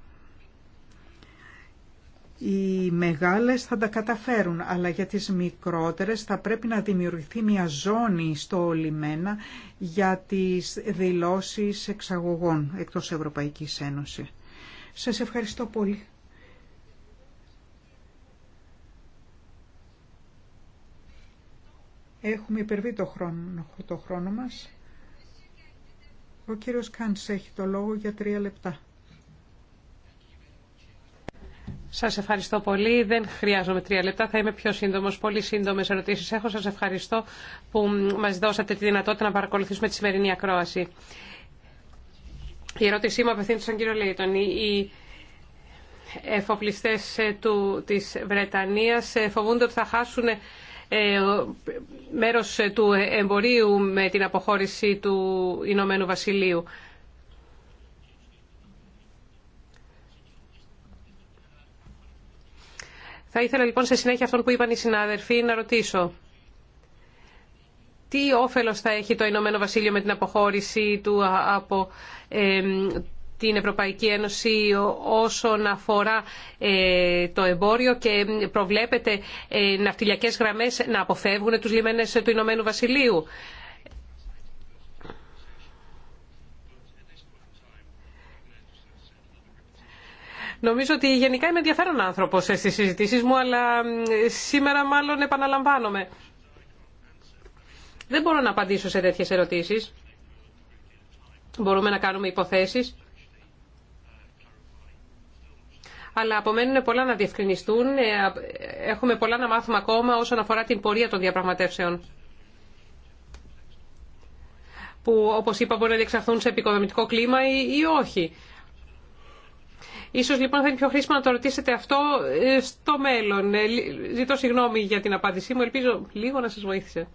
Οι μεγάλες θα τα καταφέρουν, αλλά για τις μικρότερες θα πρέπει να δημιουργηθεί μια ζώνη στο λιμένα για τις δηλώσεις εξαγωγών εκτός Ευρωπαϊκής Ένωσης. Σας ευχαριστώ πολύ. Έχουμε υπερβεί το χρόνο, το χρόνο μας. Ο κύριος Κάντς έχει το λόγο για τρία λεπτά. Σας ευχαριστώ πολύ. Δεν χρειάζομαι τρία λεπτά. Θα είμαι πιο σύντομος. Πολύ σύντομε ερωτήσεις έχω. Σας ευχαριστώ που μας δώσατε τη δυνατότητα να παρακολουθήσουμε τη σημερινή ακρόαση. Η ερώτησή μου απευθύνεται στον κύριο Λέιτον. Οι εφοπλιστές ε, τη της Βρετανίας ε, φοβούνται ότι θα χάσουν ε, μέρος του εμπορίου με την αποχώρηση του Ηνωμένου Βασιλείου. Θα ήθελα λοιπόν σε συνέχεια αυτών που είπαν οι συνάδελφοι να ρωτήσω τι όφελος θα έχει το Ηνωμένο Βασίλειο με την αποχώρηση του από την Ευρωπαϊκή Ένωση όσον αφορά ε, το εμπόριο και προβλέπεται ε, ναυτιλιακές γραμμές να αποφεύγουν τους λιμένες του Ηνωμένου Βασιλείου. Νομίζω ότι γενικά είμαι ενδιαφέρον άνθρωπο ε, στι συζητήσει μου, αλλά σήμερα μάλλον επαναλαμβάνομαι. Δεν μπορώ να απαντήσω σε τέτοιε ερωτήσει. Μπορούμε να κάνουμε υποθέσει. Αλλά απομένουν πολλά να διευκρινιστούν. Ε, έχουμε πολλά να μάθουμε ακόμα όσον αφορά την πορεία των διαπραγματεύσεων που όπως είπα μπορεί να διεξαχθούν σε επικοδομητικό κλίμα ή όχι. Ίσως λοιπόν θα είναι πιο χρήσιμο να το ρωτήσετε αυτό ε, στο μέλλον. Ε, ζητώ συγγνώμη για την απάντησή μου, ελπίζω λίγο να σας βοήθησε.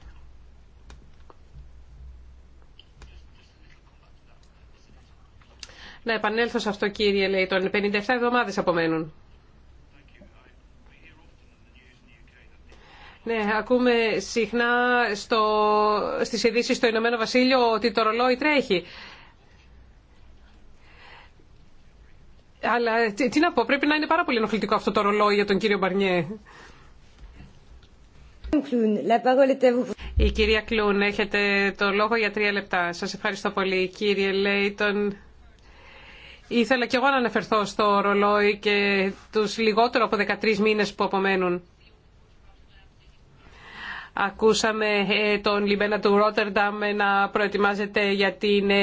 Να επανέλθω σε αυτό κύριε Λέιτον. 57 εβδομάδες απομένουν. Ναι, ακούμε συχνά στο, στις ειδήσει στο Ηνωμένο Βασίλειο ότι το ρολόι τρέχει. Αλλά τι, να πω, πρέπει να είναι πάρα πολύ ενοχλητικό αυτό το ρολόι για τον κύριο Μπαρνιέ. Η κυρία Κλούν, έχετε το λόγο για τρία λεπτά. Σας ευχαριστώ πολύ, κύριε Λέιτον. Ήθελα και εγώ να αναφερθώ στο ρολόι και τους λιγότερο από 13 μήνες που απομένουν. Ακούσαμε ε, τον Λιμπένα του Ρότερνταμ να προετοιμάζεται για, ε,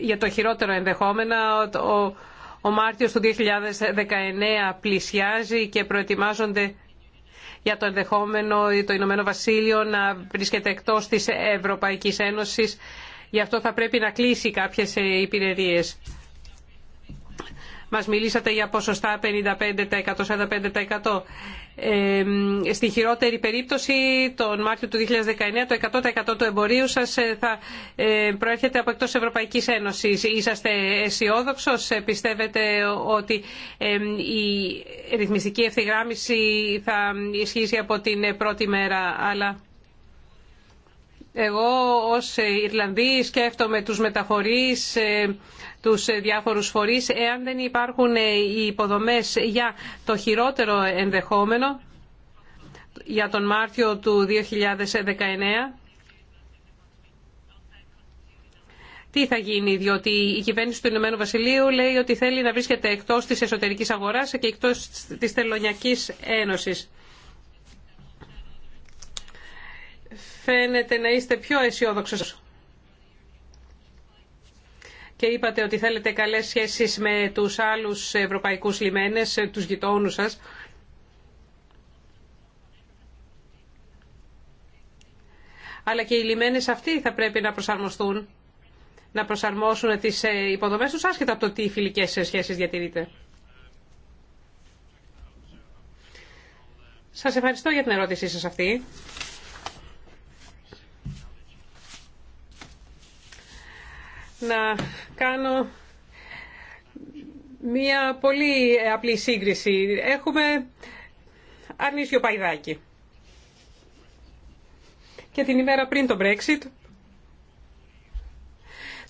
για το χειρότερο ενδεχόμενα. Ο, ο Μάρτιος του 2019 πλησιάζει και προετοιμάζονται για το ενδεχόμενο το Ηνωμένο Βασίλειο να βρίσκεται εκτός της Ευρωπαϊκής Ένωσης. Γι' αυτό θα πρέπει να κλείσει κάποιες ε, υπηρερίες. Μας μιλήσατε για ποσοστά 55%, 45% στη χειρότερη περίπτωση τον Μάρτιο του 2019 το 100% του εμπορίου σας ε, θα ε, προέρχεται από εκτός Ευρωπαϊκής Ένωσης. Είσαστε αισιόδοξο, ε, πιστεύετε ότι η ρυθμιστική ευθυγράμμιση θα ισχύσει από την πρώτη μέρα, αλλά... Εγώ ως Ιρλανδί σκέφτομαι τους μεταφορείς, τους διάφορους φορείς εάν δεν υπάρχουν ε, οι υποδομές για το χειρότερο ενδεχόμενο για τον Μάρτιο του 2019. Τι θα γίνει, διότι η κυβέρνηση του Ηνωμένου Βασιλείου λέει ότι θέλει να βρίσκεται εκτός της εσωτερικής αγοράς και εκτός της Τελωνιακής Ένωσης. Φαίνεται να είστε πιο αισιόδοξος και είπατε ότι θέλετε καλές σχέσεις με τους άλλους ευρωπαϊκούς λιμένες, τους γειτόνους σας. Αλλά και οι λιμένες αυτοί θα πρέπει να προσαρμοστούν, να προσαρμόσουν τις ε, υποδομές τους άσχετα από το τι φιλικές σχέσεις διατηρείτε. Σας ευχαριστώ για την ερώτησή σας αυτή. να κάνω μία πολύ απλή σύγκριση. Έχουμε αρνίσιο παϊδάκι. Και την ημέρα πριν το Brexit,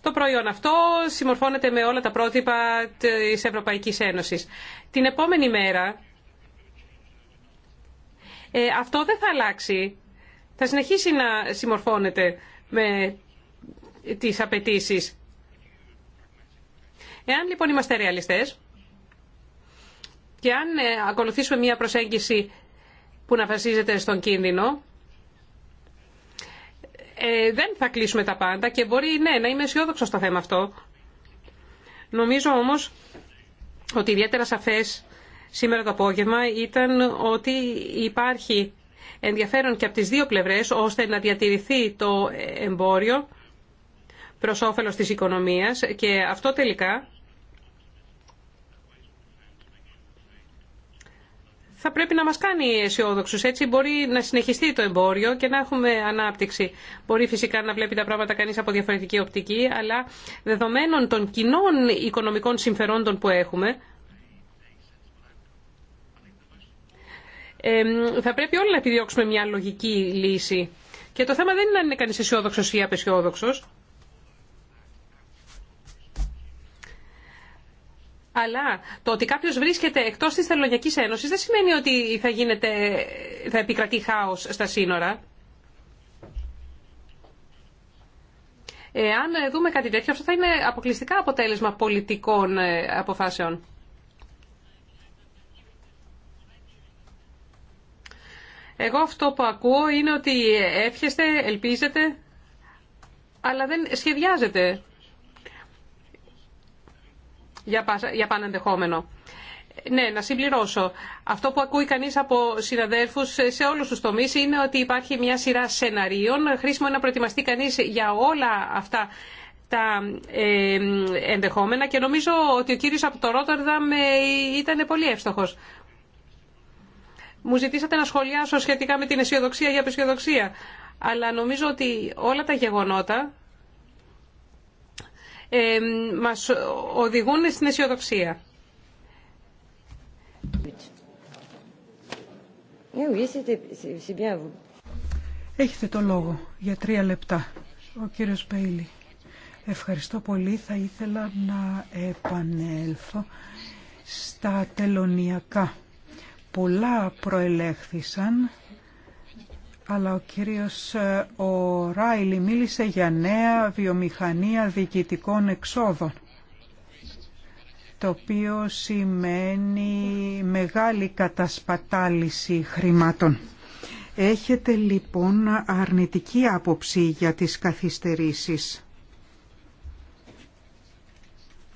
το προϊόν αυτό συμμορφώνεται με όλα τα πρότυπα της Ευρωπαϊκής Ένωσης. Την επόμενη μέρα ε, αυτό δεν θα αλλάξει. Θα συνεχίσει να συμμορφώνεται με τις απαιτήσει. Εάν λοιπόν είμαστε ρεαλιστές και αν ε, ακολουθήσουμε μια προσέγγιση που να βασίζεται στον κίνδυνο, ε, δεν θα κλείσουμε τα πάντα και μπορεί ναι, να είμαι αισιόδοξο στο θέμα αυτό. Νομίζω όμως ότι ιδιαίτερα σαφές σήμερα το απόγευμα ήταν ότι υπάρχει ενδιαφέρον και από τις δύο πλευρές ώστε να διατηρηθεί το εμπόριο προς όφελος της οικονομίας και αυτό τελικά θα πρέπει να μας κάνει αισιόδοξου. Έτσι μπορεί να συνεχιστεί το εμπόριο και να έχουμε ανάπτυξη. Μπορεί φυσικά να βλέπει τα πράγματα κανείς από διαφορετική οπτική, αλλά δεδομένων των κοινών οικονομικών συμφερόντων που έχουμε, θα πρέπει όλοι να επιδιώξουμε μια λογική λύση. Και το θέμα δεν είναι αν είναι κανείς αισιόδοξο ή απεσιόδοξος. Αλλά το ότι κάποιο βρίσκεται εκτό τη Θελωνιακή Ένωση δεν σημαίνει ότι θα, γίνεται, θα επικρατεί χάο στα σύνορα. Εάν δούμε κάτι τέτοιο, αυτό θα είναι αποκλειστικά αποτέλεσμα πολιτικών ε, αποφάσεων. Εγώ αυτό που ακούω είναι ότι εύχεστε, ελπίζετε, αλλά δεν σχεδιάζετε για πανενδεχόμενο. Ναι, να συμπληρώσω. Αυτό που ακούει κανεί από συναδέλφου σε όλου του τομεί είναι ότι υπάρχει μια σειρά σεναρίων. Χρήσιμο είναι να προετοιμαστεί κανεί για όλα αυτά τα ε, ενδεχόμενα και νομίζω ότι ο κύριος από το Ρότερδαμ ε, ήταν πολύ εύστοχος. Μου ζητήσατε να σχολιάσω σχετικά με την αισιοδοξία για απεσιοδοξία, αλλά νομίζω ότι όλα τα γεγονότα μας οδηγούν στην αισιοδοξία. Ε, Έχετε το λόγο για τρία λεπτά. Ο κύριος Πέιλι. Ευχαριστώ πολύ. Θα ήθελα να επανέλθω στα τελωνιακά. Πολλά προελέχθησαν αλλά ο κύριος ε, ο Ράιλι μίλησε για νέα βιομηχανία διοικητικών εξόδων το οποίο σημαίνει μεγάλη κατασπατάληση χρημάτων. Έχετε λοιπόν αρνητική άποψη για τις καθυστερήσεις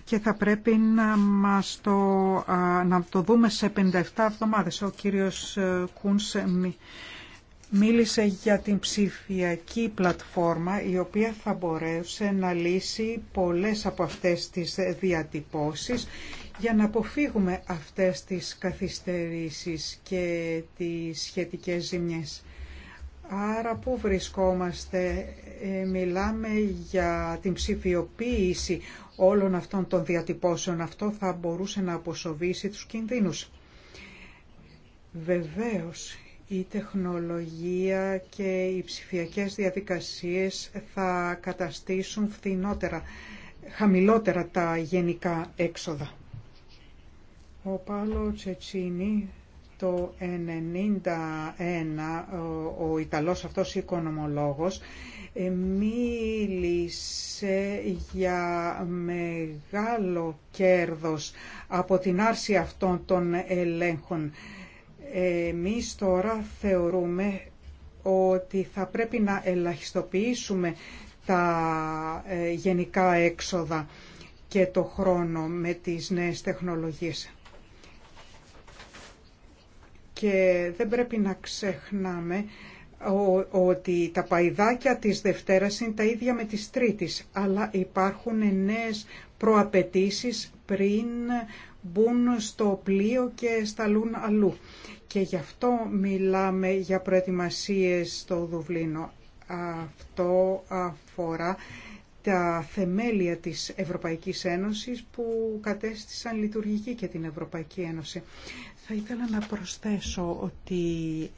και θα πρέπει να, μας το, να το δούμε σε 57 εβδομάδες. Ο κύριος ε, Κούνς ε, μίλησε για την ψηφιακή πλατφόρμα η οποία θα μπορέσει να λύσει πολλές από αυτές τις διατυπώσεις για να αποφύγουμε αυτές τις καθυστερήσεις και τις σχετικές ζημιές. Άρα πού βρισκόμαστε, ε, μιλάμε για την ψηφιοποίηση όλων αυτών των διατυπώσεων. Αυτό θα μπορούσε να αποσοβήσει τους κινδύνους. Βεβαίως, η τεχνολογία και οι ψηφιακές διαδικασίες θα καταστήσουν φθηνότερα, χαμηλότερα τα γενικά έξοδα. Ο Πάλο Τσετσίνη το 1991 ο Ιταλός αυτός οικονομολόγος ε, μίλησε για μεγάλο κέρδος από την άρση αυτών των ελέγχων εμείς τώρα θεωρούμε ότι θα πρέπει να ελαχιστοποιήσουμε τα ε, γενικά έξοδα και το χρόνο με τις νέες τεχνολογίες. Και δεν πρέπει να ξεχνάμε ότι τα παϊδάκια της Δευτέρας είναι τα ίδια με τις Τρίτης, αλλά υπάρχουν νέες προαπαιτήσεις πριν μπουν στο πλοίο και σταλούν αλλού. Και γι' αυτό μιλάμε για προετοιμασίες στο Δουβλίνο. Αυτό αφορά τα θεμέλια της Ευρωπαϊκής Ένωσης που κατέστησαν λειτουργική και την Ευρωπαϊκή Ένωση. Θα ήθελα να προσθέσω ότι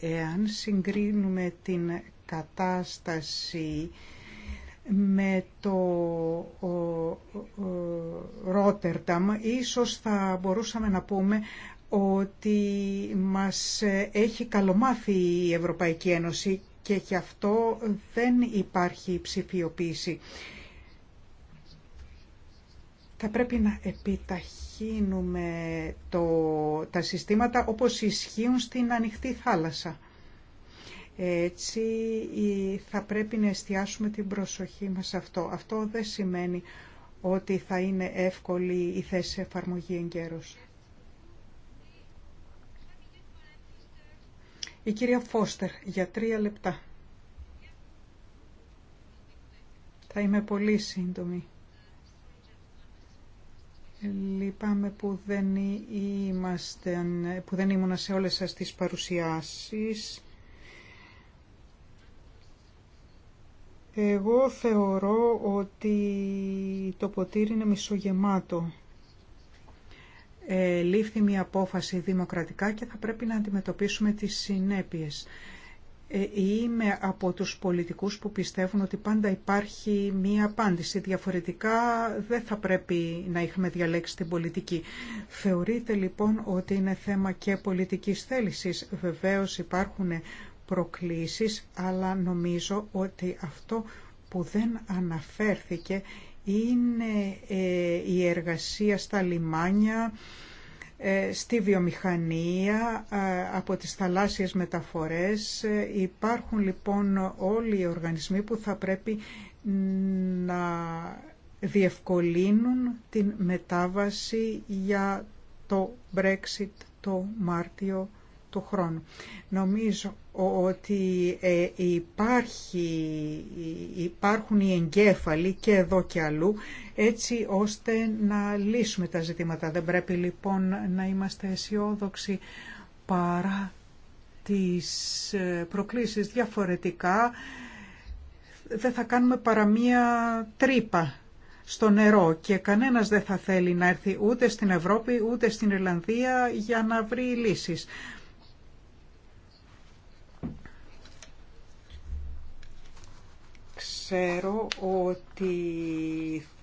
εάν συγκρίνουμε την κατάσταση με το Ρότερταμ, ίσως θα μπορούσαμε να πούμε ότι μας έχει καλομάθει η Ευρωπαϊκή Ένωση και γι' αυτό δεν υπάρχει ψηφιοποίηση. Θα πρέπει να επιταχύνουμε το, τα συστήματα όπως ισχύουν στην ανοιχτή θάλασσα. Έτσι θα πρέπει να εστιάσουμε την προσοχή μας σε αυτό. Αυτό δεν σημαίνει ότι θα είναι εύκολη η θέση εφαρμογή εγκαίρως. Η κυρία Φώστερ, για τρία λεπτά. Θα είμαι πολύ σύντομη. Λυπάμαι που δεν, είμαστε, που δεν ήμουνα σε όλες σας τις παρουσιάσεις. Εγώ θεωρώ ότι το ποτήρι είναι μισογεμάτο ε, λήφθη μια απόφαση δημοκρατικά και θα πρέπει να αντιμετωπίσουμε τις συνέπειες. Ε, είμαι από τους πολιτικούς που πιστεύουν ότι πάντα υπάρχει μία απάντηση. Διαφορετικά δεν θα πρέπει να είχαμε διαλέξει την πολιτική. Θεωρείτε λοιπόν ότι είναι θέμα και πολιτικής θέλησης. Βεβαίως υπάρχουν προκλήσεις, αλλά νομίζω ότι αυτό που δεν αναφέρθηκε είναι ε, η εργασία στα λιμάνια, ε, στη βιομηχανία, ε, από τις θαλάσσιες μεταφορές. Υπάρχουν λοιπόν όλοι οι οργανισμοί που θα πρέπει να διευκολύνουν την μετάβαση για το Brexit το Μάρτιο του χρόνου. Νομίζω ότι ε, υπάρχει, υπάρχουν οι εγκέφαλοι και εδώ και αλλού έτσι ώστε να λύσουμε τα ζητήματα. Δεν πρέπει λοιπόν να είμαστε αισιόδοξοι παρά τις ε, προκλήσεις διαφορετικά. Δεν θα κάνουμε παρά μία τρύπα στο νερό και κανένας δεν θα θέλει να έρθει ούτε στην Ευρώπη ούτε στην Ιρλανδία για να βρει λύσεις. ξέρω ότι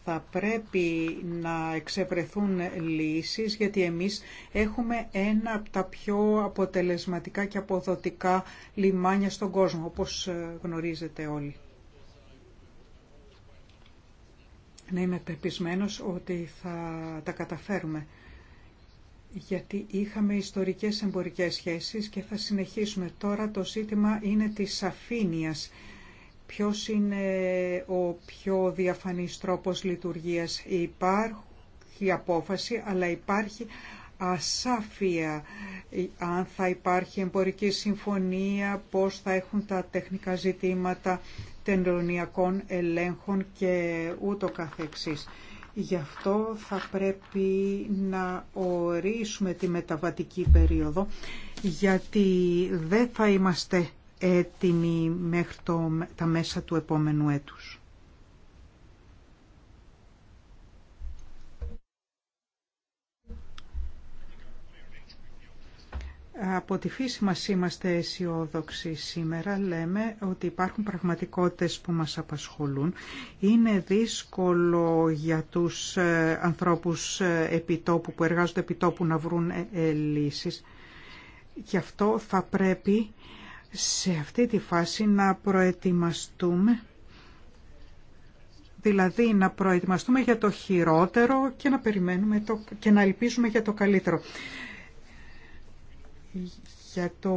θα πρέπει να εξευρεθούν λύσεις γιατί εμείς έχουμε ένα από τα πιο αποτελεσματικά και αποδοτικά λιμάνια στον κόσμο όπως ε, γνωρίζετε όλοι. Να είμαι πεπισμένος ότι θα τα καταφέρουμε γιατί είχαμε ιστορικές εμπορικές σχέσεις και θα συνεχίσουμε. Τώρα το ζήτημα είναι της αφήνειας Ποιος είναι ο πιο διαφανής τρόπος λειτουργίας. Υπάρχει απόφαση, αλλά υπάρχει ασάφεια ε, αν θα υπάρχει εμπορική συμφωνία, πώς θα έχουν τα τεχνικά ζητήματα τελωνιακών ελέγχων και ούτω καθεξής. Γι' αυτό θα πρέπει να ορίσουμε τη μεταβατική περίοδο, γιατί δεν θα είμαστε έτοιμη μέχρι τα μέσα του επόμενου έτους. Από τη φύση μας είμαστε αισιόδοξοι σήμερα, λέμε ότι υπάρχουν πραγματικότητες που μας απασχολούν. Είναι δύσκολο για τους ε, ανθρώπους ε, επιτόπου, που εργάζονται επιτόπου να βρουν ε, λύσεις. Γι' αυτό θα πρέπει σε αυτή τη φάση να προετοιμαστούμε δηλαδή να προετοιμαστούμε για το χειρότερο και να περιμένουμε το, και να ελπίζουμε για το καλύτερο για το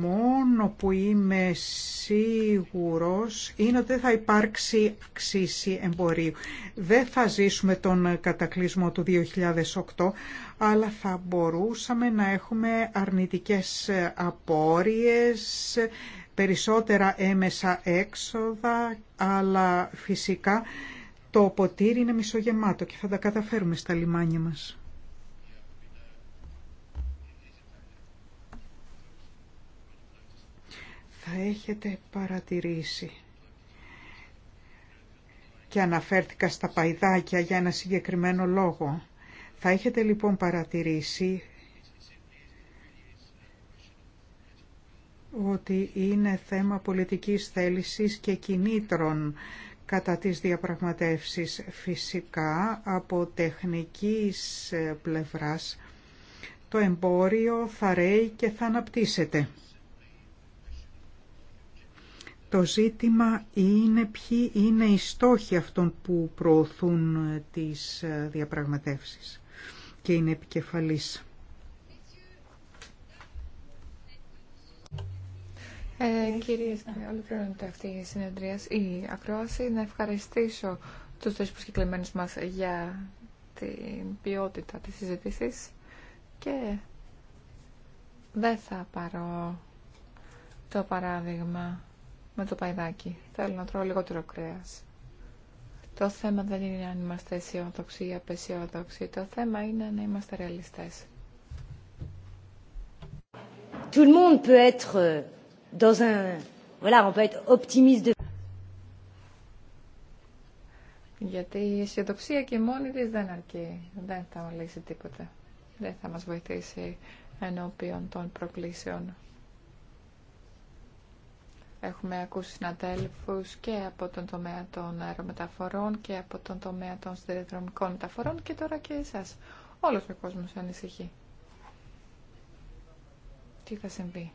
μόνο που είμαι σίγουρος είναι ότι δεν θα υπάρξει αξίση εμπορίου. Δεν θα ζήσουμε τον κατακλυσμό του 2008, αλλά θα μπορούσαμε να έχουμε αρνητικές απόρριες, περισσότερα έμεσα έξοδα, αλλά φυσικά το ποτήρι είναι μισογεμάτο και θα τα καταφέρουμε στα λιμάνια μας. θα έχετε παρατηρήσει και αναφέρθηκα στα παϊδάκια για ένα συγκεκριμένο λόγο. Θα έχετε λοιπόν παρατηρήσει ότι είναι θέμα πολιτικής θέλησης και κινήτρων κατά τις διαπραγματεύσεις φυσικά από τεχνικής πλευράς το εμπόριο θα ρέει και θα αναπτύσσεται. Το ζήτημα είναι ποιοι είναι οι στόχοι αυτών που προωθούν τις διαπραγματεύσεις και είναι επικεφαλής. Ε, κυρίες, ολοκληρώνεται αυτή η συνεδρία, η ακρόαση. Να ευχαριστήσω τους τρεις προσκεκλημένους μας για την ποιότητα της συζήτησης και δεν θα πάρω το παράδειγμα με το παϊδάκι. Θέλω να τρώω λιγότερο κρέα. Το θέμα δεν είναι αν είμαστε αισιοδοξοί ή απεσιοδοξοί. Το θέμα είναι να είμαστε ρεαλιστέ. Tout le monde peut être euh, dans un... Voilà, on peut être optimiste de... Γιατί η αισιοδοξία και μόνη της δεν αρκεί. Δεν θα λύσει τίποτα. Δεν θα μας βοηθήσει ενώπιον των προκλήσεων. Έχουμε ακούσει συναδέλφου και από τον τομέα των αερομεταφορών και από τον τομέα των σιδηροδρομικών μεταφορών και τώρα και εσά. Όλο ο κόσμο ανησυχεί. Τι θα συμβεί.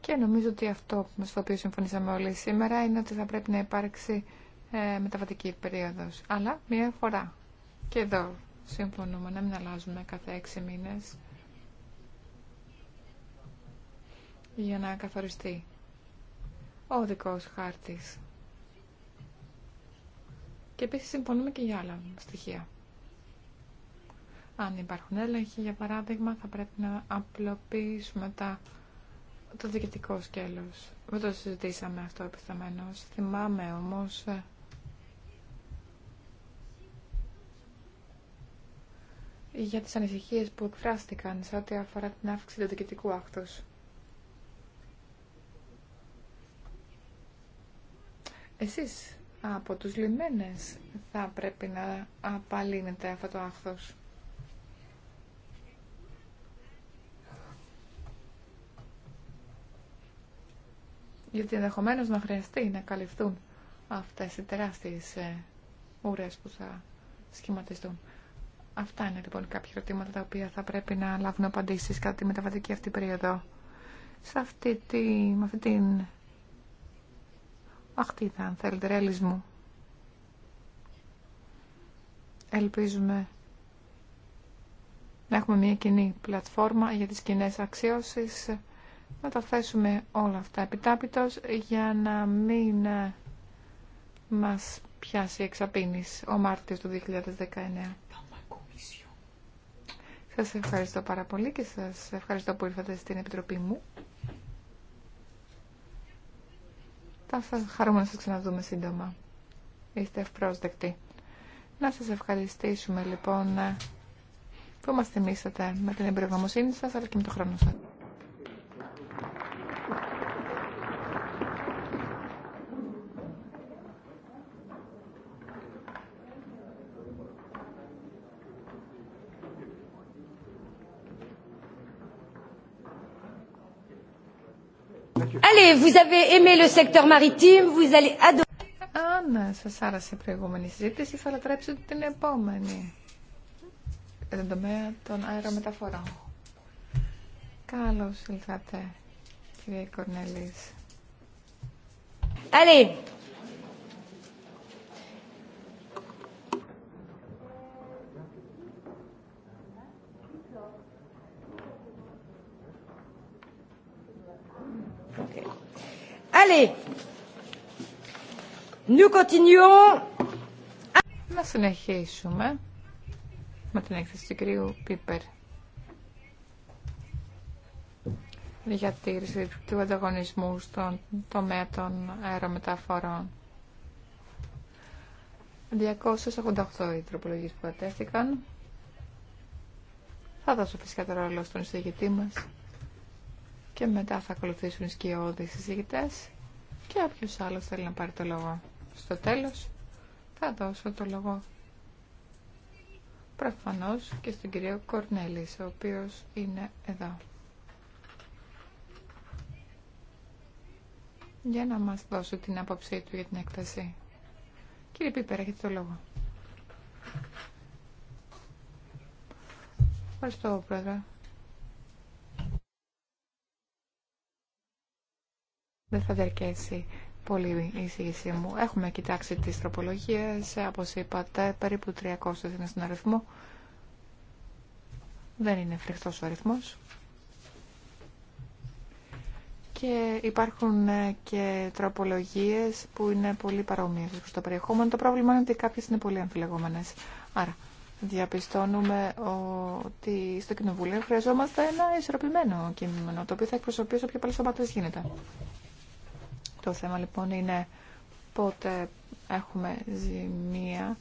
Και νομίζω ότι αυτό το οποίο συμφωνήσαμε όλοι σήμερα είναι ότι θα πρέπει να υπάρξει ε, μεταβατική περίοδος. Αλλά μία φορά. Και εδώ Συμφωνούμε να μην αλλάζουμε κάθε έξι μήνες για να καθοριστεί ο οδικός χάρτης. Και επίσης συμφωνούμε και για άλλα στοιχεία. Αν υπάρχουν έλεγχοι, για παράδειγμα, θα πρέπει να απλοποιήσουμε τα, το διοικητικό σκέλος. Δεν το συζητήσαμε αυτό επιθαμένως. Θυμάμαι όμως ε, για τις ανησυχίες που εκφράστηκαν σε ό,τι αφορά την αύξηση του διοικητικού άκτους. Εσείς από τους λιμένες θα πρέπει να απαλύνετε αυτό το άχθος. Γιατί ενδεχομένω να χρειαστεί να καλυφθούν αυτές οι τεράστιες ε, ουρές που θα σχηματιστούν. Αυτά είναι λοιπόν κάποια ερωτήματα τα οποία θα πρέπει να λάβουν απαντήσεις κατά τη μεταβατική αυτή περίοδο. Σε αυτή τη, με αυτή την αχτίδα, αν θέλετε, ρεαλισμού. Ελπίζουμε να έχουμε μια κοινή πλατφόρμα για τις κοινέ αξιώσεις, να τα θέσουμε όλα αυτά επιτάπητος για να μην μας πιάσει εξαπίνης ο Μάρτιος του 2019. Σας ευχαριστώ πάρα πολύ και σας ευχαριστώ που ήρθατε στην Επιτροπή μου. Θα σας χαρούμε να σας ξαναδούμε σύντομα. Είστε ευπρόσδεκτοι. Να σας ευχαριστήσουμε λοιπόν που μας θυμήσατε με την εμπειρογνωμοσύνη σας αλλά και με το χρόνο σας. écoutez, vous avez aimé le secteur maritime, vous allez adorer. Αν ναι, σα άρεσε η προηγούμενη συζήτηση, θα λατρέψω την επόμενη. Για τον τομέα των αερομεταφορών. Καλώ ήλθατε, κύριε Κορνελή. Allez, Allez, nous continuons. Να συνεχίσουμε με την έκθεση του κυρίου Πίπερ για τη του ανταγωνισμού στον τομέα των αερομεταφορών. 288 οι τροπολογίε που κατέστηκαν. Θα δώσω φυσικά το ρόλο στον εισηγητή μας και μετά θα ακολουθήσουν οι σκιώδεις εισηγητές και όποιο άλλο θέλει να πάρει το λόγο στο τέλος, θα δώσω το λόγο προφανώς και στον κύριο Κορνέλη ο οποίος είναι εδώ. Για να μας δώσει την άποψή του για την έκταση. Κύριε Πίπερ, έχετε το λόγο. Ευχαριστώ, Πρόεδρε. Δεν θα διαρκέσει πολύ η εισήγησή μου. Έχουμε κοιτάξει τις τροπολογίες, όπως είπατε, περίπου 300 είναι στον αριθμό. Δεν είναι φρικτός ο αριθμός. Και υπάρχουν ε, και τροπολογίες που είναι πολύ παρόμοιες προς το περιεχόμενο. Το πρόβλημα είναι ότι κάποιες είναι πολύ αμφιλεγόμενες. Άρα, διαπιστώνουμε ότι στο Κοινοβούλιο χρειαζόμαστε ένα ισορροπημένο κείμενο, το οποίο θα εκπροσωπήσει όποια πιο πολλές γίνεται. Το θέμα λοιπόν είναι πότε έχουμε ζημία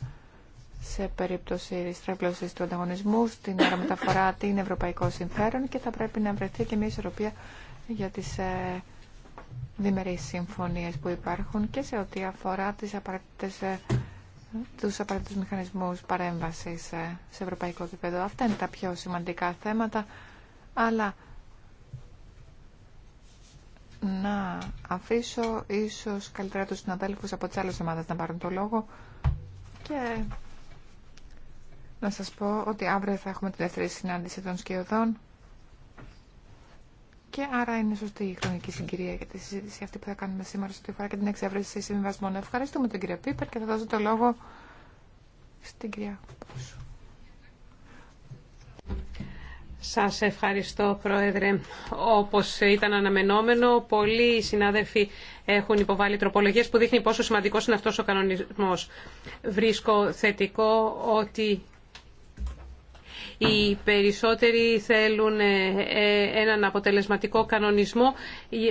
σε περίπτωση στρέβλωση του ανταγωνισμού, στην αερομεταφορά, την ευρωπαϊκό συμφέρον και θα πρέπει να βρεθεί και μια ισορροπία για τις ε, διμερείς συμφωνίες που υπάρχουν και σε ό,τι αφορά ε, τους απαραίτητους μηχανισμούς παρέμβασης ε, σε ευρωπαϊκό επίπεδο. Αυτά είναι τα πιο σημαντικά θέματα, αλλά να αφήσω ίσως καλύτερα τους συναδέλφους από τις άλλες ομάδες να πάρουν το λόγο και να σας πω ότι αύριο θα έχουμε τη δεύτερη συνάντηση των σκιωδών και άρα είναι σωστή η χρονική συγκυρία για τη συζήτηση αυτή που θα κάνουμε σήμερα σε ό,τι αφορά και την εξεύρεση συμβιβασμών. Ευχαριστούμε τον κύριο Πίπερ και θα δώσω το λόγο στην κυρία σας ευχαριστώ, Πρόεδρε. Όπως ήταν αναμενόμενο, πολλοί συνάδελφοι έχουν υποβάλει τροπολογίες που δείχνει πόσο σημαντικός είναι αυτός ο κανονισμός. Βρίσκω θετικό ότι οι περισσότεροι θέλουν ε, ε, έναν αποτελεσματικό κανονισμό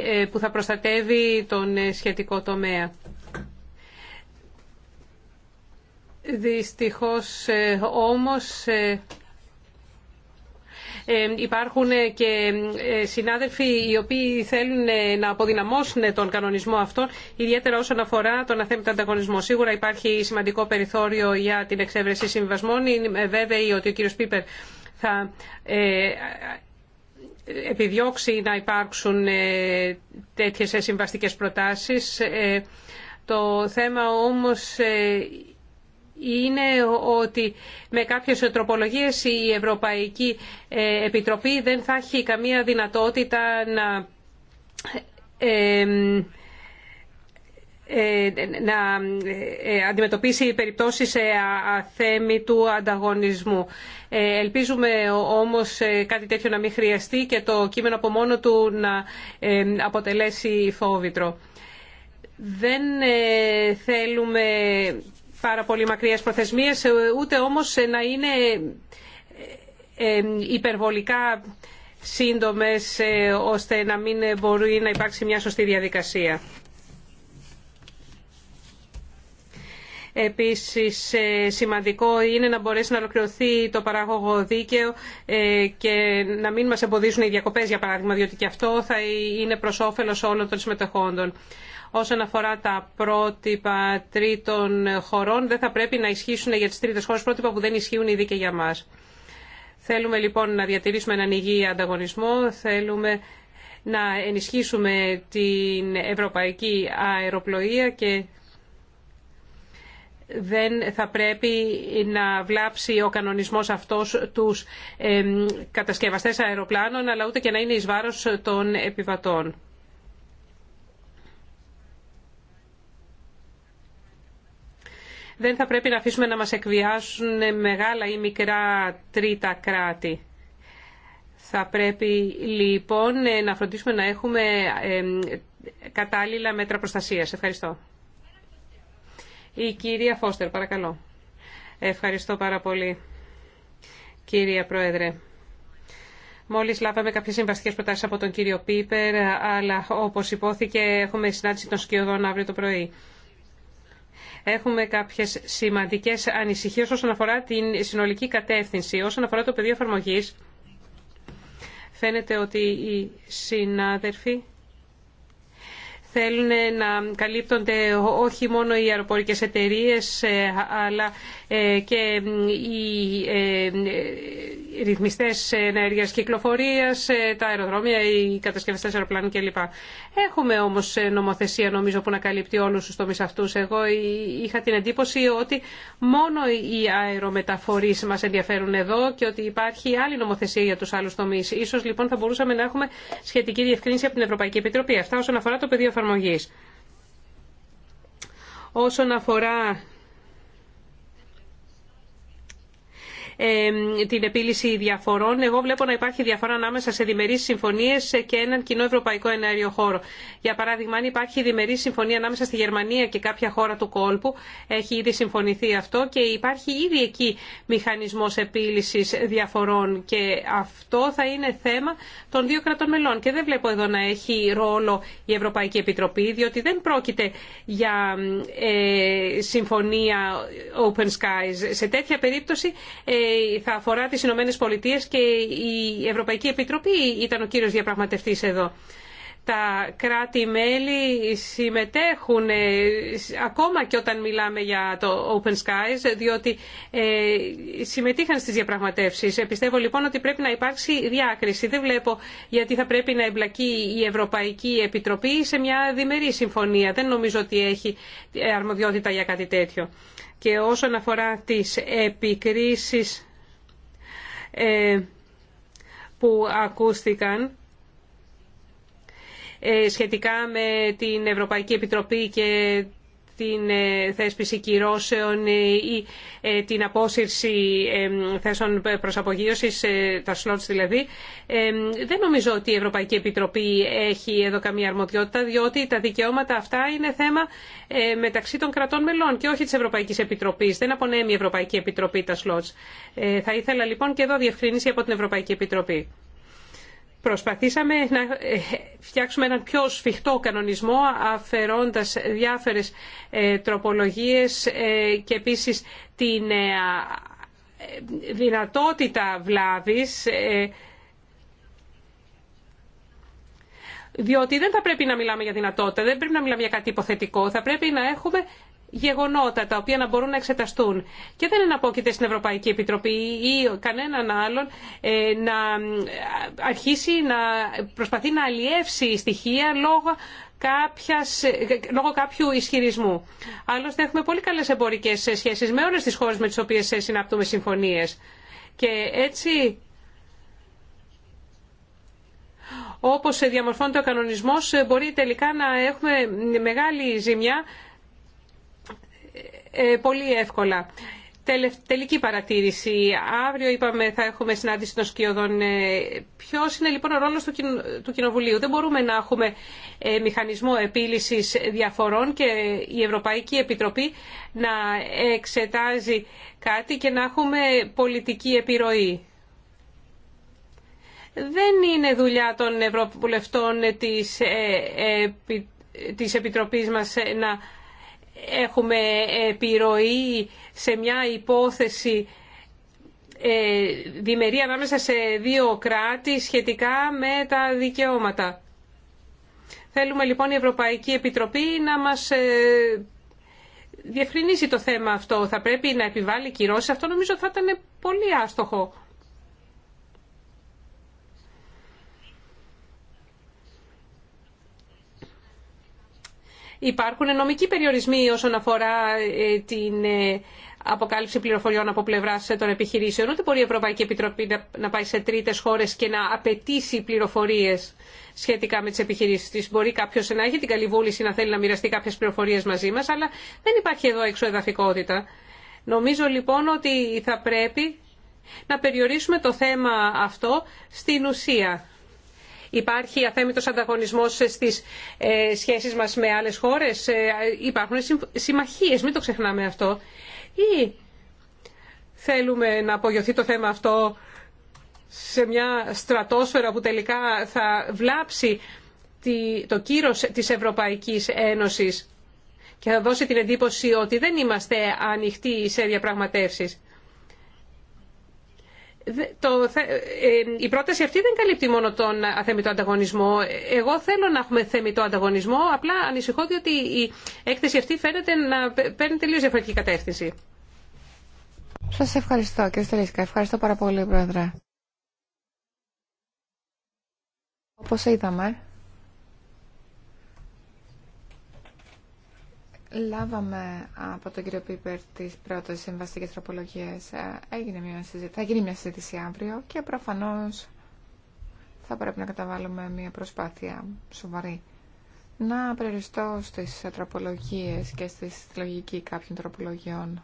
ε, που θα προστατεύει τον σχετικό τομέα. Δυστυχώς όμως ε, υπάρχουν ε, και ε, συνάδελφοι οι οποίοι θέλουν να αποδυναμώσουν τον κανονισμό αυτό, ιδιαίτερα όσον αφορά τον αθέμητο ανταγωνισμό. Σίγουρα υπάρχει σημαντικό περιθώριο για την εξέβρεση συμβασμών. Είναι βέβαιη ότι ο κύριος Πίπερ θα επιδιώξει να υπάρξουν τέτοιες συμβαστικές προτάσεις. Το θέμα όμως είναι ότι με κάποιες τροπολογίες η Ευρωπαϊκή ε, Επιτροπή δεν θα έχει καμία δυνατότητα να ε, να ε, αντιμετωπίσει περιπτώσεις του ανταγωνισμού. Ελπίζουμε όμως κάτι τέτοιο να μην χρειαστεί και το κείμενο από μόνο του να αποτελέσει φόβητρο. Δεν θέλουμε πάρα πολύ μακριέ προθεσμίε. Ε, ούτε όμω να είναι ε, ε, υπερβολικά σύντομε, ώστε να μην μπορεί να υπάρξει μια σωστή διαδικασία. Επίσης σημαντικό είναι να μπορέσει να ολοκληρωθεί το παράγωγο δίκαιο και να μην μας εμποδίζουν οι διακοπές για παράδειγμα διότι και αυτό θα είναι προς όφελος όλων των συμμετεχόντων όσον αφορά τα πρότυπα τρίτων χωρών δεν θα πρέπει να ισχύσουν για τις τρίτες χώρες πρότυπα που δεν ισχύουν ήδη και για μας. Θέλουμε λοιπόν να διατηρήσουμε έναν υγιή ανταγωνισμό, θέλουμε να ενισχύσουμε την ευρωπαϊκή αεροπλοεία και δεν θα πρέπει να βλάψει ο κανονισμός αυτός τους κατασκευαστές αεροπλάνων αλλά ούτε και να είναι εις βάρος των επιβατών. δεν θα πρέπει να αφήσουμε να μας εκβιάσουν μεγάλα ή μικρά τρίτα κράτη. Θα πρέπει λοιπόν να φροντίσουμε να έχουμε κατάλληλα μέτρα προστασίας. Ευχαριστώ. Η κυρία Φώστερ, παρακαλώ. Ευχαριστώ πάρα πολύ, κυρία Πρόεδρε. Μόλις λάβαμε κάποιες συμβαστικές προτάσεις από τον κύριο Πίπερ, αλλά όπως υπόθηκε έχουμε συνάντηση των σκιωδών αύριο το πρωί έχουμε κάποιες σημαντικές ανησυχίε όσον αφορά την συνολική κατεύθυνση. Όσον αφορά το πεδίο εφαρμογή. φαίνεται ότι οι συνάδελφοι θέλουν να καλύπτονται όχι μόνο οι αεροπορικές εταιρείες ε, αλλά ε, και οι ε, ρυθμιστές ενέργεια κυκλοφορία, ε, τα αεροδρόμια, οι κατασκευαστέ αεροπλάνων κλπ. Έχουμε όμω ε, νομοθεσία νομίζω που να καλύπτει όλους τους τομείς αυτούς. Εγώ είχα την εντύπωση ότι μόνο οι αερομεταφορεί μα ενδιαφέρουν εδώ και ότι υπάρχει άλλη νομοθεσία για του άλλου τομεί. Ίσως λοιπόν θα μπορούσαμε να έχουμε σχετική διευκρίνηση από την Ευρωπαϊκή Επιτροπή. Αυτά όσον αφορά το πεδίο εφαρμογή. Όσον αφορά την επίλυση διαφορών. Εγώ βλέπω να υπάρχει διαφορά ανάμεσα σε διμερείς συμφωνίε και έναν κοινό ευρωπαϊκό εναέριο χώρο. Για παράδειγμα, αν υπάρχει διμερή συμφωνία ανάμεσα στη Γερμανία και κάποια χώρα του κόλπου, έχει ήδη συμφωνηθεί αυτό και υπάρχει ήδη εκεί μηχανισμό επίλυση διαφορών και αυτό θα είναι θέμα των δύο κρατών μελών. Και δεν βλέπω εδώ να έχει ρόλο η Ευρωπαϊκή Επιτροπή, διότι δεν πρόκειται για ε, συμφωνία Open Skies. Σε τέτοια περίπτωση ε, θα αφορά τις Ηνωμένες Πολιτείες και η Ευρωπαϊκή Επιτροπή ήταν ο κύριος διαπραγματευτής εδώ. Τα κράτη-μέλη συμμετέχουν ε, ακόμα και όταν μιλάμε για το Open Skies, διότι ε, συμμετείχαν στις διαπραγματεύσεις. Ε, πιστεύω λοιπόν ότι πρέπει να υπάρξει διάκριση. Δεν βλέπω γιατί θα πρέπει να εμπλακεί η Ευρωπαϊκή Επιτροπή σε μια διμερή συμφωνία. Δεν νομίζω ότι έχει αρμοδιότητα για κάτι τέτοιο και όσον αφορά τις επικρίσεις ε, που ακούστηκαν ε, σχετικά με την Ευρωπαϊκή Επιτροπή και την ε, θέσπιση κυρώσεων ε, ή ε, την απόσυρση θέσεων προσαπογείωσης, τα σλότς δηλαδή. Δεν νομίζω ότι η Ευρωπαϊκή Επιτροπή έχει εδώ καμία αρμοδιότητα, διότι τα δικαιώματα αυτά είναι θέμα μεταξύ των κρατών μελών και όχι της Ευρωπαϊκής Επιτροπής. Δεν απονέμει η Ευρωπαϊκή Επιτροπή τα σλότς. Θα ήθελα λοιπόν και εδώ διευκρίνηση από την Ευρωπαϊκή Επιτροπή. Προσπαθήσαμε να ε, φτιάξουμε έναν πιο σφιχτό κανονισμό αφαιρώντας διάφορες ε, τροπολογίες ε, και επίσης την δυνατότητα βλάβης διότι δεν θα πρέπει να μιλάμε για δυνατότητα, δεν πρέπει να μιλάμε για κάτι υποθετικό, θα πρέπει να έχουμε γεγονότα τα οποία να μπορούν να εξεταστούν. Και δεν εναπόκειται στην Ευρωπαϊκή Επιτροπή ή κανέναν άλλον ε, να ε, αρχίσει να προσπαθεί να αλλιεύσει στοιχεία λόγω Κάποιας, λόγω κάποιου ισχυρισμού. Άλλωστε έχουμε πολύ καλές εμπορικές σχέσεις με όλες τις χώρες με τις οποίες συνάπτουμε συμφωνίες. Και έτσι όπως διαμορφώνεται ο κανονισμός μπορεί τελικά να έχουμε μεγάλη ζημιά ε, πολύ εύκολα. Τελική παρατήρηση. Αύριο είπαμε θα έχουμε συνάντηση των σκιωδών. Ε, Ποιο είναι λοιπόν ο ρόλο του Κοινοβουλίου. Δεν μπορούμε να έχουμε ε, μηχανισμό επίλυση διαφορών και η Ευρωπαϊκή Επιτροπή να εξετάζει κάτι και να έχουμε πολιτική επιρροή. Δεν είναι δουλειά των Ευρωβουλευτών της Επιτροπής μας να έχουμε επιρροή σε μια υπόθεση ε, διμερή ανάμεσα σε δύο κράτη σχετικά με τα δικαιώματα. Θέλουμε λοιπόν η Ευρωπαϊκή Επιτροπή να μας ε, διευκρινίσει το θέμα αυτό. Θα πρέπει να επιβάλλει κυρώσεις. Αυτό νομίζω θα ήταν πολύ άστοχο. Υπάρχουν νομικοί περιορισμοί όσον αφορά ε, την ε, αποκάλυψη πληροφοριών από πλευρά ε, των επιχειρήσεων. Ούτε μπορεί η Ευρωπαϊκή Επιτροπή να πάει σε τρίτε χώρε και να απαιτήσει πληροφορίε σχετικά με τι επιχειρήσει τη. Μπορεί κάποιο να έχει την καλή βούληση να θέλει να μοιραστεί κάποιε πληροφορίε μαζί μα, αλλά δεν υπάρχει εδώ εξοεδαφικότητα. Νομίζω λοιπόν ότι θα πρέπει να περιορίσουμε το θέμα αυτό στην ουσία. Υπάρχει αθέμητος ανταγωνισμός στις ε, σχέσεις μας με άλλες χώρες. Ε, υπάρχουν συμμαχίες, μην το ξεχνάμε αυτό. Ή θέλουμε να απογειωθεί το θέμα αυτό σε μια στρατόσφαιρα που τελικά θα βλάψει το κύρος της Ευρωπαϊκής Ένωσης και θα δώσει την εντύπωση ότι δεν είμαστε ανοιχτοί σε διαπραγματεύσεις το, ε, ε, η πρόταση αυτή δεν καλύπτει μόνο τον αθεμητό ανταγωνισμό. Εγώ θέλω να έχουμε θεμητό ανταγωνισμό, απλά ανησυχώ διότι η έκθεση αυτή φαίνεται να παίρνει τελείω διαφορετική κατεύθυνση. Σα ευχαριστώ κύριε Στελίσκα. Ευχαριστώ πάρα πολύ, Πρόεδρε. Όπω είδαμε, Λάβαμε από τον κύριο Πίπερ τι πρώτες συμβαστικέ τροπολογίε. Ε, έγινε μια συζήτηση, θα γίνει μια συζήτηση αύριο και προφανώς θα πρέπει να καταβάλουμε μια προσπάθεια σοβαρή. Να περιοριστώ στι τροπολογίε και στη λογική κάποιων τροπολογιών.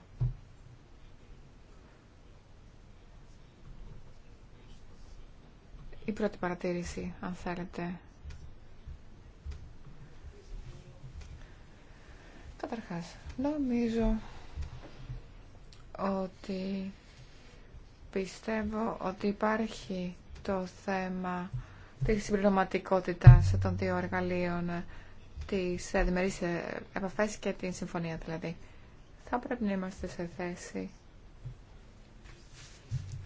Η πρώτη παρατήρηση, αν θέλετε, Καταρχάς, νομίζω ότι πιστεύω ότι υπάρχει το θέμα της συμπληρωματικότητας των δύο εργαλείων της διμερής επαφές και την συμφωνία δηλαδή. Θα πρέπει να είμαστε σε θέση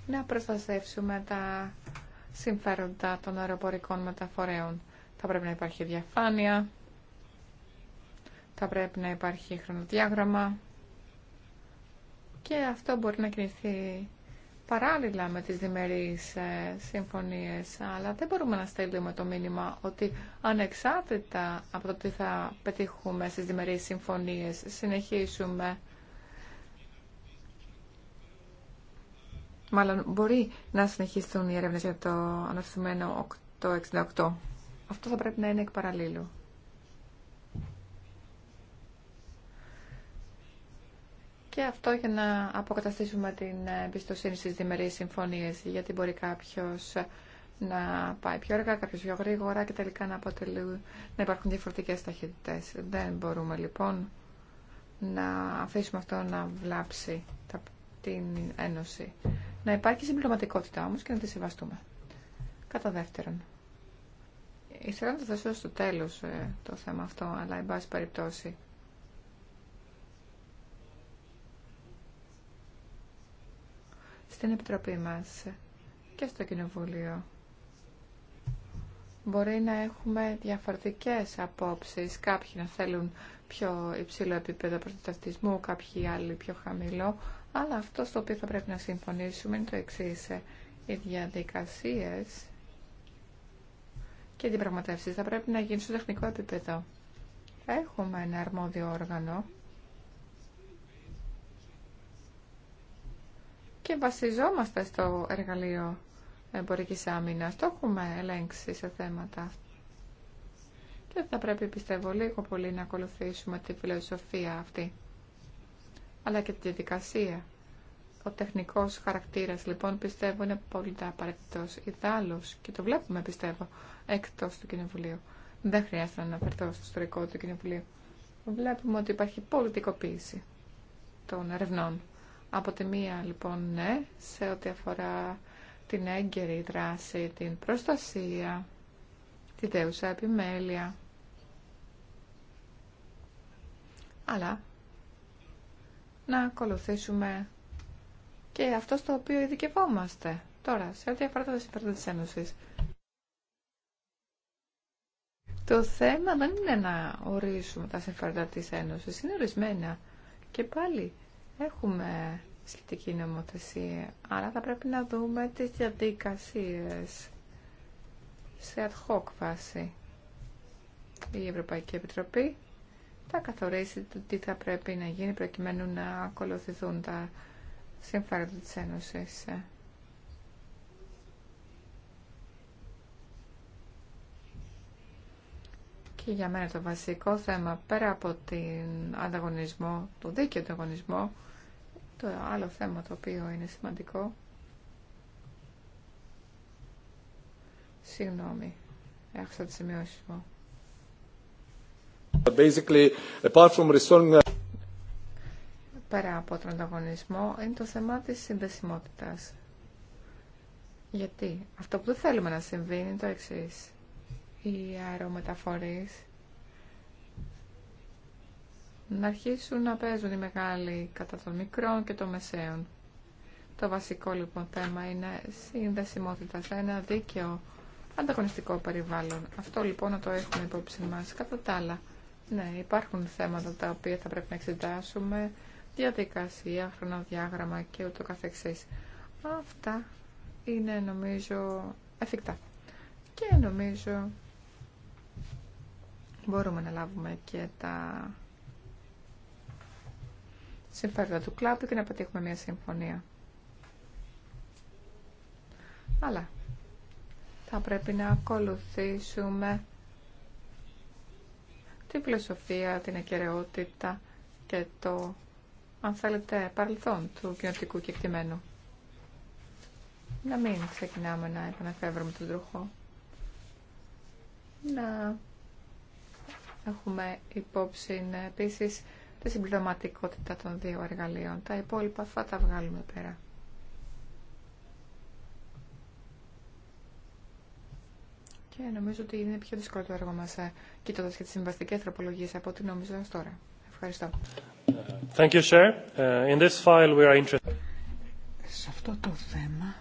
να προστατεύσουμε τα συμφέροντα των αεροπορικών μεταφορέων. Θα πρέπει να υπάρχει διαφάνεια, θα πρέπει να υπάρχει χρονοδιάγραμμα και αυτό μπορεί να κινηθεί παράλληλα με τις διμερείς ε, συμφωνίες, αλλά δεν μπορούμε να στέλνουμε το μήνυμα ότι ανεξάρτητα από το τι θα πετύχουμε στις διμερείς συμφωνίες, συνεχίσουμε. Μάλλον μπορεί να συνεχιστούν οι έρευνες για το αναρθωμένο 868. Αυτό θα πρέπει να είναι εκ παραλλήλου. Και αυτό για να αποκαταστήσουμε την εμπιστοσύνη στις διμερείς συμφωνίες, γιατί μπορεί κάποιος να πάει πιο αργά, κάποιο πιο γρήγορα και τελικά να, αποτελούν, να υπάρχουν διαφορετικές ταχύτητες. Δεν μπορούμε λοιπόν να αφήσουμε αυτό να βλάψει την Ένωση. Να υπάρχει συμπληρωματικότητα όμως και να τη σεβαστούμε. Κατά δεύτερον, ήθελα να το θέσω στο τέλος ε, το θέμα αυτό, αλλά εν πάση περιπτώσει στην Επιτροπή μας και στο Κοινοβούλιο. Μπορεί να έχουμε διαφορετικές απόψεις. Κάποιοι να θέλουν πιο υψηλό επίπεδο προστατευτισμού, κάποιοι άλλοι πιο χαμηλό. Αλλά αυτό στο οποίο θα πρέπει να συμφωνήσουμε είναι το εξή. Οι διαδικασίες και οι διαπραγματεύσει θα πρέπει να γίνουν στο τεχνικό επίπεδο. Έχουμε ένα αρμόδιο όργανο και βασιζόμαστε στο εργαλείο εμπορική άμυνα. Το έχουμε ελέγξει σε θέματα Και θα πρέπει, πιστεύω, λίγο πολύ να ακολουθήσουμε τη φιλοσοφία αυτή, αλλά και τη διαδικασία. Ο τεχνικός χαρακτήρας, λοιπόν, πιστεύω είναι πολύ απαραίτητο. Ιδάλω, και το βλέπουμε, πιστεύω, εκτό του Κοινοβουλίου. Δεν χρειάζεται να αναφερθώ στο ιστορικό του Κοινοβουλίου. Βλέπουμε ότι υπάρχει πολιτικοποίηση των ερευνών. Από τη μία λοιπόν ναι, σε ό,τι αφορά την έγκαιρη δράση, την προστασία, τη δέουσα επιμέλεια. Αλλά να ακολουθήσουμε και αυτό στο οποίο ειδικευόμαστε τώρα, σε ό,τι αφορά τα συμφέροντα της Ένωσης. Το θέμα δεν είναι να ορίσουμε τα συμφέροντα της Ένωσης, είναι ορισμένα. Και πάλι Έχουμε σχετική νομοθεσία, αλλά θα πρέπει να δούμε τις διαδικασίες σε ad hoc βάση. Η Ευρωπαϊκή Επιτροπή θα καθορίσει το τι θα πρέπει να γίνει προκειμένου να ακολουθηθούν τα συμφέροντα της Ένωσης. Και για μένα το βασικό θέμα, πέρα από την ανταγωνισμό, το δίκαιο ανταγωνισμό, το άλλο θέμα το οποίο είναι σημαντικό. Συγγνώμη, έχασα τη σημειώση μου. Πέρα από τον ανταγωνισμό είναι το θέμα της συνδεσιμότητας. Γιατί αυτό που δεν θέλουμε να συμβεί είναι το εξής. Οι αερομεταφορείς να αρχίσουν να παίζουν οι μεγάλοι κατά των μικρών και των μεσαίων. Το βασικό λοιπόν θέμα είναι συνδεσιμότητα σε ένα δίκαιο ανταγωνιστικό περιβάλλον. Αυτό λοιπόν να το έχουμε υπόψη μας. Κατά τα άλλα, ναι, υπάρχουν θέματα τα οποία θα πρέπει να εξετάσουμε, διαδικασία, χρονοδιάγραμμα και ούτω καθεξής. Αυτά είναι νομίζω εφικτά. Και νομίζω μπορούμε να λάβουμε και τα συμφέροντα του κλάδου και να πετύχουμε μια συμφωνία. Αλλά θα πρέπει να ακολουθήσουμε την φιλοσοφία, την ακαιρεότητα και το, αν θέλετε, παρελθόν του κοινωτικού κεκτημένου. Να μην ξεκινάμε να επαναφεύρουμε τον τροχό. Να έχουμε υπόψη επίσης τη συμπληρωματικότητα των δύο εργαλείων. Τα υπόλοιπα θα τα βγάλουμε πέρα. Και νομίζω ότι είναι πιο δύσκολο το έργο μας ε, κοιτώντας και τις συμβαστικές τροπολογίες από ό,τι νομίζω ως τώρα. Ευχαριστώ. Σε αυτό το θέμα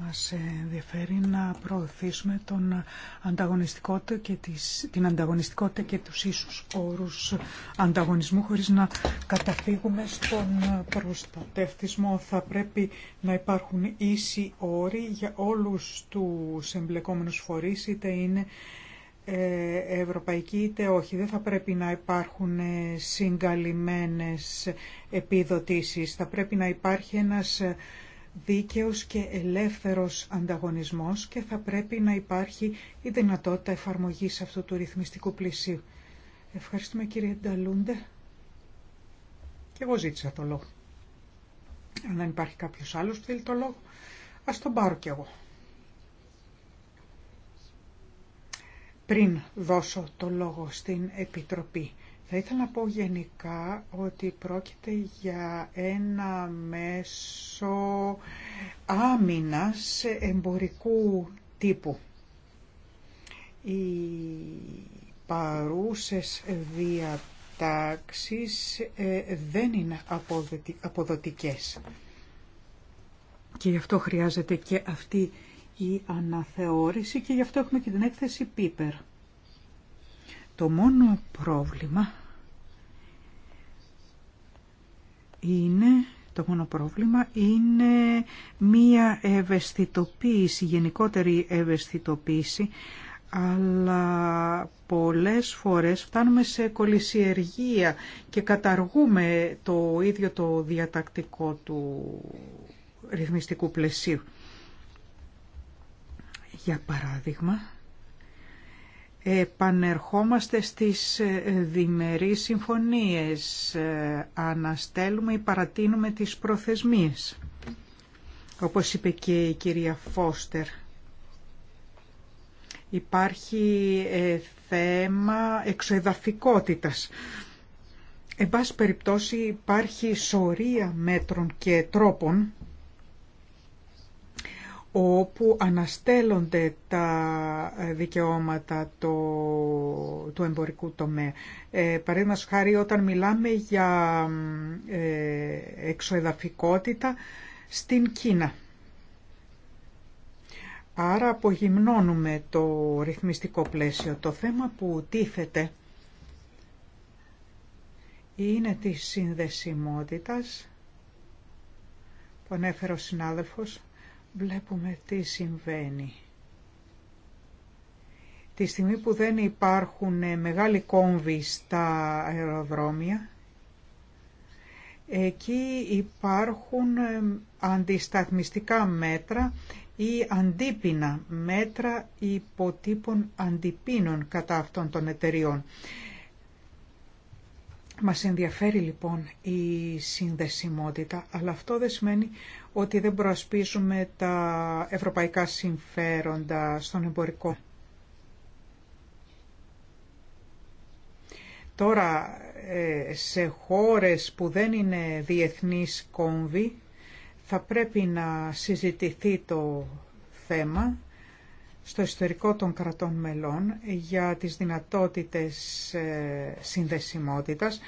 μας ενδιαφέρει να προωθήσουμε τον ανταγωνιστικότητα και τις, την ανταγωνιστικότητα και τους ίσους όρους ανταγωνισμού χωρίς να καταφύγουμε στον προστατευτισμό. Θα πρέπει να υπάρχουν ίσοι όροι για όλους τους εμπλεκόμενους φορείς, είτε είναι ε, ευρωπαϊκοί είτε όχι. Δεν θα πρέπει να υπάρχουν ε, συγκαλυμμένες επιδοτήσεις. Θα πρέπει να υπάρχει ένας ε, δίκαιος και ελεύθερος ανταγωνισμός και θα πρέπει να υπάρχει η δυνατότητα εφαρμογής αυτού του ρυθμιστικού πλησίου. Ευχαριστούμε κύριε Νταλούντε. Και εγώ ζήτησα το λόγο. Αν δεν υπάρχει κάποιος άλλος που θέλει το λόγο, ας τον πάρω κι εγώ. Πριν δώσω το λόγο στην Επιτροπή. Θα ήθελα να πω γενικά ότι πρόκειται για ένα μέσο άμυνας εμπορικού τύπου. Οι παρούσες διατάξεις ε, δεν είναι αποδοτικές και γι' αυτό χρειάζεται και αυτή η αναθεώρηση και γι' αυτό έχουμε και την έκθεση Πίπερ. Το μόνο πρόβλημα είναι, το μόνο πρόβλημα είναι μία ευαισθητοποίηση, γενικότερη ευαισθητοποίηση, αλλά πολλές φορές φτάνουμε σε κολυσιεργία και καταργούμε το ίδιο το διατακτικό του ρυθμιστικού πλαισίου. Για παράδειγμα, Επανερχόμαστε στις ε, διμερείς συμφωνίες, ε, αναστέλουμε ή παρατείνουμε τις προθεσμίες, όπως είπε και η κυρία Φώστερ. Υπάρχει ε, θέμα εξοεδαφικότητας. Εν πάση περιπτώσει υπάρχει σωρία μέτρων και τρόπων όπου αναστέλλονται τα δικαιώματα του εμπορικού τομέα. Ε, χάρη όταν μιλάμε για ε, εξοεδαφικότητα στην Κίνα. Άρα απογυμνώνουμε το ρυθμιστικό πλαίσιο. Το θέμα που τίθεται είναι της συνδεσιμότητας που ανέφερε ο συνάδελφος Βλέπουμε τι συμβαίνει. Τη στιγμή που δεν υπάρχουν ε, μεγάλοι κόμβοι στα αεροδρόμια, εκεί υπάρχουν ε, αντισταθμιστικά μέτρα ή αντίπινα μέτρα υποτύπων αντιπίνων κατά αυτών των εταιριών. Μας ενδιαφέρει λοιπόν η συνδεσιμότητα, αλλά αυτό δεν σημαίνει ότι δεν προασπίζουμε τα ευρωπαϊκά συμφέροντα στον εμπορικό. Τώρα, ε, σε χώρες που δεν είναι διεθνής κόμβοι, θα πρέπει να συζητηθεί το θέμα στο ιστορικό των κρατών μελών για τις δυνατότητες ε, συνδεσιμότητας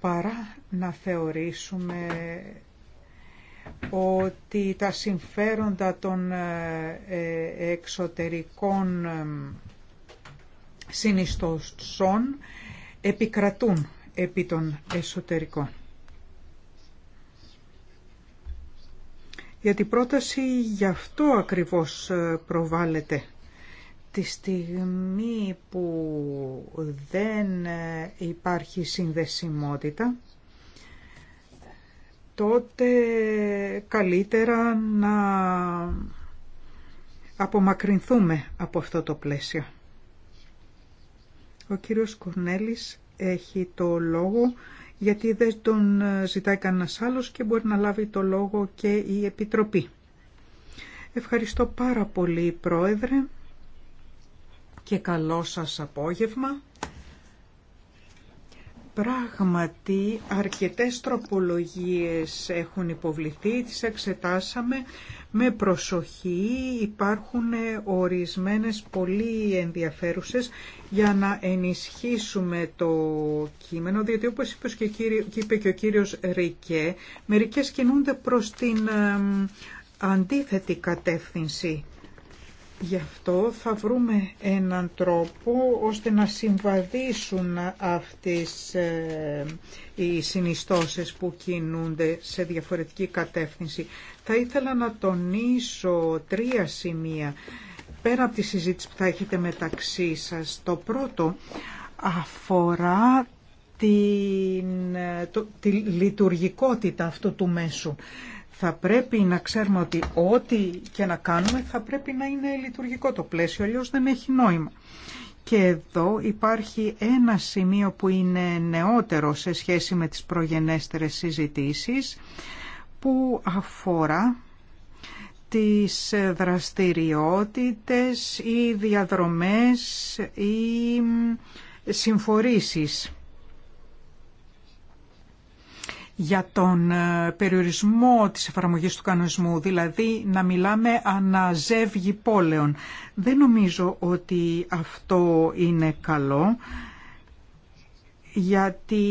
παρά να θεωρήσουμε ότι τα συμφέροντα των ε, ε, εξωτερικών συνιστοσών επικρατούν επί των εσωτερικών. Γιατί η πρόταση γι' αυτό ακριβώς ε, προβάλλεται. Τη στιγμή που δεν υπάρχει συνδεσιμότητα, τότε καλύτερα να απομακρυνθούμε από αυτό το πλαίσιο. Ο κύριος Κορνέλης έχει το λόγο γιατί δεν τον ζητάει κανένα άλλος και μπορεί να λάβει το λόγο και η Επιτροπή. Ευχαριστώ πάρα πολύ Πρόεδρε και καλό σας απόγευμα. Πράγματι, αρκετές τροπολογίες έχουν υποβληθεί, τις εξετάσαμε με προσοχή. Υπάρχουν ορισμένες πολύ ενδιαφέρουσες για να ενισχύσουμε το κείμενο, διότι όπως είπε και, είπε και ο κύριος Ρικέ, μερικές κινούνται προς την αντίθετη κατεύθυνση Γι' αυτό θα βρούμε έναν τρόπο ώστε να συμβαδίσουν αυτές ε, οι συνιστώσεις που κινούνται σε διαφορετική κατεύθυνση. Θα ήθελα να τονίσω τρία σημεία πέρα από τη συζήτηση που θα έχετε μεταξύ σας. Το πρώτο αφορά την, ε, τη λειτουργικότητα αυτού του μέσου θα πρέπει να ξέρουμε ότι ό,τι και να κάνουμε θα πρέπει να είναι λειτουργικό το πλαίσιο, αλλιώς δεν έχει νόημα. Και εδώ υπάρχει ένα σημείο που είναι νεότερο σε σχέση με τις προγενέστερες συζητήσεις που αφορά τις δραστηριότητες ή διαδρομές ή συμφορήσεις για τον ε, περιορισμό της εφαρμογής του κανονισμού, δηλαδή να μιλάμε αναζεύγει πόλεων. Δεν νομίζω ότι αυτό είναι καλό, γιατί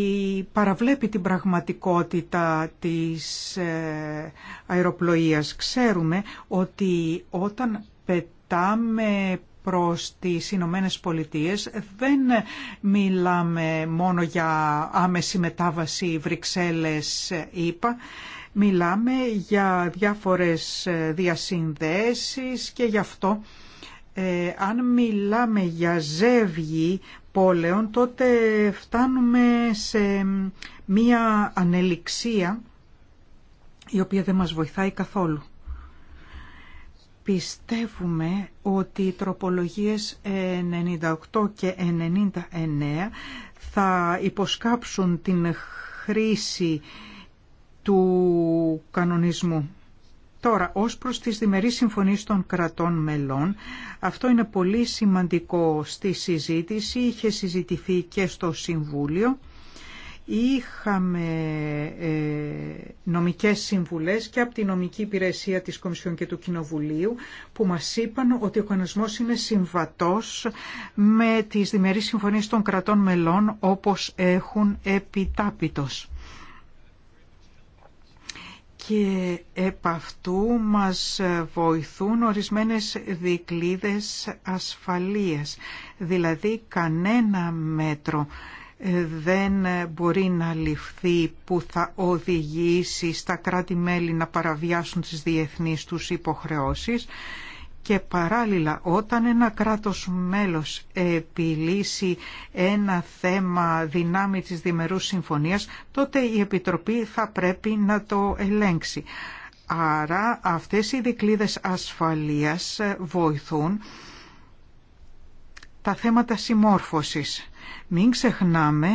παραβλέπει την πραγματικότητα της ε, αεροπλοείας. Ξέρουμε ότι όταν πετάμε προς τις Ηνωμένε Πολιτείες δεν μιλάμε μόνο για άμεση μετάβαση Βρυξέλλες ΗΠΑ, μιλάμε για διάφορες διασυνδέσεις και γι' αυτό ε, αν μιλάμε για ζεύγη πόλεων τότε φτάνουμε σε μία ανελιξία η οποία δεν μας βοηθάει καθόλου. Πιστεύουμε ότι οι τροπολογίες 98 και 99 θα υποσκάψουν την χρήση του κανονισμού. Τώρα, ως προς τις διμερείς συμφωνίες των κρατών μελών, αυτό είναι πολύ σημαντικό στη συζήτηση, είχε συζητηθεί και στο Συμβούλιο Είχαμε ε, νομικές συμβουλές και από τη νομική υπηρεσία της Κομισιόν και του Κοινοβουλίου που μας είπαν ότι ο κανονισμός είναι συμβατός με τις διμερείς συμφωνίες των κρατών μελών όπως έχουν επιτάπητος και επ' αυτού μας βοηθούν ορισμένες δικλίδες ασφαλείας. Δηλαδή κανένα μέτρο δεν μπορεί να ληφθεί που θα οδηγήσει στα κράτη-μέλη να παραβιάσουν τις διεθνείς τους υποχρεώσεις και παράλληλα όταν ένα κράτος μέλος επιλύσει ένα θέμα δυνάμει της διμερούς συμφωνίας τότε η Επιτροπή θα πρέπει να το ελέγξει. Άρα αυτές οι δικλίδες ασφαλείας βοηθούν τα θέματα συμμόρφωσης μην ξεχνάμε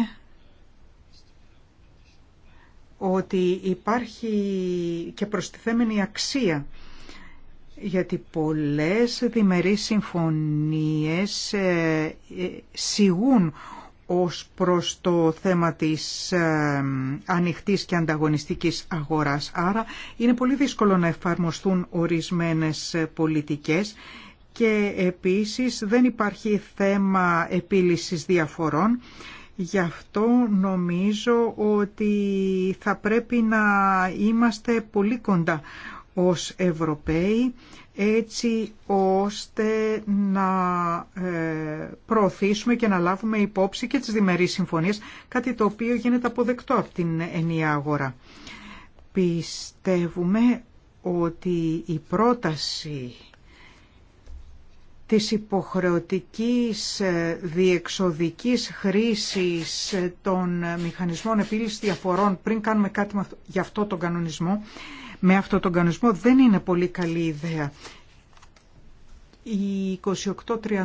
ότι υπάρχει και προστιθέμενη αξία γιατί πολλές διμερείς συμφωνίες ε, ε, σιγούν ως προς το θέμα της ε, ανοιχτής και ανταγωνιστικής αγοράς. Άρα είναι πολύ δύσκολο να εφαρμοστούν ορισμένες πολιτικές και επίσης δεν υπάρχει θέμα επίλυσης διαφορών. Γι' αυτό νομίζω ότι θα πρέπει να είμαστε πολύ κοντά ως Ευρωπαίοι έτσι ώστε να ε, προωθήσουμε και να λάβουμε υπόψη και τις διμερείς συμφωνίες, κάτι το οποίο γίνεται αποδεκτό από την ενιαία αγορά. Πιστεύουμε ότι η πρόταση της υποχρεωτικής ε, διεξοδικής χρήσης των μηχανισμών επίλυσης διαφορών πριν κάνουμε κάτι για αυτό τον κανονισμό, με αυτό τον κανονισμό δεν είναι πολύ καλή ιδέα. Οι 28,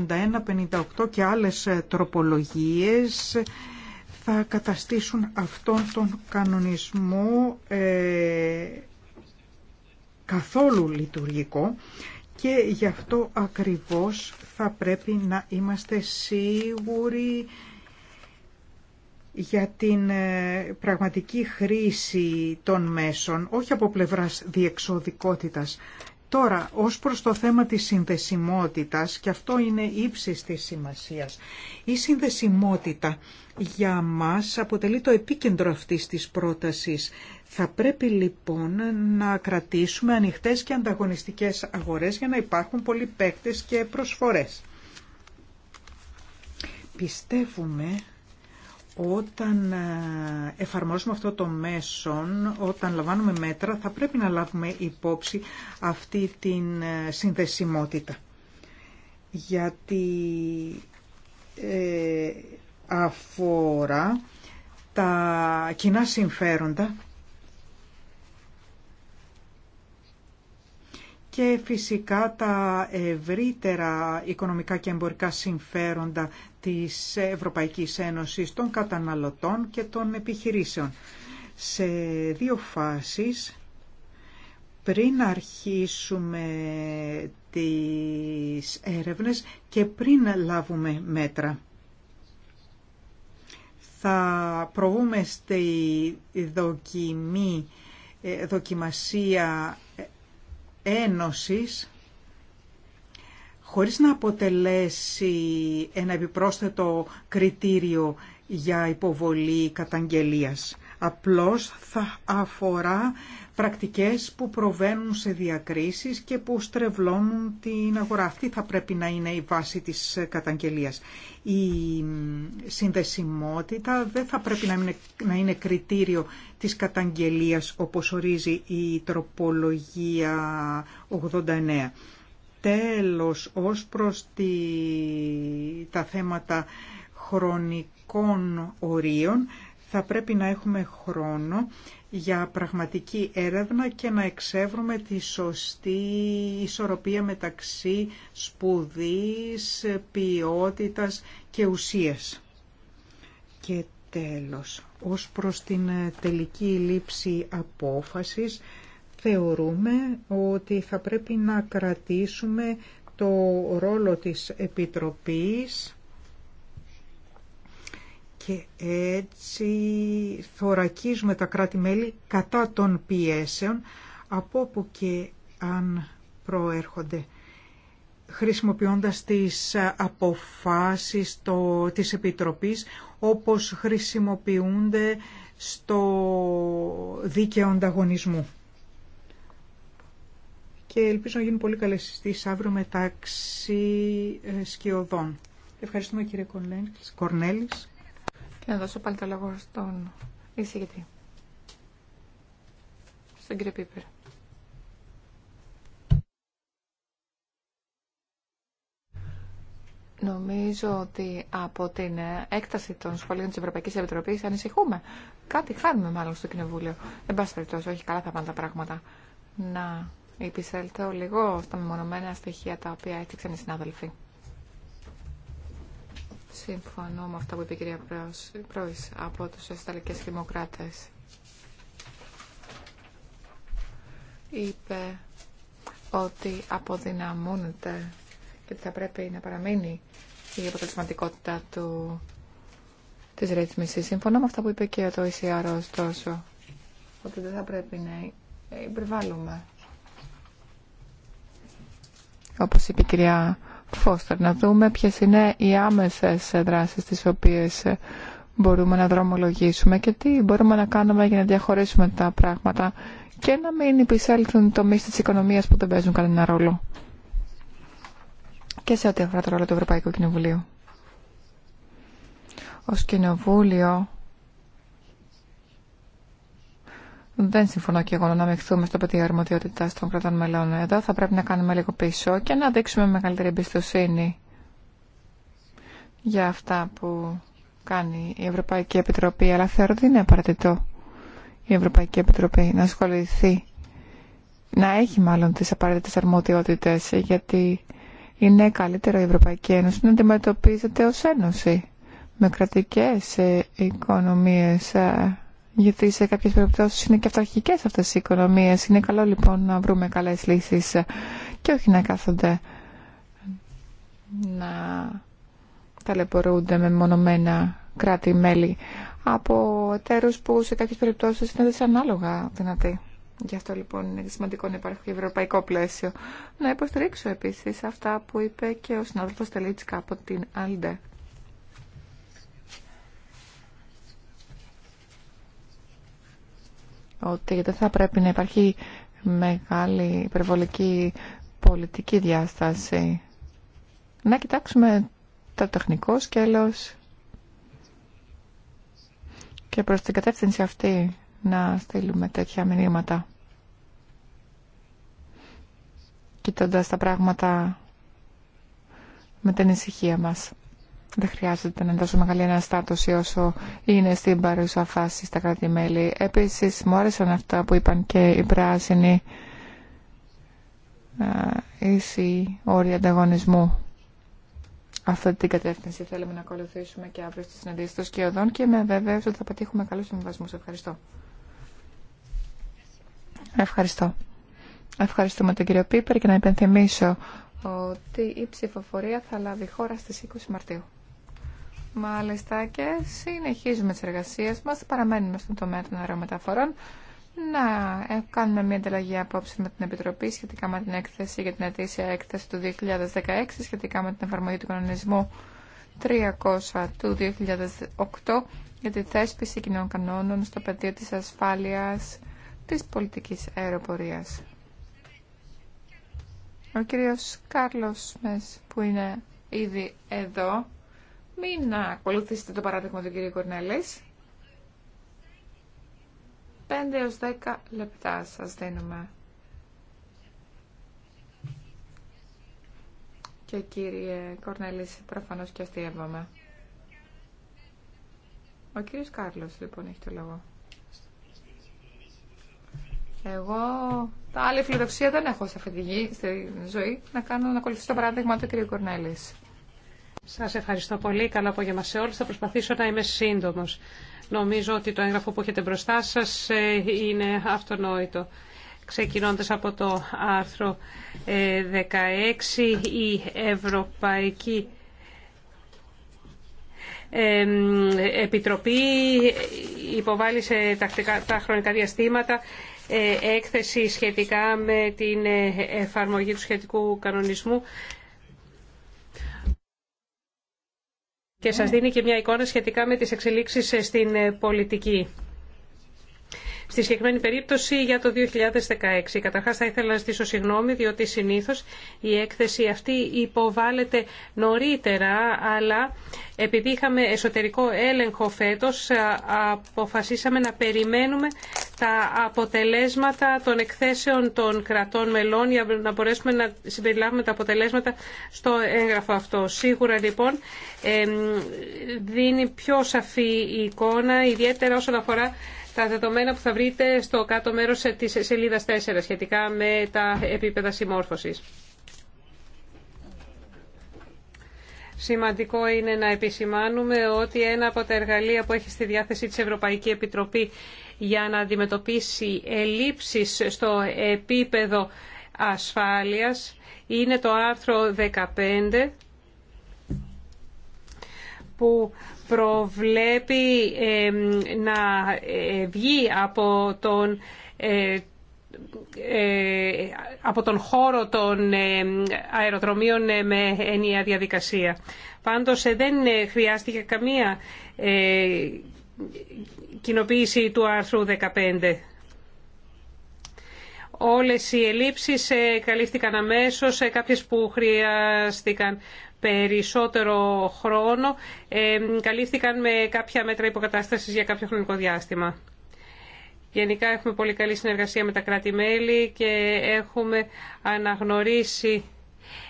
31, 58 και άλλες ε, τροπολογίες θα καταστήσουν αυτόν τον κανονισμό ε, καθόλου λειτουργικό και γι' αυτό ακριβώς θα πρέπει να είμαστε σίγουροι για την ε, πραγματική χρήση των μέσων, όχι από πλευράς διεξοδικότητας. Τώρα, ως προς το θέμα της συνδεσιμότητας, και αυτό είναι ύψης της σημασίας, η συνδεσιμότητα για μας αποτελεί το επίκεντρο αυτής της πρότασης, θα πρέπει λοιπόν να κρατήσουμε ανοιχτές και ανταγωνιστικές αγορές για να υπάρχουν πολλοί παίκτες και προσφορές. Πιστεύουμε όταν ε, εφαρμόζουμε αυτό το μέσον, όταν λαμβάνουμε μέτρα, θα πρέπει να λάβουμε υπόψη αυτή την ε, συνδεσιμότητα. Γιατί ε, αφορά τα κοινά συμφέροντα και φυσικά τα ευρύτερα οικονομικά και εμπορικά συμφέροντα της Ευρωπαϊκής Ένωσης των καταναλωτών και των επιχειρήσεων. Σε δύο φάσεις, πριν αρχίσουμε τις έρευνες και πριν λάβουμε μέτρα. Θα προβούμε στη δοκιμή, ε, δοκιμασία Ένωσης χωρίς να αποτελέσει ένα επιπρόσθετο κριτήριο για υποβολή καταγγελίας απλώς θα αφορά πρακτικές που προβαίνουν σε διακρίσεις και που στρεβλώνουν την αγορά. Αυτή θα πρέπει να είναι η βάση της καταγγελίας. Η συνδεσιμότητα δεν θα πρέπει να είναι, να είναι κριτήριο της καταγγελίας όπως ορίζει η τροπολογία 89. Τέλος, ως προς τη... τα θέματα χρονικών ορίων, θα πρέπει να έχουμε χρόνο για πραγματική έρευνα και να εξεύρουμε τη σωστή ισορροπία μεταξύ σπουδής, ποιότητας και ουσίες. Και τέλος, ως προς την τελική λήψη απόφασης, θεωρούμε ότι θα πρέπει να κρατήσουμε το ρόλο της Επιτροπής και έτσι θωρακίζουμε τα κράτη-μέλη κατά των πιέσεων από όπου και αν προέρχονται χρησιμοποιώντας τις αποφάσεις το, της Επιτροπής όπως χρησιμοποιούνται στο δίκαιο ανταγωνισμού. Και ελπίζω να γίνουν πολύ καλές συστήσεις αύριο μεταξύ ε, σκιωδών. Ευχαριστούμε κύριε Κορνέλης να δώσω πάλι το λόγο στον εισηγητή. Στον κύριο Πίπερ. Νομίζω ότι από την έκταση των σχολείων της Ευρωπαϊκής Επιτροπής ανησυχούμε. Κάτι χάνουμε μάλλον στο Κοινοβούλιο. Δεν πάση περιπτώσει, όχι καλά θα πάνε τα πράγματα. Να επισέλθω λίγο στα μεμονωμένα στοιχεία τα οποία έφτιαξαν οι συνάδελφοι. Συμφωνώ με αυτά που είπε η κυρία Πρόης από τους Ασταλικές Δημοκράτες. Είπε ότι αποδυναμώνεται και ότι θα πρέπει να παραμείνει η αποτελεσματικότητα του, της ρύθμισης. Συμφωνώ με αυτά που είπε και το ECR ωστόσο, ότι δεν θα πρέπει να υπερβάλλουμε. Όπως είπε η κυρία Φώστερ, να δούμε ποιες είναι οι άμεσες δράσεις τις οποίες μπορούμε να δρομολογήσουμε και τι μπορούμε να κάνουμε για να διαχωρίσουμε τα πράγματα και να μην υπησέλθουν τομείς της οικονομίας που δεν παίζουν κανένα ρόλο. Και σε ό,τι αφορά το ρόλο του Ευρωπαϊκού Κοινοβουλίου. Ως Κοινοβούλιο Δεν συμφωνώ και εγώ να αναμειχθούμε στο πεδίο αρμοδιότητα των κρατών μελών. Εδώ θα πρέπει να κάνουμε λίγο πίσω και να δείξουμε μεγαλύτερη εμπιστοσύνη για αυτά που κάνει η Ευρωπαϊκή Επιτροπή. Αλλά θεωρώ ότι είναι απαραίτητο η Ευρωπαϊκή Επιτροπή να ασχοληθεί, να έχει μάλλον τι απαραίτητε αρμοδιότητε, γιατί είναι καλύτερο η Ευρωπαϊκή Ένωση να αντιμετωπίζεται ω ένωση με κρατικές ε, οικονομίε. Ε, γιατί σε κάποιες περιπτώσεις είναι και αυταρχικές αυτές οι οικονομίες. Είναι καλό λοιπόν να βρούμε καλές λύσεις και όχι να κάθονται να ταλαιπωρούνται με μονομένα κράτη-μέλη από εταίρους που σε κάποιες περιπτώσεις είναι δυσανάλογα δυνατοί. Γι' αυτό λοιπόν είναι σημαντικό να υπάρχει ευρωπαϊκό πλαίσιο. Να υποστηρίξω επίσης αυτά που είπε και ο συνάδελφος Τελίτσκα από την Άλντε. ότι δεν θα πρέπει να υπάρχει μεγάλη υπερβολική πολιτική διάσταση. Να κοιτάξουμε το τεχνικό σκέλος και προς την κατεύθυνση αυτή να στείλουμε τέτοια μηνύματα. Κοιτώντας τα πράγματα με την ησυχία μας. Δεν χρειάζεται να τόσο μεγάλη αναστάτωση όσο είναι στην παρούσα φάση στα κράτη-μέλη. Επίσης, μου άρεσαν αυτά που είπαν και οι πράσινοι ίση όρια ανταγωνισμού. Αυτή την κατεύθυνση θέλουμε να ακολουθήσουμε και αύριο στη συναντήση των σκιωδών και με βεβαίω ότι θα πετύχουμε καλούς συμβασμούς. Ευχαριστώ. Ευχαριστώ. Ευχαριστούμε τον κύριο Πίπερ και να υπενθυμίσω ότι η ψηφοφορία θα λάβει χώρα στις 20 Μαρτίου. Μάλιστα και συνεχίζουμε τις εργασίες μας, παραμένουμε στον τομέα των αερομεταφορών να ε, κάνουμε μια ανταλλαγή απόψη με την Επιτροπή σχετικά με την έκθεση για την ετήσια έκθεση του 2016 σχετικά με την εφαρμογή του κανονισμού 300 του 2008 για τη θέσπιση κοινών κανόνων στο πεδίο της ασφάλειας της πολιτικής αεροπορίας. Ο κύριος Κάρλος Μες που είναι ήδη εδώ μην ακολουθήσετε το παράδειγμα του κύριου Κορνέλης. 5 έως 10 λεπτά σας δίνουμε. Και κύριε Κορνέλης, προφανώς και έβαμε. Ο κύριος Κάρλος, λοιπόν, έχει το λόγο. Εγώ τα άλλη φιλοδοξία δεν έχω σε αυτή τη ζωή, να κάνω να ακολουθήσω το παράδειγμα του κύριου Κορνέλης. Σας ευχαριστώ πολύ. Καλό απόγευμα σε όλους. Θα προσπαθήσω να είμαι σύντομος. Νομίζω ότι το έγγραφο που έχετε μπροστά σας ε, είναι αυτονόητο. Ξεκινώντας από το άρθρο 16, ε, η Ευρωπαϊκή ε, Επιτροπή υποβάλλει σε τακτικά, τα χρονικά διαστήματα έκθεση σχετικά με την εφαρμογή του σχετικού κανονισμού και σας δίνει και μια εικόνα σχετικά με τις εξελίξεις στην ε, πολιτική. Στη συγκεκριμένη περίπτωση για το 2016. Καταρχάς θα ήθελα να ζητήσω συγγνώμη διότι συνήθως η έκθεση αυτή υποβάλλεται νωρίτερα αλλά επειδή είχαμε εσωτερικό έλεγχο φέτος ε, αποφασίσαμε να περιμένουμε τα αποτελέσματα των εκθέσεων των κρατών μελών για να μπορέσουμε να συμπεριλάβουμε τα αποτελέσματα στο έγγραφο αυτό. Σίγουρα λοιπόν δίνει πιο σαφή η εικόνα, ιδιαίτερα όσον αφορά τα δεδομένα που θα βρείτε στο κάτω μέρος της σελίδας 4 σχετικά με τα επίπεδα συμμόρφωσης. Σημαντικό είναι να επισημάνουμε ότι ένα από τα εργαλεία που έχει στη διάθεση της Ευρωπαϊκή Επιτροπή για να αντιμετωπίσει ελλείψεις στο επίπεδο ασφάλειας είναι το άρθρο 15 που προβλέπει ε, να ε, βγει από τον ε, ε, από τον χώρο των ε, αεροδρομίων ε, με ενιαία διαδικασία. Πάντως δεν χρειάστηκε καμία κοινοποίηση του άρθρου 15. Όλες οι ελλείψεις καλύφθηκαν αμέσως, κάποιες που χρειάστηκαν περισσότερο χρόνο καλύφθηκαν με κάποια μέτρα υποκατάστασης για κάποιο χρονικό διάστημα. Γενικά έχουμε πολύ καλή συνεργασία με τα κράτη-μέλη και έχουμε αναγνωρίσει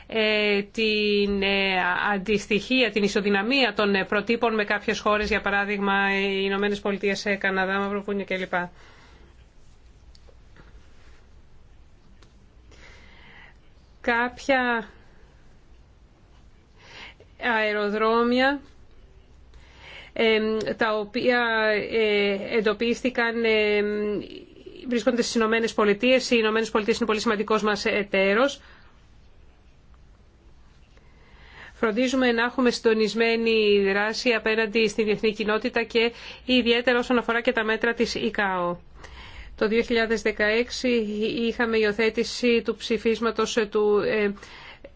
ε, την ε, αντιστοιχία, την ισοδυναμία των ε, προτύπων με κάποιες χώρες, για παράδειγμα οι Ηνωμένε Πολιτείες, Καναδά, Μαυροπούνια κλπ. Κάποια αεροδρόμια τα οποία ε, εντοπίστηκαν βρίσκονται στις Ηνωμένε Πολιτείε. Οι Ηνωμένε Πολιτείε είναι πολύ σημαντικός μας εταίρος. Φροντίζουμε να έχουμε συντονισμένη δράση απέναντι στη διεθνή κοινότητα και ιδιαίτερα όσον αφορά και τα μέτρα της ΙΚΑΟ. Το 2016 είχαμε υιοθέτηση του ψηφίσματος ε, του ε,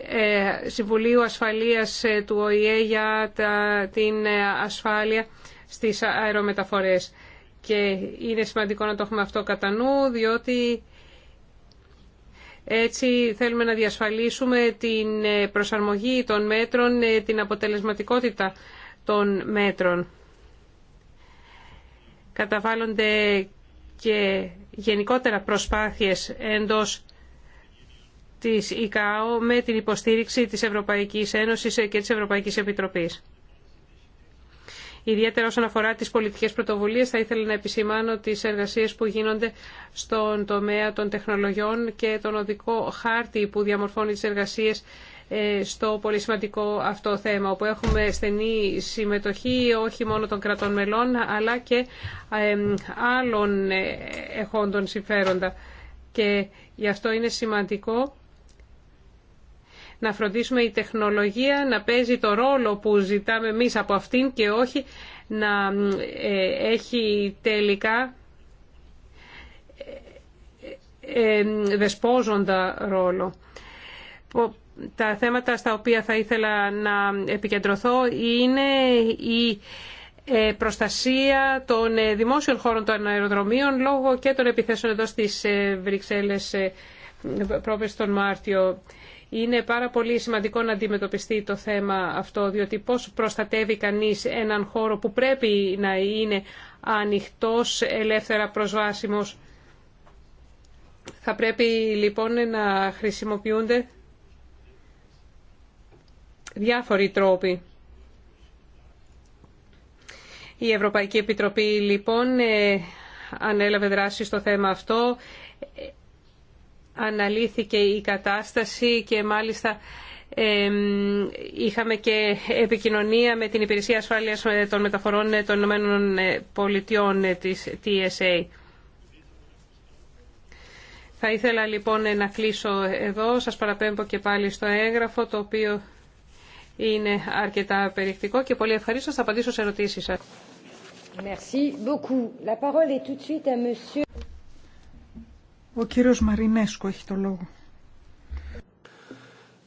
ε, Συμβουλίου Ασφαλείας ε, του ΟΗΕ για την ε, ασφάλεια στις αερομεταφορές. Και είναι σημαντικό να το έχουμε αυτό κατά νου, διότι έτσι θέλουμε να διασφαλίσουμε την προσαρμογή των μέτρων, την αποτελεσματικότητα των μέτρων. Καταβάλλονται και γενικότερα προσπάθειες εντός της ΙΚΑΟ με την υποστήριξη της Ευρωπαϊκής Ένωσης και της Ευρωπαϊκής Επιτροπής. Ιδιαίτερα όσον αφορά τις πολιτικές πρωτοβουλίες θα ήθελα να επισημάνω τις εργασίες που γίνονται στον τομέα των τεχνολογιών και τον οδικό χάρτη που διαμορφώνει τις εργασίες ε, στο πολύ σημαντικό αυτό θέμα, όπου έχουμε στενή συμμετοχή όχι μόνο των κρατών μελών, αλλά και ε, άλλων ε, εχόντων συμφέροντα. Και γι' αυτό είναι σημαντικό να φροντίσουμε η τεχνολογία να παίζει το ρόλο που ζητάμε εμείς από αυτήν και όχι να ε, έχει τελικά ε, ε, δεσπόζοντα ρόλο. Τα θέματα στα οποία θα ήθελα να επικεντρωθώ είναι η προστασία των δημόσιων χώρων των αεροδρομίων λόγω και των επιθέσεων εδώ στις Βρυξέλλες πρόπες τον Μάρτιο. Είναι πάρα πολύ σημαντικό να αντιμετωπιστεί το θέμα αυτό, διότι πώς προστατεύει κανείς έναν χώρο που πρέπει να είναι ανοιχτός, ελεύθερα προσβάσιμος. Θα πρέπει λοιπόν να χρησιμοποιούνται διάφοροι τρόποι. Η Ευρωπαϊκή Επιτροπή λοιπόν ε, ανέλαβε δράση στο θέμα αυτό αναλύθηκε η κατάσταση και μάλιστα είχαμε και επικοινωνία με την Υπηρεσία Ασφάλειας ε, των Μεταφορών ε, των Ηνωμένων ε, Πολιτειών της TSA. Θα ήθελα λοιπόν να κλείσω εδώ. Σας παραπέμπω και πάλι στο έγγραφο το οποίο είναι αρκετά περιεκτικό και πολύ ευχαριστώ θα απαντήσω σε ερωτήσεις σας. Ο κύριος Μαρινέσκο έχει το λόγο.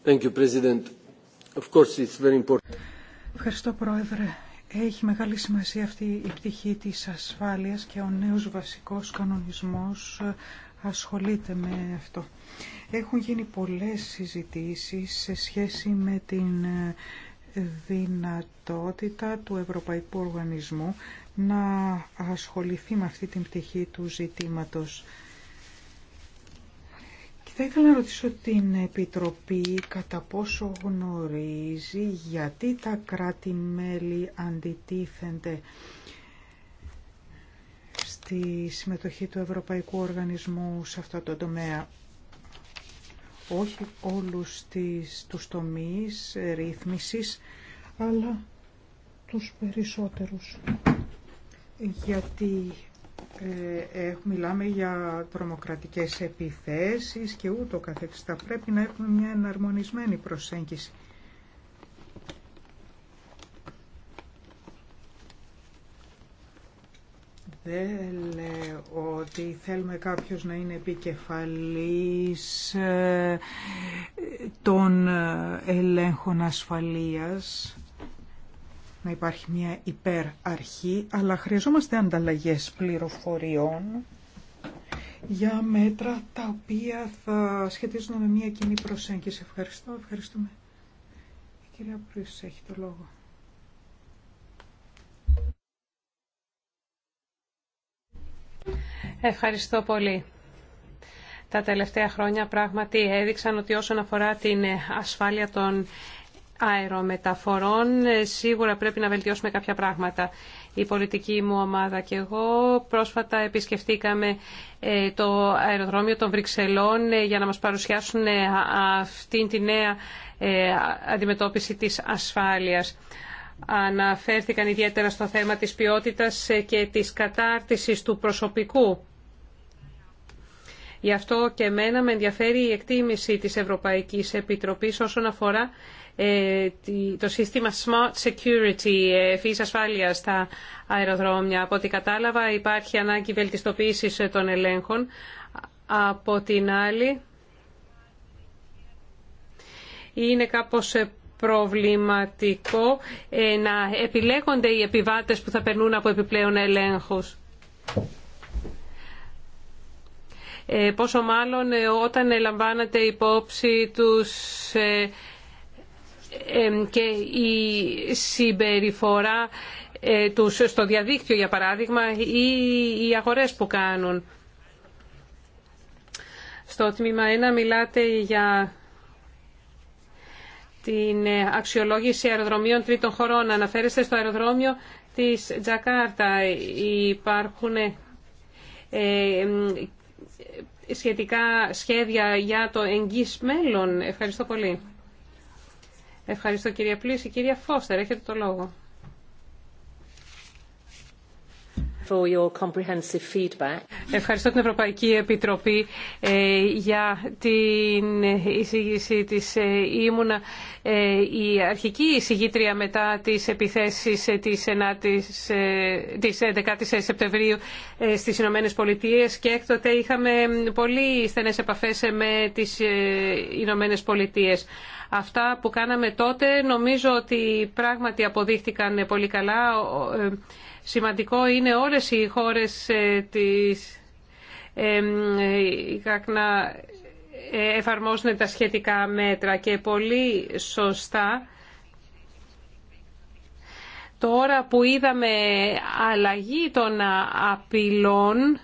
Thank Ευχαριστώ, Πρόεδρε. Έχει μεγάλη σημασία αυτή η πτυχή της ασφάλειας και ο νέος βασικός κανονισμός ε, ασχολείται με αυτό. Έχουν γίνει πολλές συζητήσεις σε σχέση με την ε, δυνατότητα του Ευρωπαϊκού Οργανισμού να ασχοληθεί με αυτή την πτυχή του ζητήματος. Θα ήθελα να ρωτήσω την Επιτροπή κατά πόσο γνωρίζει γιατί τα κράτη-μέλη αντιτίθενται στη συμμετοχή του Ευρωπαϊκού Οργανισμού σε αυτό το τομέα. Όχι όλους τις, τους τομείς ρύθμισης, αλλά τους περισσότερους. Γιατί ε, ε, μιλάμε για τρομοκρατικές επιθέσεις και ούτω καθεξής. Θα πρέπει να έχουμε μια εναρμονισμένη προσέγγιση. Δεν λέω ότι θέλουμε κάποιος να είναι επικεφαλής ε, των ε, ελέγχων ασφαλείας να υπάρχει μια υπεραρχή, αλλά χρειαζόμαστε ανταλλαγές πληροφοριών για μέτρα τα οποία θα σχετίζονται με μια κοινή προσέγγιση. Ευχαριστώ, ευχαριστούμε. Η κυρία έχει το λόγο. Ευχαριστώ πολύ. Τα τελευταία χρόνια πράγματι έδειξαν ότι όσον αφορά την ασφάλεια των αερομεταφορών ε, σίγουρα πρέπει να βελτιώσουμε κάποια πράγματα. Η πολιτική μου ομάδα και εγώ πρόσφατα επισκεφτήκαμε ε, το αεροδρόμιο των Βρυξελών ε, για να μας παρουσιάσουν αυτή τη νέα αντιμετώπιση της ασφάλειας. Αναφέρθηκαν ιδιαίτερα στο θέμα της ποιότητας και της κατάρτισης του προσωπικού Γι' αυτό και μένα με ενδιαφέρει η εκτίμηση της Ευρωπαϊκής Επιτροπής όσον αφορά ε, το σύστημα Smart Security ε, φύση ασφάλεια στα αεροδρόμια. Από ό,τι κατάλαβα υπάρχει ανάγκη βελτιστοποίησης ε, των ελέγχων. Από την άλλη είναι κάπως προβληματικό να επιλέγονται οι επιβάτες που θα περνούν από επιπλέον ελέγχους. Ε, πόσο μάλλον ε, όταν λαμβάνατε υπόψη τους ε, και η συμπεριφορά τους στο διαδίκτυο για παράδειγμα ή οι αγορές που κάνουν. Στο τμήμα 1 μιλάτε για την αξιολόγηση αεροδρομίων τρίτων χωρών. Αναφέρεστε στο αεροδρόμιο της Τζακάρτα. Υπάρχουν σχετικά σχέδια για το εγγύς μέλλον. Ευχαριστώ πολύ. Ευχαριστώ κυρία Πλήση. Κυρία Φώστερ, έχετε το λόγο. Ευχαριστώ την Ευρωπαϊκή Επιτροπή ε, για την εισήγηση της ε, Ήμουνα. Ε, η αρχική εισηγήτρια μετά τις επιθέσεις της, 9, της 11ης Σεπτεμβρίου στις Ηνωμένες Πολιτείες και έκτοτε είχαμε πολύ στενές επαφές με τις Ηνωμένες Πολιτείες. Αυτά που κάναμε τότε νομίζω ότι πράγματι αποδείχτηκαν πολύ καλά Σημαντικό είναι όλες οι χώρες ε, της ΙΚΑΚ να ε, εφαρμόσουν τα σχετικά μέτρα και πολύ σωστά τώρα που είδαμε αλλαγή των απειλών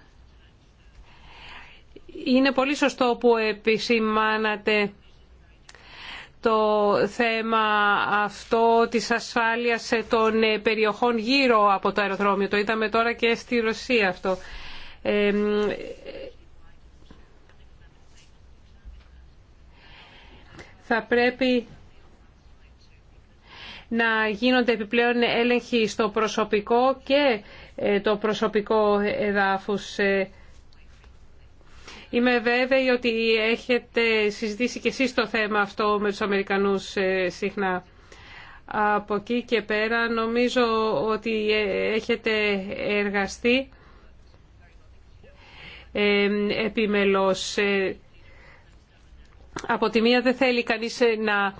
είναι πολύ σωστό που επισημάνατε το θέμα αυτό της ασφάλειας των ε, περιοχών γύρω από το αεροδρόμιο. Το είδαμε τώρα και στη Ρωσία αυτό. θα πρέπει να γίνονται επιπλέον έλεγχοι στο προσωπικό και ε, το προσωπικό εδάφους ε, Είμαι βέβαιη ότι έχετε συζητήσει και εσείς το θέμα αυτό με τους Αμερικανούς ε, συχνά. Από εκεί και πέρα νομίζω ότι ε, έχετε εργαστεί ε, επιμελώς. Από τη μία δεν θέλει κανείς να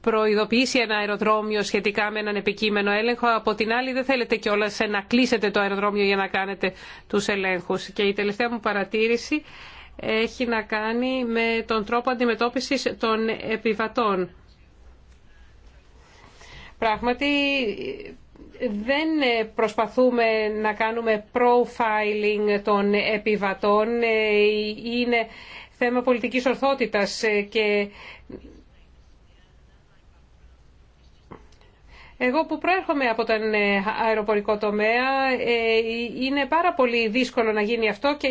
προειδοποιήσει ένα αεροδρόμιο σχετικά με έναν επικείμενο έλεγχο. Από την άλλη δεν θέλετε κιόλα να κλείσετε το αεροδρόμιο για να κάνετε τους ελέγχους. Και η τελευταία μου παρατήρηση έχει να κάνει με τον τρόπο αντιμετώπισης των επιβατών. Πράγματι, δεν προσπαθούμε να κάνουμε profiling των επιβατών. Είναι θέμα πολιτικής ορθότητας και Εγώ που προέρχομαι από τον αεροπορικό τομέα, ε, είναι πάρα πολύ δύσκολο να γίνει αυτό και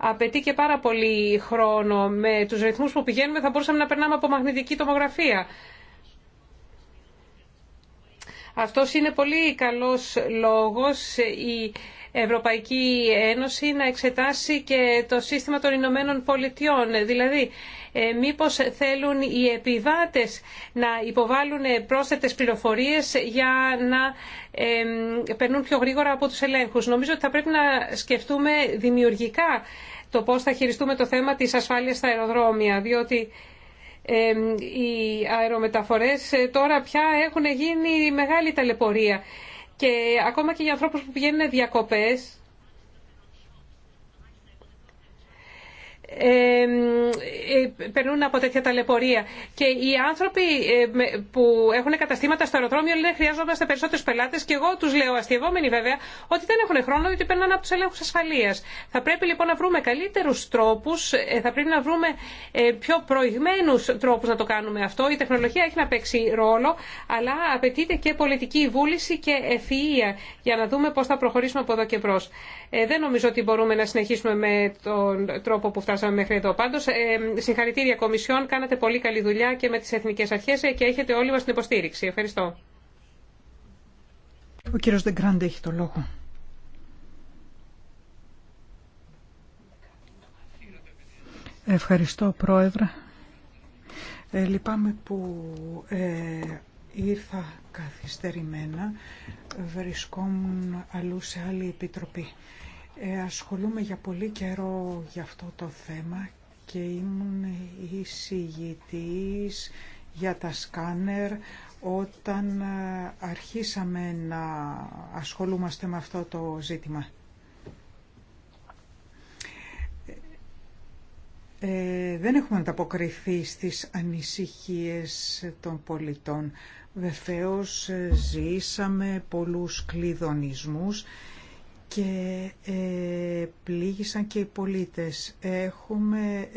απαιτεί και πάρα πολύ χρόνο. Με τους ρυθμούς που πηγαίνουμε θα μπορούσαμε να περνάμε από μαγνητική τομογραφία. Αυτός είναι πολύ καλός λόγος η Ευρωπαϊκή Ένωση να εξετάσει και το σύστημα των Ηνωμένων Πολιτειών. Δηλαδή, ε, μήπως θέλουν οι επιβάτες να υποβάλουν πρόσθετες πληροφορίες για να περνούν πιο γρήγορα από τους ελέγχους. Νομίζω ότι θα πρέπει να σκεφτούμε δημιουργικά το πώς θα χειριστούμε το θέμα της ασφάλειας στα αεροδρόμια, διότι οι αερομεταφορές ε, τώρα πια έχουν γίνει μεγάλη ταλαιπωρία. Και ακόμα και για ανθρώπους που πηγαίνουν διακοπές, Ε, περνούν από τέτοια ταλαιπωρία. Και οι άνθρωποι ε, που έχουν καταστήματα στο αεροδρόμιο λένε χρειάζομαστε περισσότερου πελάτε και εγώ του λέω, αστειευόμενοι βέβαια, ότι δεν έχουν χρόνο γιατί περνάνε από του ελέγχου ασφαλεία. Θα πρέπει λοιπόν να βρούμε καλύτερου τρόπου, ε, θα πρέπει να βρούμε πιο προηγμένου τρόπου να το κάνουμε αυτό. Η τεχνολογία έχει να παίξει ρόλο, αλλά απαιτείται και πολιτική βούληση και ευφυα για να δούμε πώ θα προχωρήσουμε από εδώ και μπρο. Δεν νομίζω ότι μπορούμε να συνεχίσουμε με τον τρόπο που φτάσαμε μέχρι εδώ. Πάντως, ε, συγχαρητήρια Κομισιόν, κάνατε πολύ καλή δουλειά και με τις εθνικές αρχές ε, και έχετε όλοι μα την υποστήριξη. Ευχαριστώ. Ο κύριος Δεγκράντε έχει το λόγο. Ευχαριστώ, Πρόεδρε. Ε, λυπάμαι που ε, ήρθα καθυστερημένα. Βρισκόμουν αλλού σε άλλη επιτροπή. Ε, ασχολούμαι για πολύ καιρό για αυτό το θέμα και ήμουν εισηγητής για τα σκάνερ όταν ε, αρχίσαμε να ασχολούμαστε με αυτό το ζήτημα. Ε, ε, δεν έχουμε ανταποκριθεί στις ανησυχίες των πολιτών. Βεβαίως ε, ζήσαμε πολλούς κλειδονισμούς και ε, πλήγησαν και οι πολίτες. Έχουμε 60,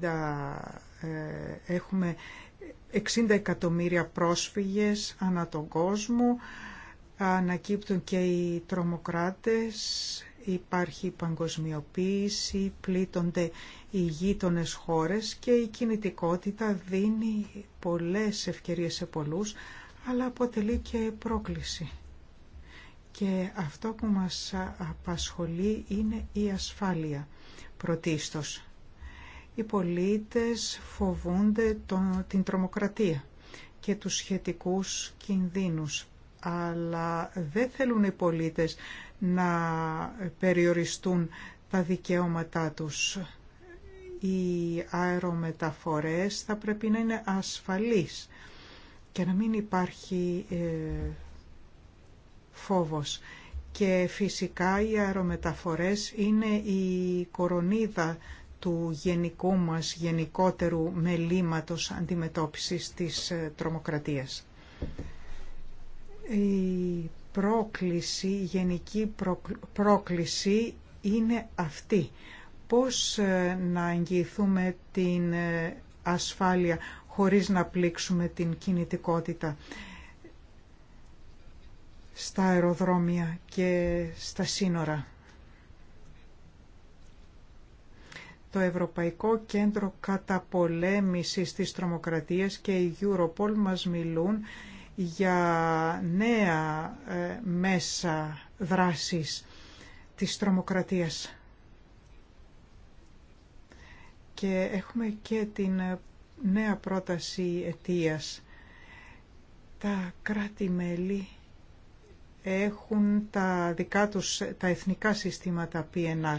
ε, ε, έχουμε 60 εκατομμύρια πρόσφυγες ανά τον κόσμο, ανακύπτουν και οι τρομοκράτες, υπάρχει παγκοσμιοποίηση, πλήττονται οι γείτονε χώρες και η κινητικότητα δίνει πολλές ευκαιρίες σε πολλούς, αλλά αποτελεί και πρόκληση και αυτό που μας απασχολεί είναι η ασφάλεια πρωτίστως. Οι πολίτες φοβούνται τον, την τρομοκρατία και τους σχετικούς κινδύνους, αλλά δεν θέλουν οι πολίτες να περιοριστούν τα δικαιώματά τους. Οι αερομεταφορές θα πρέπει να είναι ασφαλείς και να μην υπάρχει ε, φόβος. Και φυσικά οι αερομεταφορές είναι η κορονίδα του γενικού μας, γενικότερου μελήματος αντιμετώπισης της ε, τρομοκρατίας. Η πρόκληση, η γενική πρόκληση είναι αυτή. Πώς ε, να εγγυηθούμε την ε, ασφάλεια χωρίς να πλήξουμε την κινητικότητα στα αεροδρόμια και στα σύνορα. Το Ευρωπαϊκό Κέντρο Καταπολέμησης της Τρομοκρατίας και η Europol μας μιλούν για νέα ε, μέσα δράσης της τρομοκρατίας. Και έχουμε και την ε, νέα πρόταση αιτίας. Τα κράτη-μέλη έχουν τα δικά τους τα εθνικά συστήματα PNR.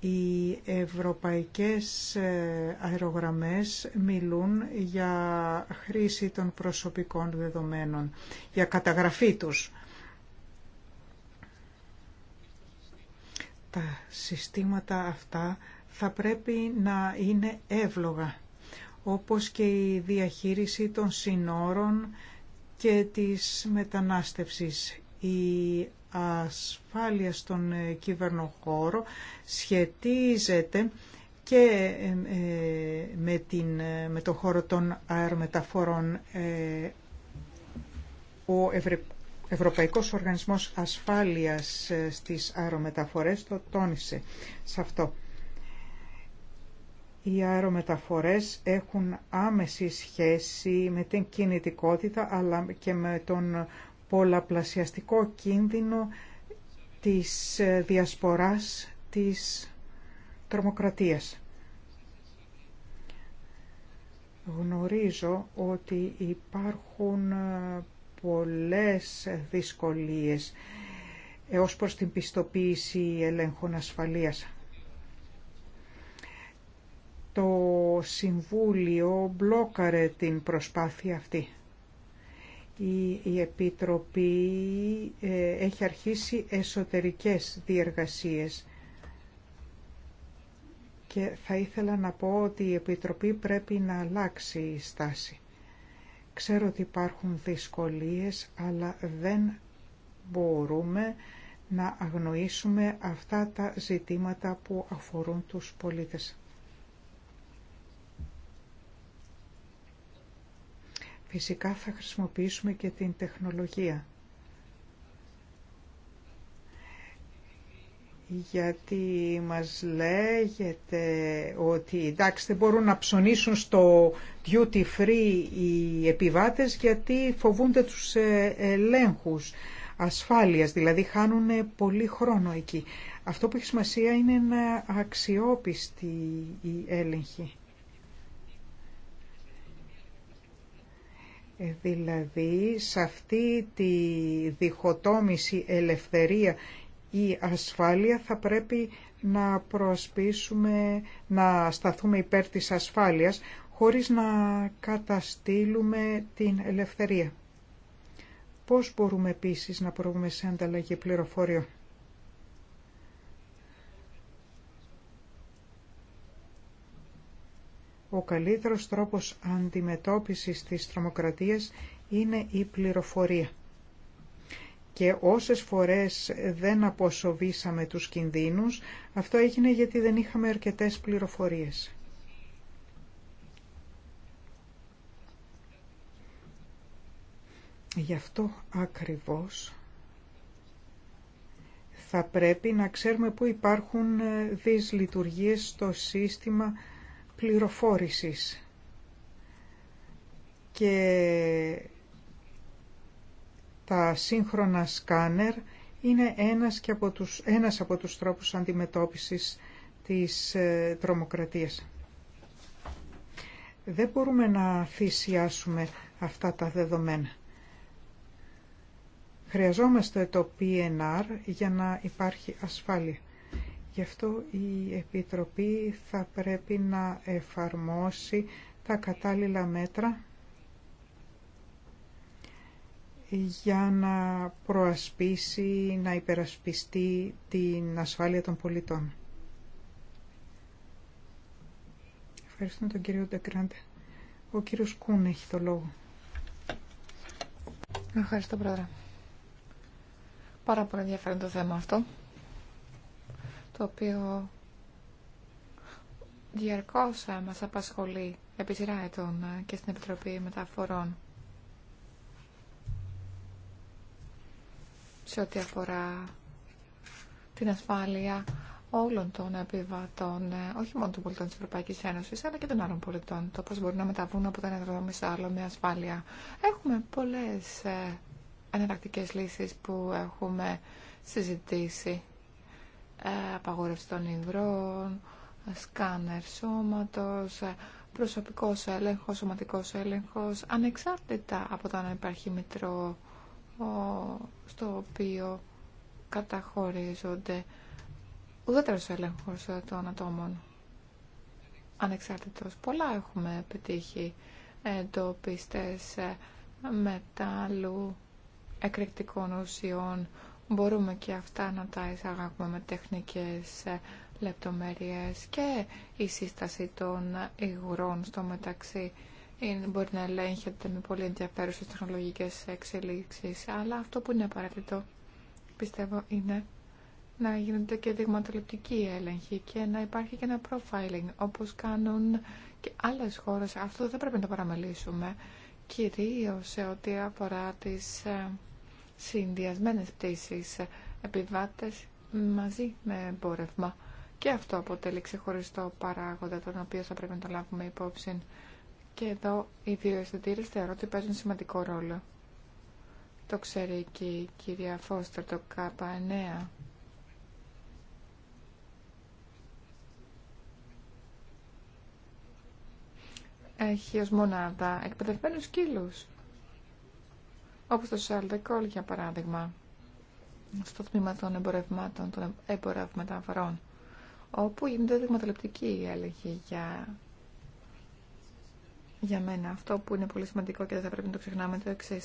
Οι ευρωπαϊκές ε, αερογραμμές μιλούν για χρήση των προσωπικών δεδομένων, για καταγραφή τους. Τα συστήματα αυτά θα πρέπει να είναι εύλογα, όπως και η διαχείριση των συνόρων και της μετανάστευσης. Η ασφάλεια στον ε, κυβερνοχώρο σχετίζεται και ε, ε, με, την, με τον χώρο των αερομεταφορών ο Ευρωπαϊκός Οργανισμός Ασφάλειας στις Αερομεταφορές το τόνισε σε αυτό. Οι αερομεταφορές έχουν άμεση σχέση με την κινητικότητα αλλά και με τον πολλαπλασιαστικό κίνδυνο της διασποράς της τρομοκρατίας. Γνωρίζω ότι υπάρχουν πολλές δυσκολίες ε, ως προς την πιστοποίηση ελέγχων ασφαλείας το Συμβούλιο μπλόκαρε την προσπάθεια αυτή. Η, η Επιτροπή ε, έχει αρχίσει εσωτερικές διεργασίες και θα ήθελα να πω ότι η Επιτροπή πρέπει να αλλάξει η στάση. Ξέρω ότι υπάρχουν δυσκολίες, αλλά δεν μπορούμε να αγνοήσουμε αυτά τα ζητήματα που αφορούν τους πολίτες. Φυσικά θα χρησιμοποιήσουμε και την τεχνολογία. γιατί μας λέγεται ότι εντάξει δεν μπορούν να ψωνίσουν στο duty free οι επιβάτες γιατί φοβούνται τους ε, ελέγχους ασφάλειας, δηλαδή χάνουν πολύ χρόνο εκεί. Αυτό που έχει σημασία είναι να αξιόπιστη η έλεγχη. Ε, δηλαδή, σε αυτή τη διχοτόμηση ελευθερία ή ασφάλεια θα πρέπει να προσπίσουμε, να σταθούμε υπέρ της ασφάλειας, χωρίς να καταστήλουμε την ελευθερία. Πώς μπορούμε επίσης να προβούμε σε ανταλλαγή πληροφοριών. Ο καλύτερος τρόπος αντιμετώπισης της τρομοκρατίας είναι η πληροφορία. Και όσες φορές δεν αποσοβήσαμε τους κινδύνους, αυτό έγινε γιατί δεν είχαμε αρκετές πληροφορίες. Γι' αυτό ακριβώς θα πρέπει να ξέρουμε πού υπάρχουν ε, δυσλειτουργίες στο σύστημα πληροφόρησης και τα σύγχρονα σκάνερ είναι ένας, και από τους, ένας από τους τρόπους αντιμετώπισης της ε, τρομοκρατίας. Δεν μπορούμε να θυσιάσουμε αυτά τα δεδομένα. Χρειαζόμαστε το PNR για να υπάρχει ασφάλεια. Γι' αυτό η Επιτροπή θα πρέπει να εφαρμόσει τα κατάλληλα μέτρα για να προασπίσει, να υπερασπιστεί την ασφάλεια των πολιτών. Ευχαριστούμε τον κύριο Ντεγκράντε. Ο κύριος Κούν έχει το λόγο. Ευχαριστώ, Πρόεδρε. Πάρα πολύ ενδιαφέρον το θέμα αυτό το οποίο διαρκώς ε, μας απασχολεί επί σειρά ετών ε, και στην Επιτροπή Μεταφορών σε ό,τι αφορά την ασφάλεια όλων των επιβατών, ε, όχι μόνο των πολιτών της Ευρωπαϊκής Ένωσης, αλλά και των άλλων πολιτών, το πώς μπορούν να μεταβούν από τα ένα δρόμο σε άλλο με ασφάλεια. Έχουμε πολλές εναλλακτικέ λύσεις που έχουμε συζητήσει ε, απαγόρευση των υγρών, σκάνερ σώματος, ε, προσωπικός έλεγχος, σωματικός έλεγχος, ανεξάρτητα από το αν υπάρχει μητρό στο οποίο καταχωρίζονται ουδέτερος έλεγχος των ατόμων. Ανεξάρτητος. Πολλά έχουμε πετύχει εντοπιστές ε, μετάλλου, εκρηκτικών ουσιών, μπορούμε και αυτά να τα εισαγάγουμε με τεχνικές ε, λεπτομέρειες και η σύσταση των υγρών στο μεταξύ μπορεί να ελέγχεται με πολύ ενδιαφέρουσες τεχνολογικές εξελίξεις αλλά αυτό που είναι απαραίτητο πιστεύω είναι να γίνονται και δειγματοληπτικοί έλεγχοι και να υπάρχει και ένα profiling όπως κάνουν και άλλες χώρες. Αυτό δεν πρέπει να το παραμελήσουμε κυρίως σε ό,τι αφορά τις ε, συνδυασμένες πτήσεις επιβάτες μαζί με εμπόρευμα. Και αυτό αποτελεί ξεχωριστό παράγοντα, τον οποίο θα πρέπει να το λάβουμε υπόψη. Και εδώ οι δύο αισθητήρε θεωρώ ότι παίζουν σημαντικό ρόλο. Το ξέρει και η κυρία Φώστερ, το K9. Έχει ως μονάδα εκπαιδευμένους σκύλους όπως το Gaulle για παράδειγμα, στο τμήμα των εμπορευμάτων, των εμπορευμεταφορών, όπου γίνεται δειγματοληπτική έλεγχη για... για μένα. Αυτό που είναι πολύ σημαντικό και δεν θα πρέπει να το ξεχνάμε το εξή.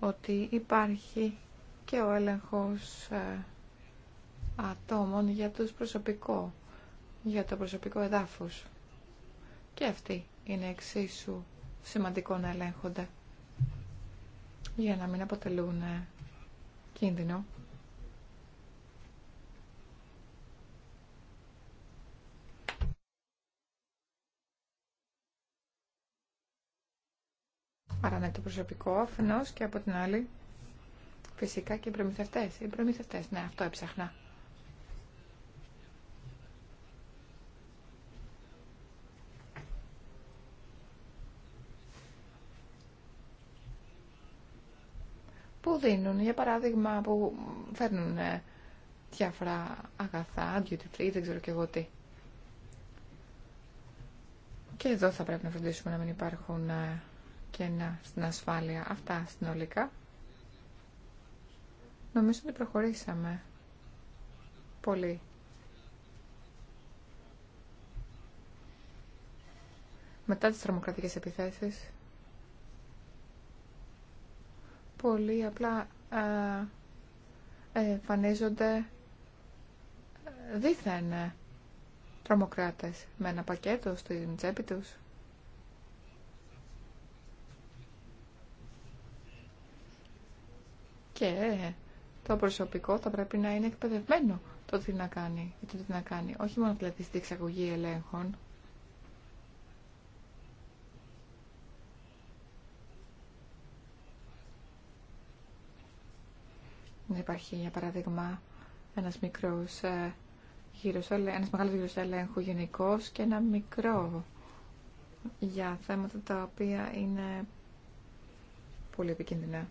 Ότι υπάρχει και ο έλεγχος ε, ατόμων για τους προσωπικό, για το προσωπικό εδάφους. Και αυτοί είναι εξίσου σημαντικό να ελέγχονται για να μην αποτελούν ε, κίνδυνο. Άρα ναι, το προσωπικό αφενός και από την άλλη φυσικά και οι προμηθευτές. Οι προμηθευτές, ναι, αυτό έψαχνα. που δίνουν, για παράδειγμα, που φέρνουν ε, διάφορα αγαθά, duty free, δεν ξέρω και εγώ τι. Και εδώ θα πρέπει να φροντίσουμε να μην υπάρχουν ε, κενά στην ασφάλεια. Αυτά συνολικά. Νομίζω ότι προχωρήσαμε πολύ. Μετά τις τρομοκρατικές επιθέσεις, πολύ απλά ε, ε, εμφανίζονται ε, δίθεν τρομοκράτες με ένα πακέτο στην τσέπη τους. Και το προσωπικό θα πρέπει να είναι εκπαιδευμένο το τι να κάνει, το τι να κάνει. όχι μόνο δηλαδή στη εξαγωγή ελέγχων. Να υπάρχει, για παράδειγμα, ένας μικρός ε, γύρος, ένας μεγάλος γύρος ελέγχου γενικό και ένα μικρό για θέματα τα οποία είναι πολύ επικίνδυνα.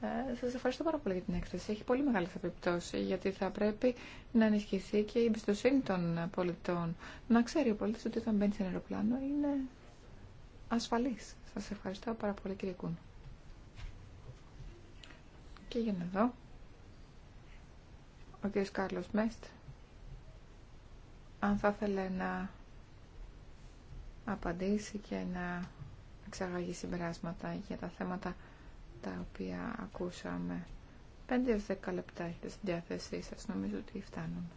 Ε, Σα ευχαριστώ πάρα πολύ για την έκθεση. Έχει πολύ μεγάλη επιπτώσει γιατί θα πρέπει να ενισχυθεί και η εμπιστοσύνη των πολιτών. Να ξέρει ο πολίτης ότι όταν μπαίνει σε ένα αεροπλάνο είναι ασφαλή. Σα ευχαριστώ πάρα πολύ, κύριε Κούν. Και για να δω ο κ. Κάρλος Μέστ αν θα ήθελε να απαντήσει και να εξαγαγεί συμπεράσματα για τα θέματα τα οποία ακούσαμε. 5-10 λεπτά έχετε στη διάθεσή σας. Νομίζω ότι φτάνουν.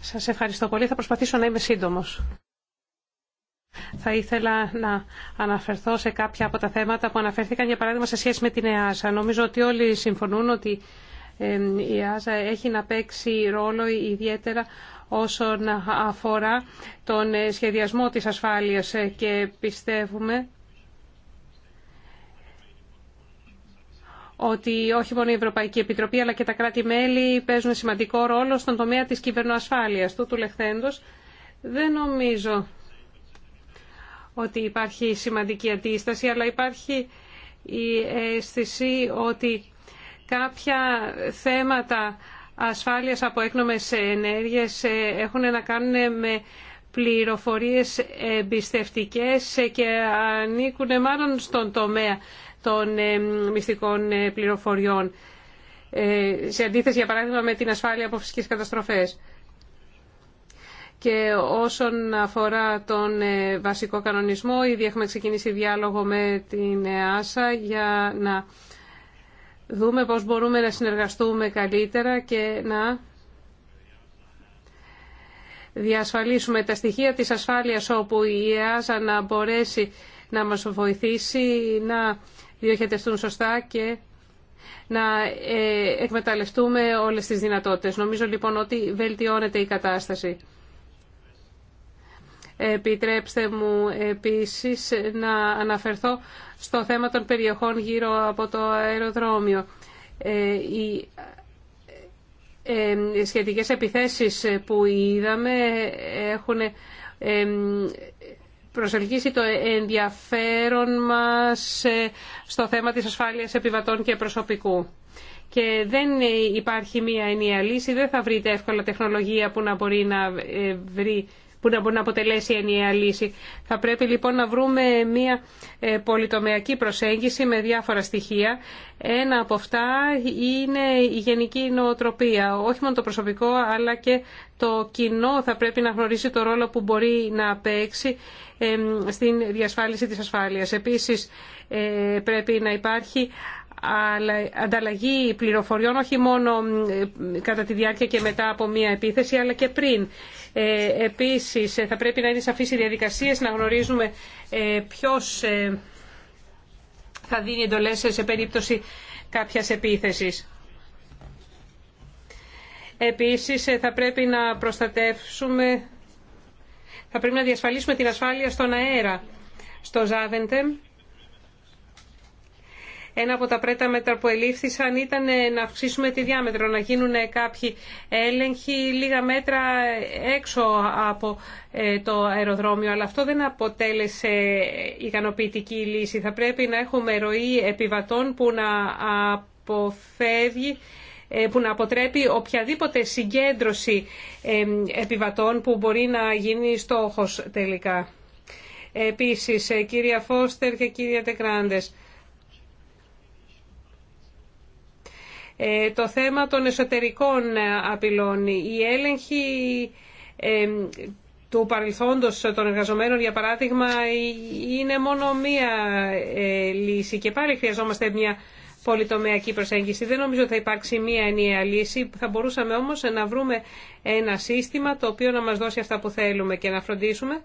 Σας ευχαριστώ πολύ. Θα προσπαθήσω να είμαι σύντομος. Θα ήθελα να αναφερθώ σε κάποια από τα θέματα που αναφέρθηκαν, για παράδειγμα, σε σχέση με την ΕΑΣΑ. Νομίζω ότι όλοι συμφωνούν ότι η ΕΑΣΑ έχει να παίξει ρόλο ιδιαίτερα όσον αφορά τον ε, σχεδιασμό της ασφάλειας ε, και πιστεύουμε ότι όχι μόνο η Ευρωπαϊκή Επιτροπή αλλά και τα κράτη-μέλη παίζουν σημαντικό ρόλο στον τομέα της κυβερνοασφάλειας. Του του λεχθέντος δεν νομίζω ότι υπάρχει σημαντική αντίσταση, αλλά υπάρχει η αίσθηση ότι κάποια θέματα ασφάλειας από έκνομες ενέργειες ε, έχουν να κάνουν με πληροφορίες εμπιστευτικέ και ανήκουν μάλλον στον τομέα των ε, μυστικών ε, πληροφοριών. Σε αντίθεση, για παράδειγμα, με την ασφάλεια από φυσικές καταστροφές και όσον αφορά τον ε, βασικό κανονισμό, ήδη έχουμε ξεκινήσει διάλογο με την ΕΑΣΑ για να δούμε πώς μπορούμε να συνεργαστούμε καλύτερα και να διασφαλίσουμε τα στοιχεία της ασφάλειας όπου η ΕΑΣΑ να μπορέσει να μας βοηθήσει να διοχετευτούν σωστά και να ε, εκμεταλλευτούμε όλες τις δυνατότητες. Νομίζω λοιπόν ότι βελτιώνεται η κατάσταση. Επιτρέψτε μου επίσης να αναφερθώ στο θέμα των περιοχών γύρω από το αεροδρόμιο. Ε, ε, οι σχετικές επιθέσεις που είδαμε έχουν ε, προσελκύσει το ενδιαφέρον μας στο θέμα της ασφάλειας επιβατών και προσωπικού. Και δεν υπάρχει μία ενιαία λύση, δεν θα βρείτε εύκολα τεχνολογία που να μπορεί να βρει που να μπορεί να αποτελέσει ενιαία λύση. Θα πρέπει λοιπόν να βρούμε μια ε, πολυτομεακή προσέγγιση με διάφορα στοιχεία. Ένα από αυτά είναι η γενική νοοτροπία. Όχι μόνο το προσωπικό αλλά και το κοινό θα πρέπει να γνωρίσει το ρόλο που μπορεί να παίξει στην διασφάλιση της ασφάλειας. Επίσης ε, πρέπει να υπάρχει ανταλλαγή πληροφοριών όχι μόνο κατά τη διάρκεια και μετά από μία επίθεση αλλά και πριν. Ε, επίσης ε, θα πρέπει να είναι σαφείς οι διαδικασίες, να γνωρίζουμε ε, ποιος θα δίνει εντολές σε περίπτωση κάποιας επίθεσης. Επίσης θα πρέπει να προστατεύσουμε, θα πρέπει να διασφαλίσουμε την ασφάλεια στον αέρα. Στο Ζάβεντεμ ένα από τα πρέτα μέτρα που ελήφθησαν ήταν ε, να αυξήσουμε τη διάμετρο, να γίνουν ε, κάποιοι έλεγχοι λίγα μέτρα ε, έξω από το αεροδρόμιο. Αλλά αυτό δεν αποτέλεσε ικανοποιητική λύση. Θα πρέπει να έχουμε ροή επιβατών που να αποφεύγει που να αποτρέπει οποιαδήποτε συγκέντρωση επιβατών που μπορεί να γίνει στόχος τελικά. Επίσης, κυρία Φώστερ και κυρία Τεκράντες, Ε, το θέμα των εσωτερικών ε, απειλών. Η έλεγχη ε, του παρελθόντος των εργαζομένων, για παράδειγμα, είναι μόνο μία λύση και πάλι χρειαζόμαστε μία πολυτομεακή προσέγγιση. Δεν νομίζω ότι θα υπάρξει μία ενιαία λύση. Θα μπορούσαμε όμως να βρούμε ένα σύστημα το οποίο να μας δώσει αυτά που θέλουμε και να φροντίσουμε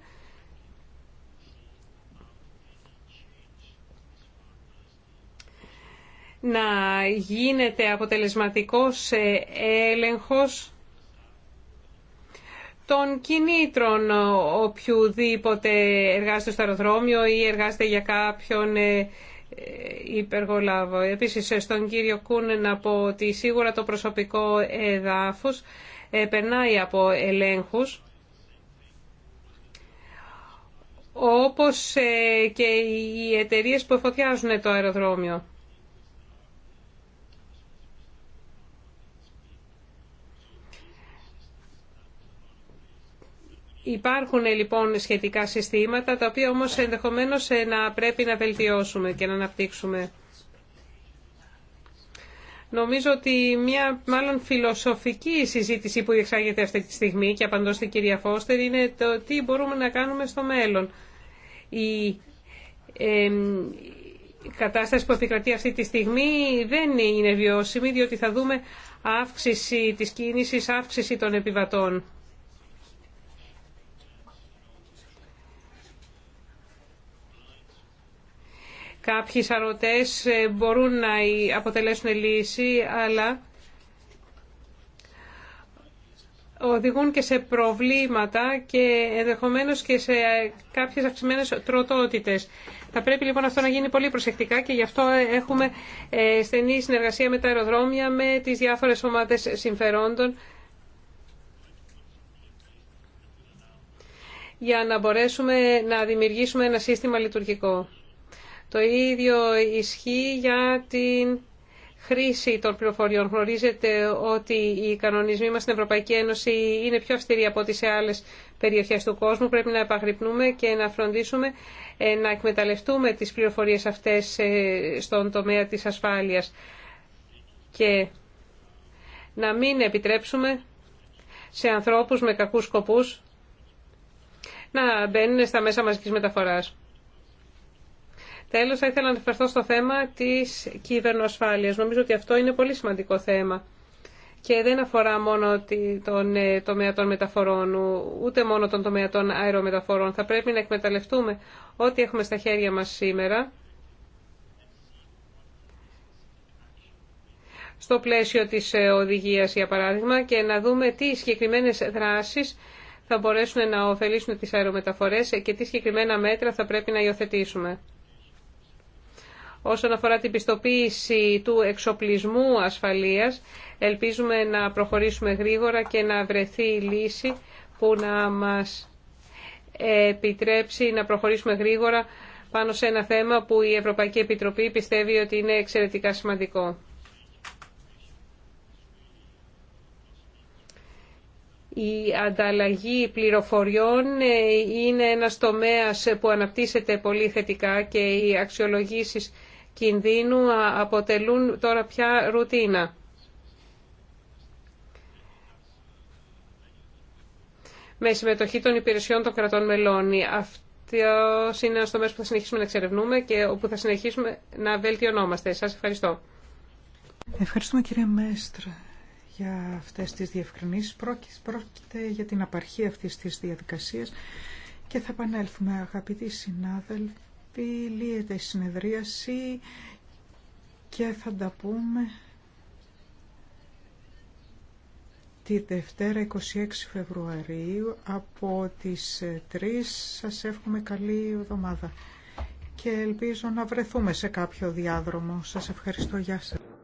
να γίνεται αποτελεσματικός ε, έλεγχος των κινήτρων οποιοδήποτε εργάζεται στο αεροδρόμιο ή εργάζεται για κάποιον ε, ε, υπεργολάβο. Επίσης, στον κύριο Κούν να πω ότι σίγουρα το προσωπικό εδάφους περνάει από ελέγχους όπως και οι εταιρείες που εφοδιάζουν το αεροδρόμιο. Υπάρχουν λοιπόν σχετικά συστήματα, τα οποία όμως ενδεχομένως ε, να πρέπει να βελτιώσουμε και να αναπτύξουμε. Νομίζω ότι μια μάλλον φιλοσοφική συζήτηση που διεξάγεται αυτή τη στιγμή και απαντώ στην κυρία Φώστερ είναι το τι μπορούμε να κάνουμε στο μέλλον. Η κατάσταση που επικρατεί αυτή τη στιγμή δεν είναι βιώσιμη διότι θα δούμε αύξηση της κίνησης, αύξηση των επιβατών. Κάποιοι σαρωτές ε, μπορούν να αποτελέσουν λύση, αλλά οδηγούν και σε προβλήματα και ενδεχομένως και σε κάποιες αυξημένες τροτότητες. Θα πρέπει λοιπόν αυτό να γίνει πολύ προσεκτικά και γι' αυτό ε, έχουμε ε, στενή συνεργασία με τα αεροδρόμια, με τις διάφορες ομάδες συμφερόντων, για να μπορέσουμε να δημιουργήσουμε ένα σύστημα λειτουργικό. Το ίδιο ισχύει για την χρήση των πληροφοριών. Γνωρίζετε ότι οι κανονισμοί μας στην Ευρωπαϊκή Ένωση είναι πιο αυστηροί από ό,τι σε άλλες περιοχές του κόσμου. Πρέπει να επαγρυπνούμε και να φροντίσουμε ε, να εκμεταλλευτούμε τις πληροφορίες αυτές ε, στον τομέα της ασφάλειας και να μην επιτρέψουμε σε ανθρώπους με κακούς σκοπούς να μπαίνουν στα μέσα μαζικής μεταφοράς. Τέλος, θα ήθελα να αναφερθώ στο θέμα της κυβερνοασφάλειας. Νομίζω ότι αυτό είναι πολύ σημαντικό θέμα. Και δεν αφορά μόνο τον ε, τομέα των μεταφορών, ούτε μόνο τον τομέα των αερομεταφορών. Θα πρέπει να εκμεταλλευτούμε ό,τι έχουμε στα χέρια μας σήμερα. στο πλαίσιο της ε, οδηγίας, για παράδειγμα, και να δούμε τι συγκεκριμένες δράσεις θα μπορέσουν να ωφελήσουν τις αερομεταφορές και τι συγκεκριμένα μέτρα θα πρέπει να υιοθετήσουμε. Όσον αφορά την πιστοποίηση του εξοπλισμού ασφαλείας, ελπίζουμε να προχωρήσουμε γρήγορα και να βρεθεί η λύση που να μας επιτρέψει να προχωρήσουμε γρήγορα πάνω σε ένα θέμα που η Ευρωπαϊκή Επιτροπή πιστεύει ότι είναι εξαιρετικά σημαντικό. Η ανταλλαγή πληροφοριών ε, είναι ένας τομέας που αναπτύσσεται πολύ θετικά και οι αξιολογήσεις κινδύνου αποτελούν τώρα πια ρουτίνα. με συμμετοχή των υπηρεσιών των κρατών μελών. Αυτό είναι ένα τομέα που θα συνεχίσουμε να εξερευνούμε και όπου θα συνεχίσουμε να βελτιωνόμαστε. Σας ευχαριστώ. Ευχαριστούμε κύριε Μέστρα για αυτές τις διευκρινήσεις. Πρόκειται για την απαρχή αυτής της διαδικασίας και θα επανέλθουμε αγαπητοί συνάδελφοι λύεται η συνεδρίαση και θα τα πούμε τη Δευτέρα 26 Φεβρουαρίου από τις 3. Σας εύχομαι καλή εβδομάδα και ελπίζω να βρεθούμε σε κάποιο διάδρομο. Σας ευχαριστώ. Γεια σας.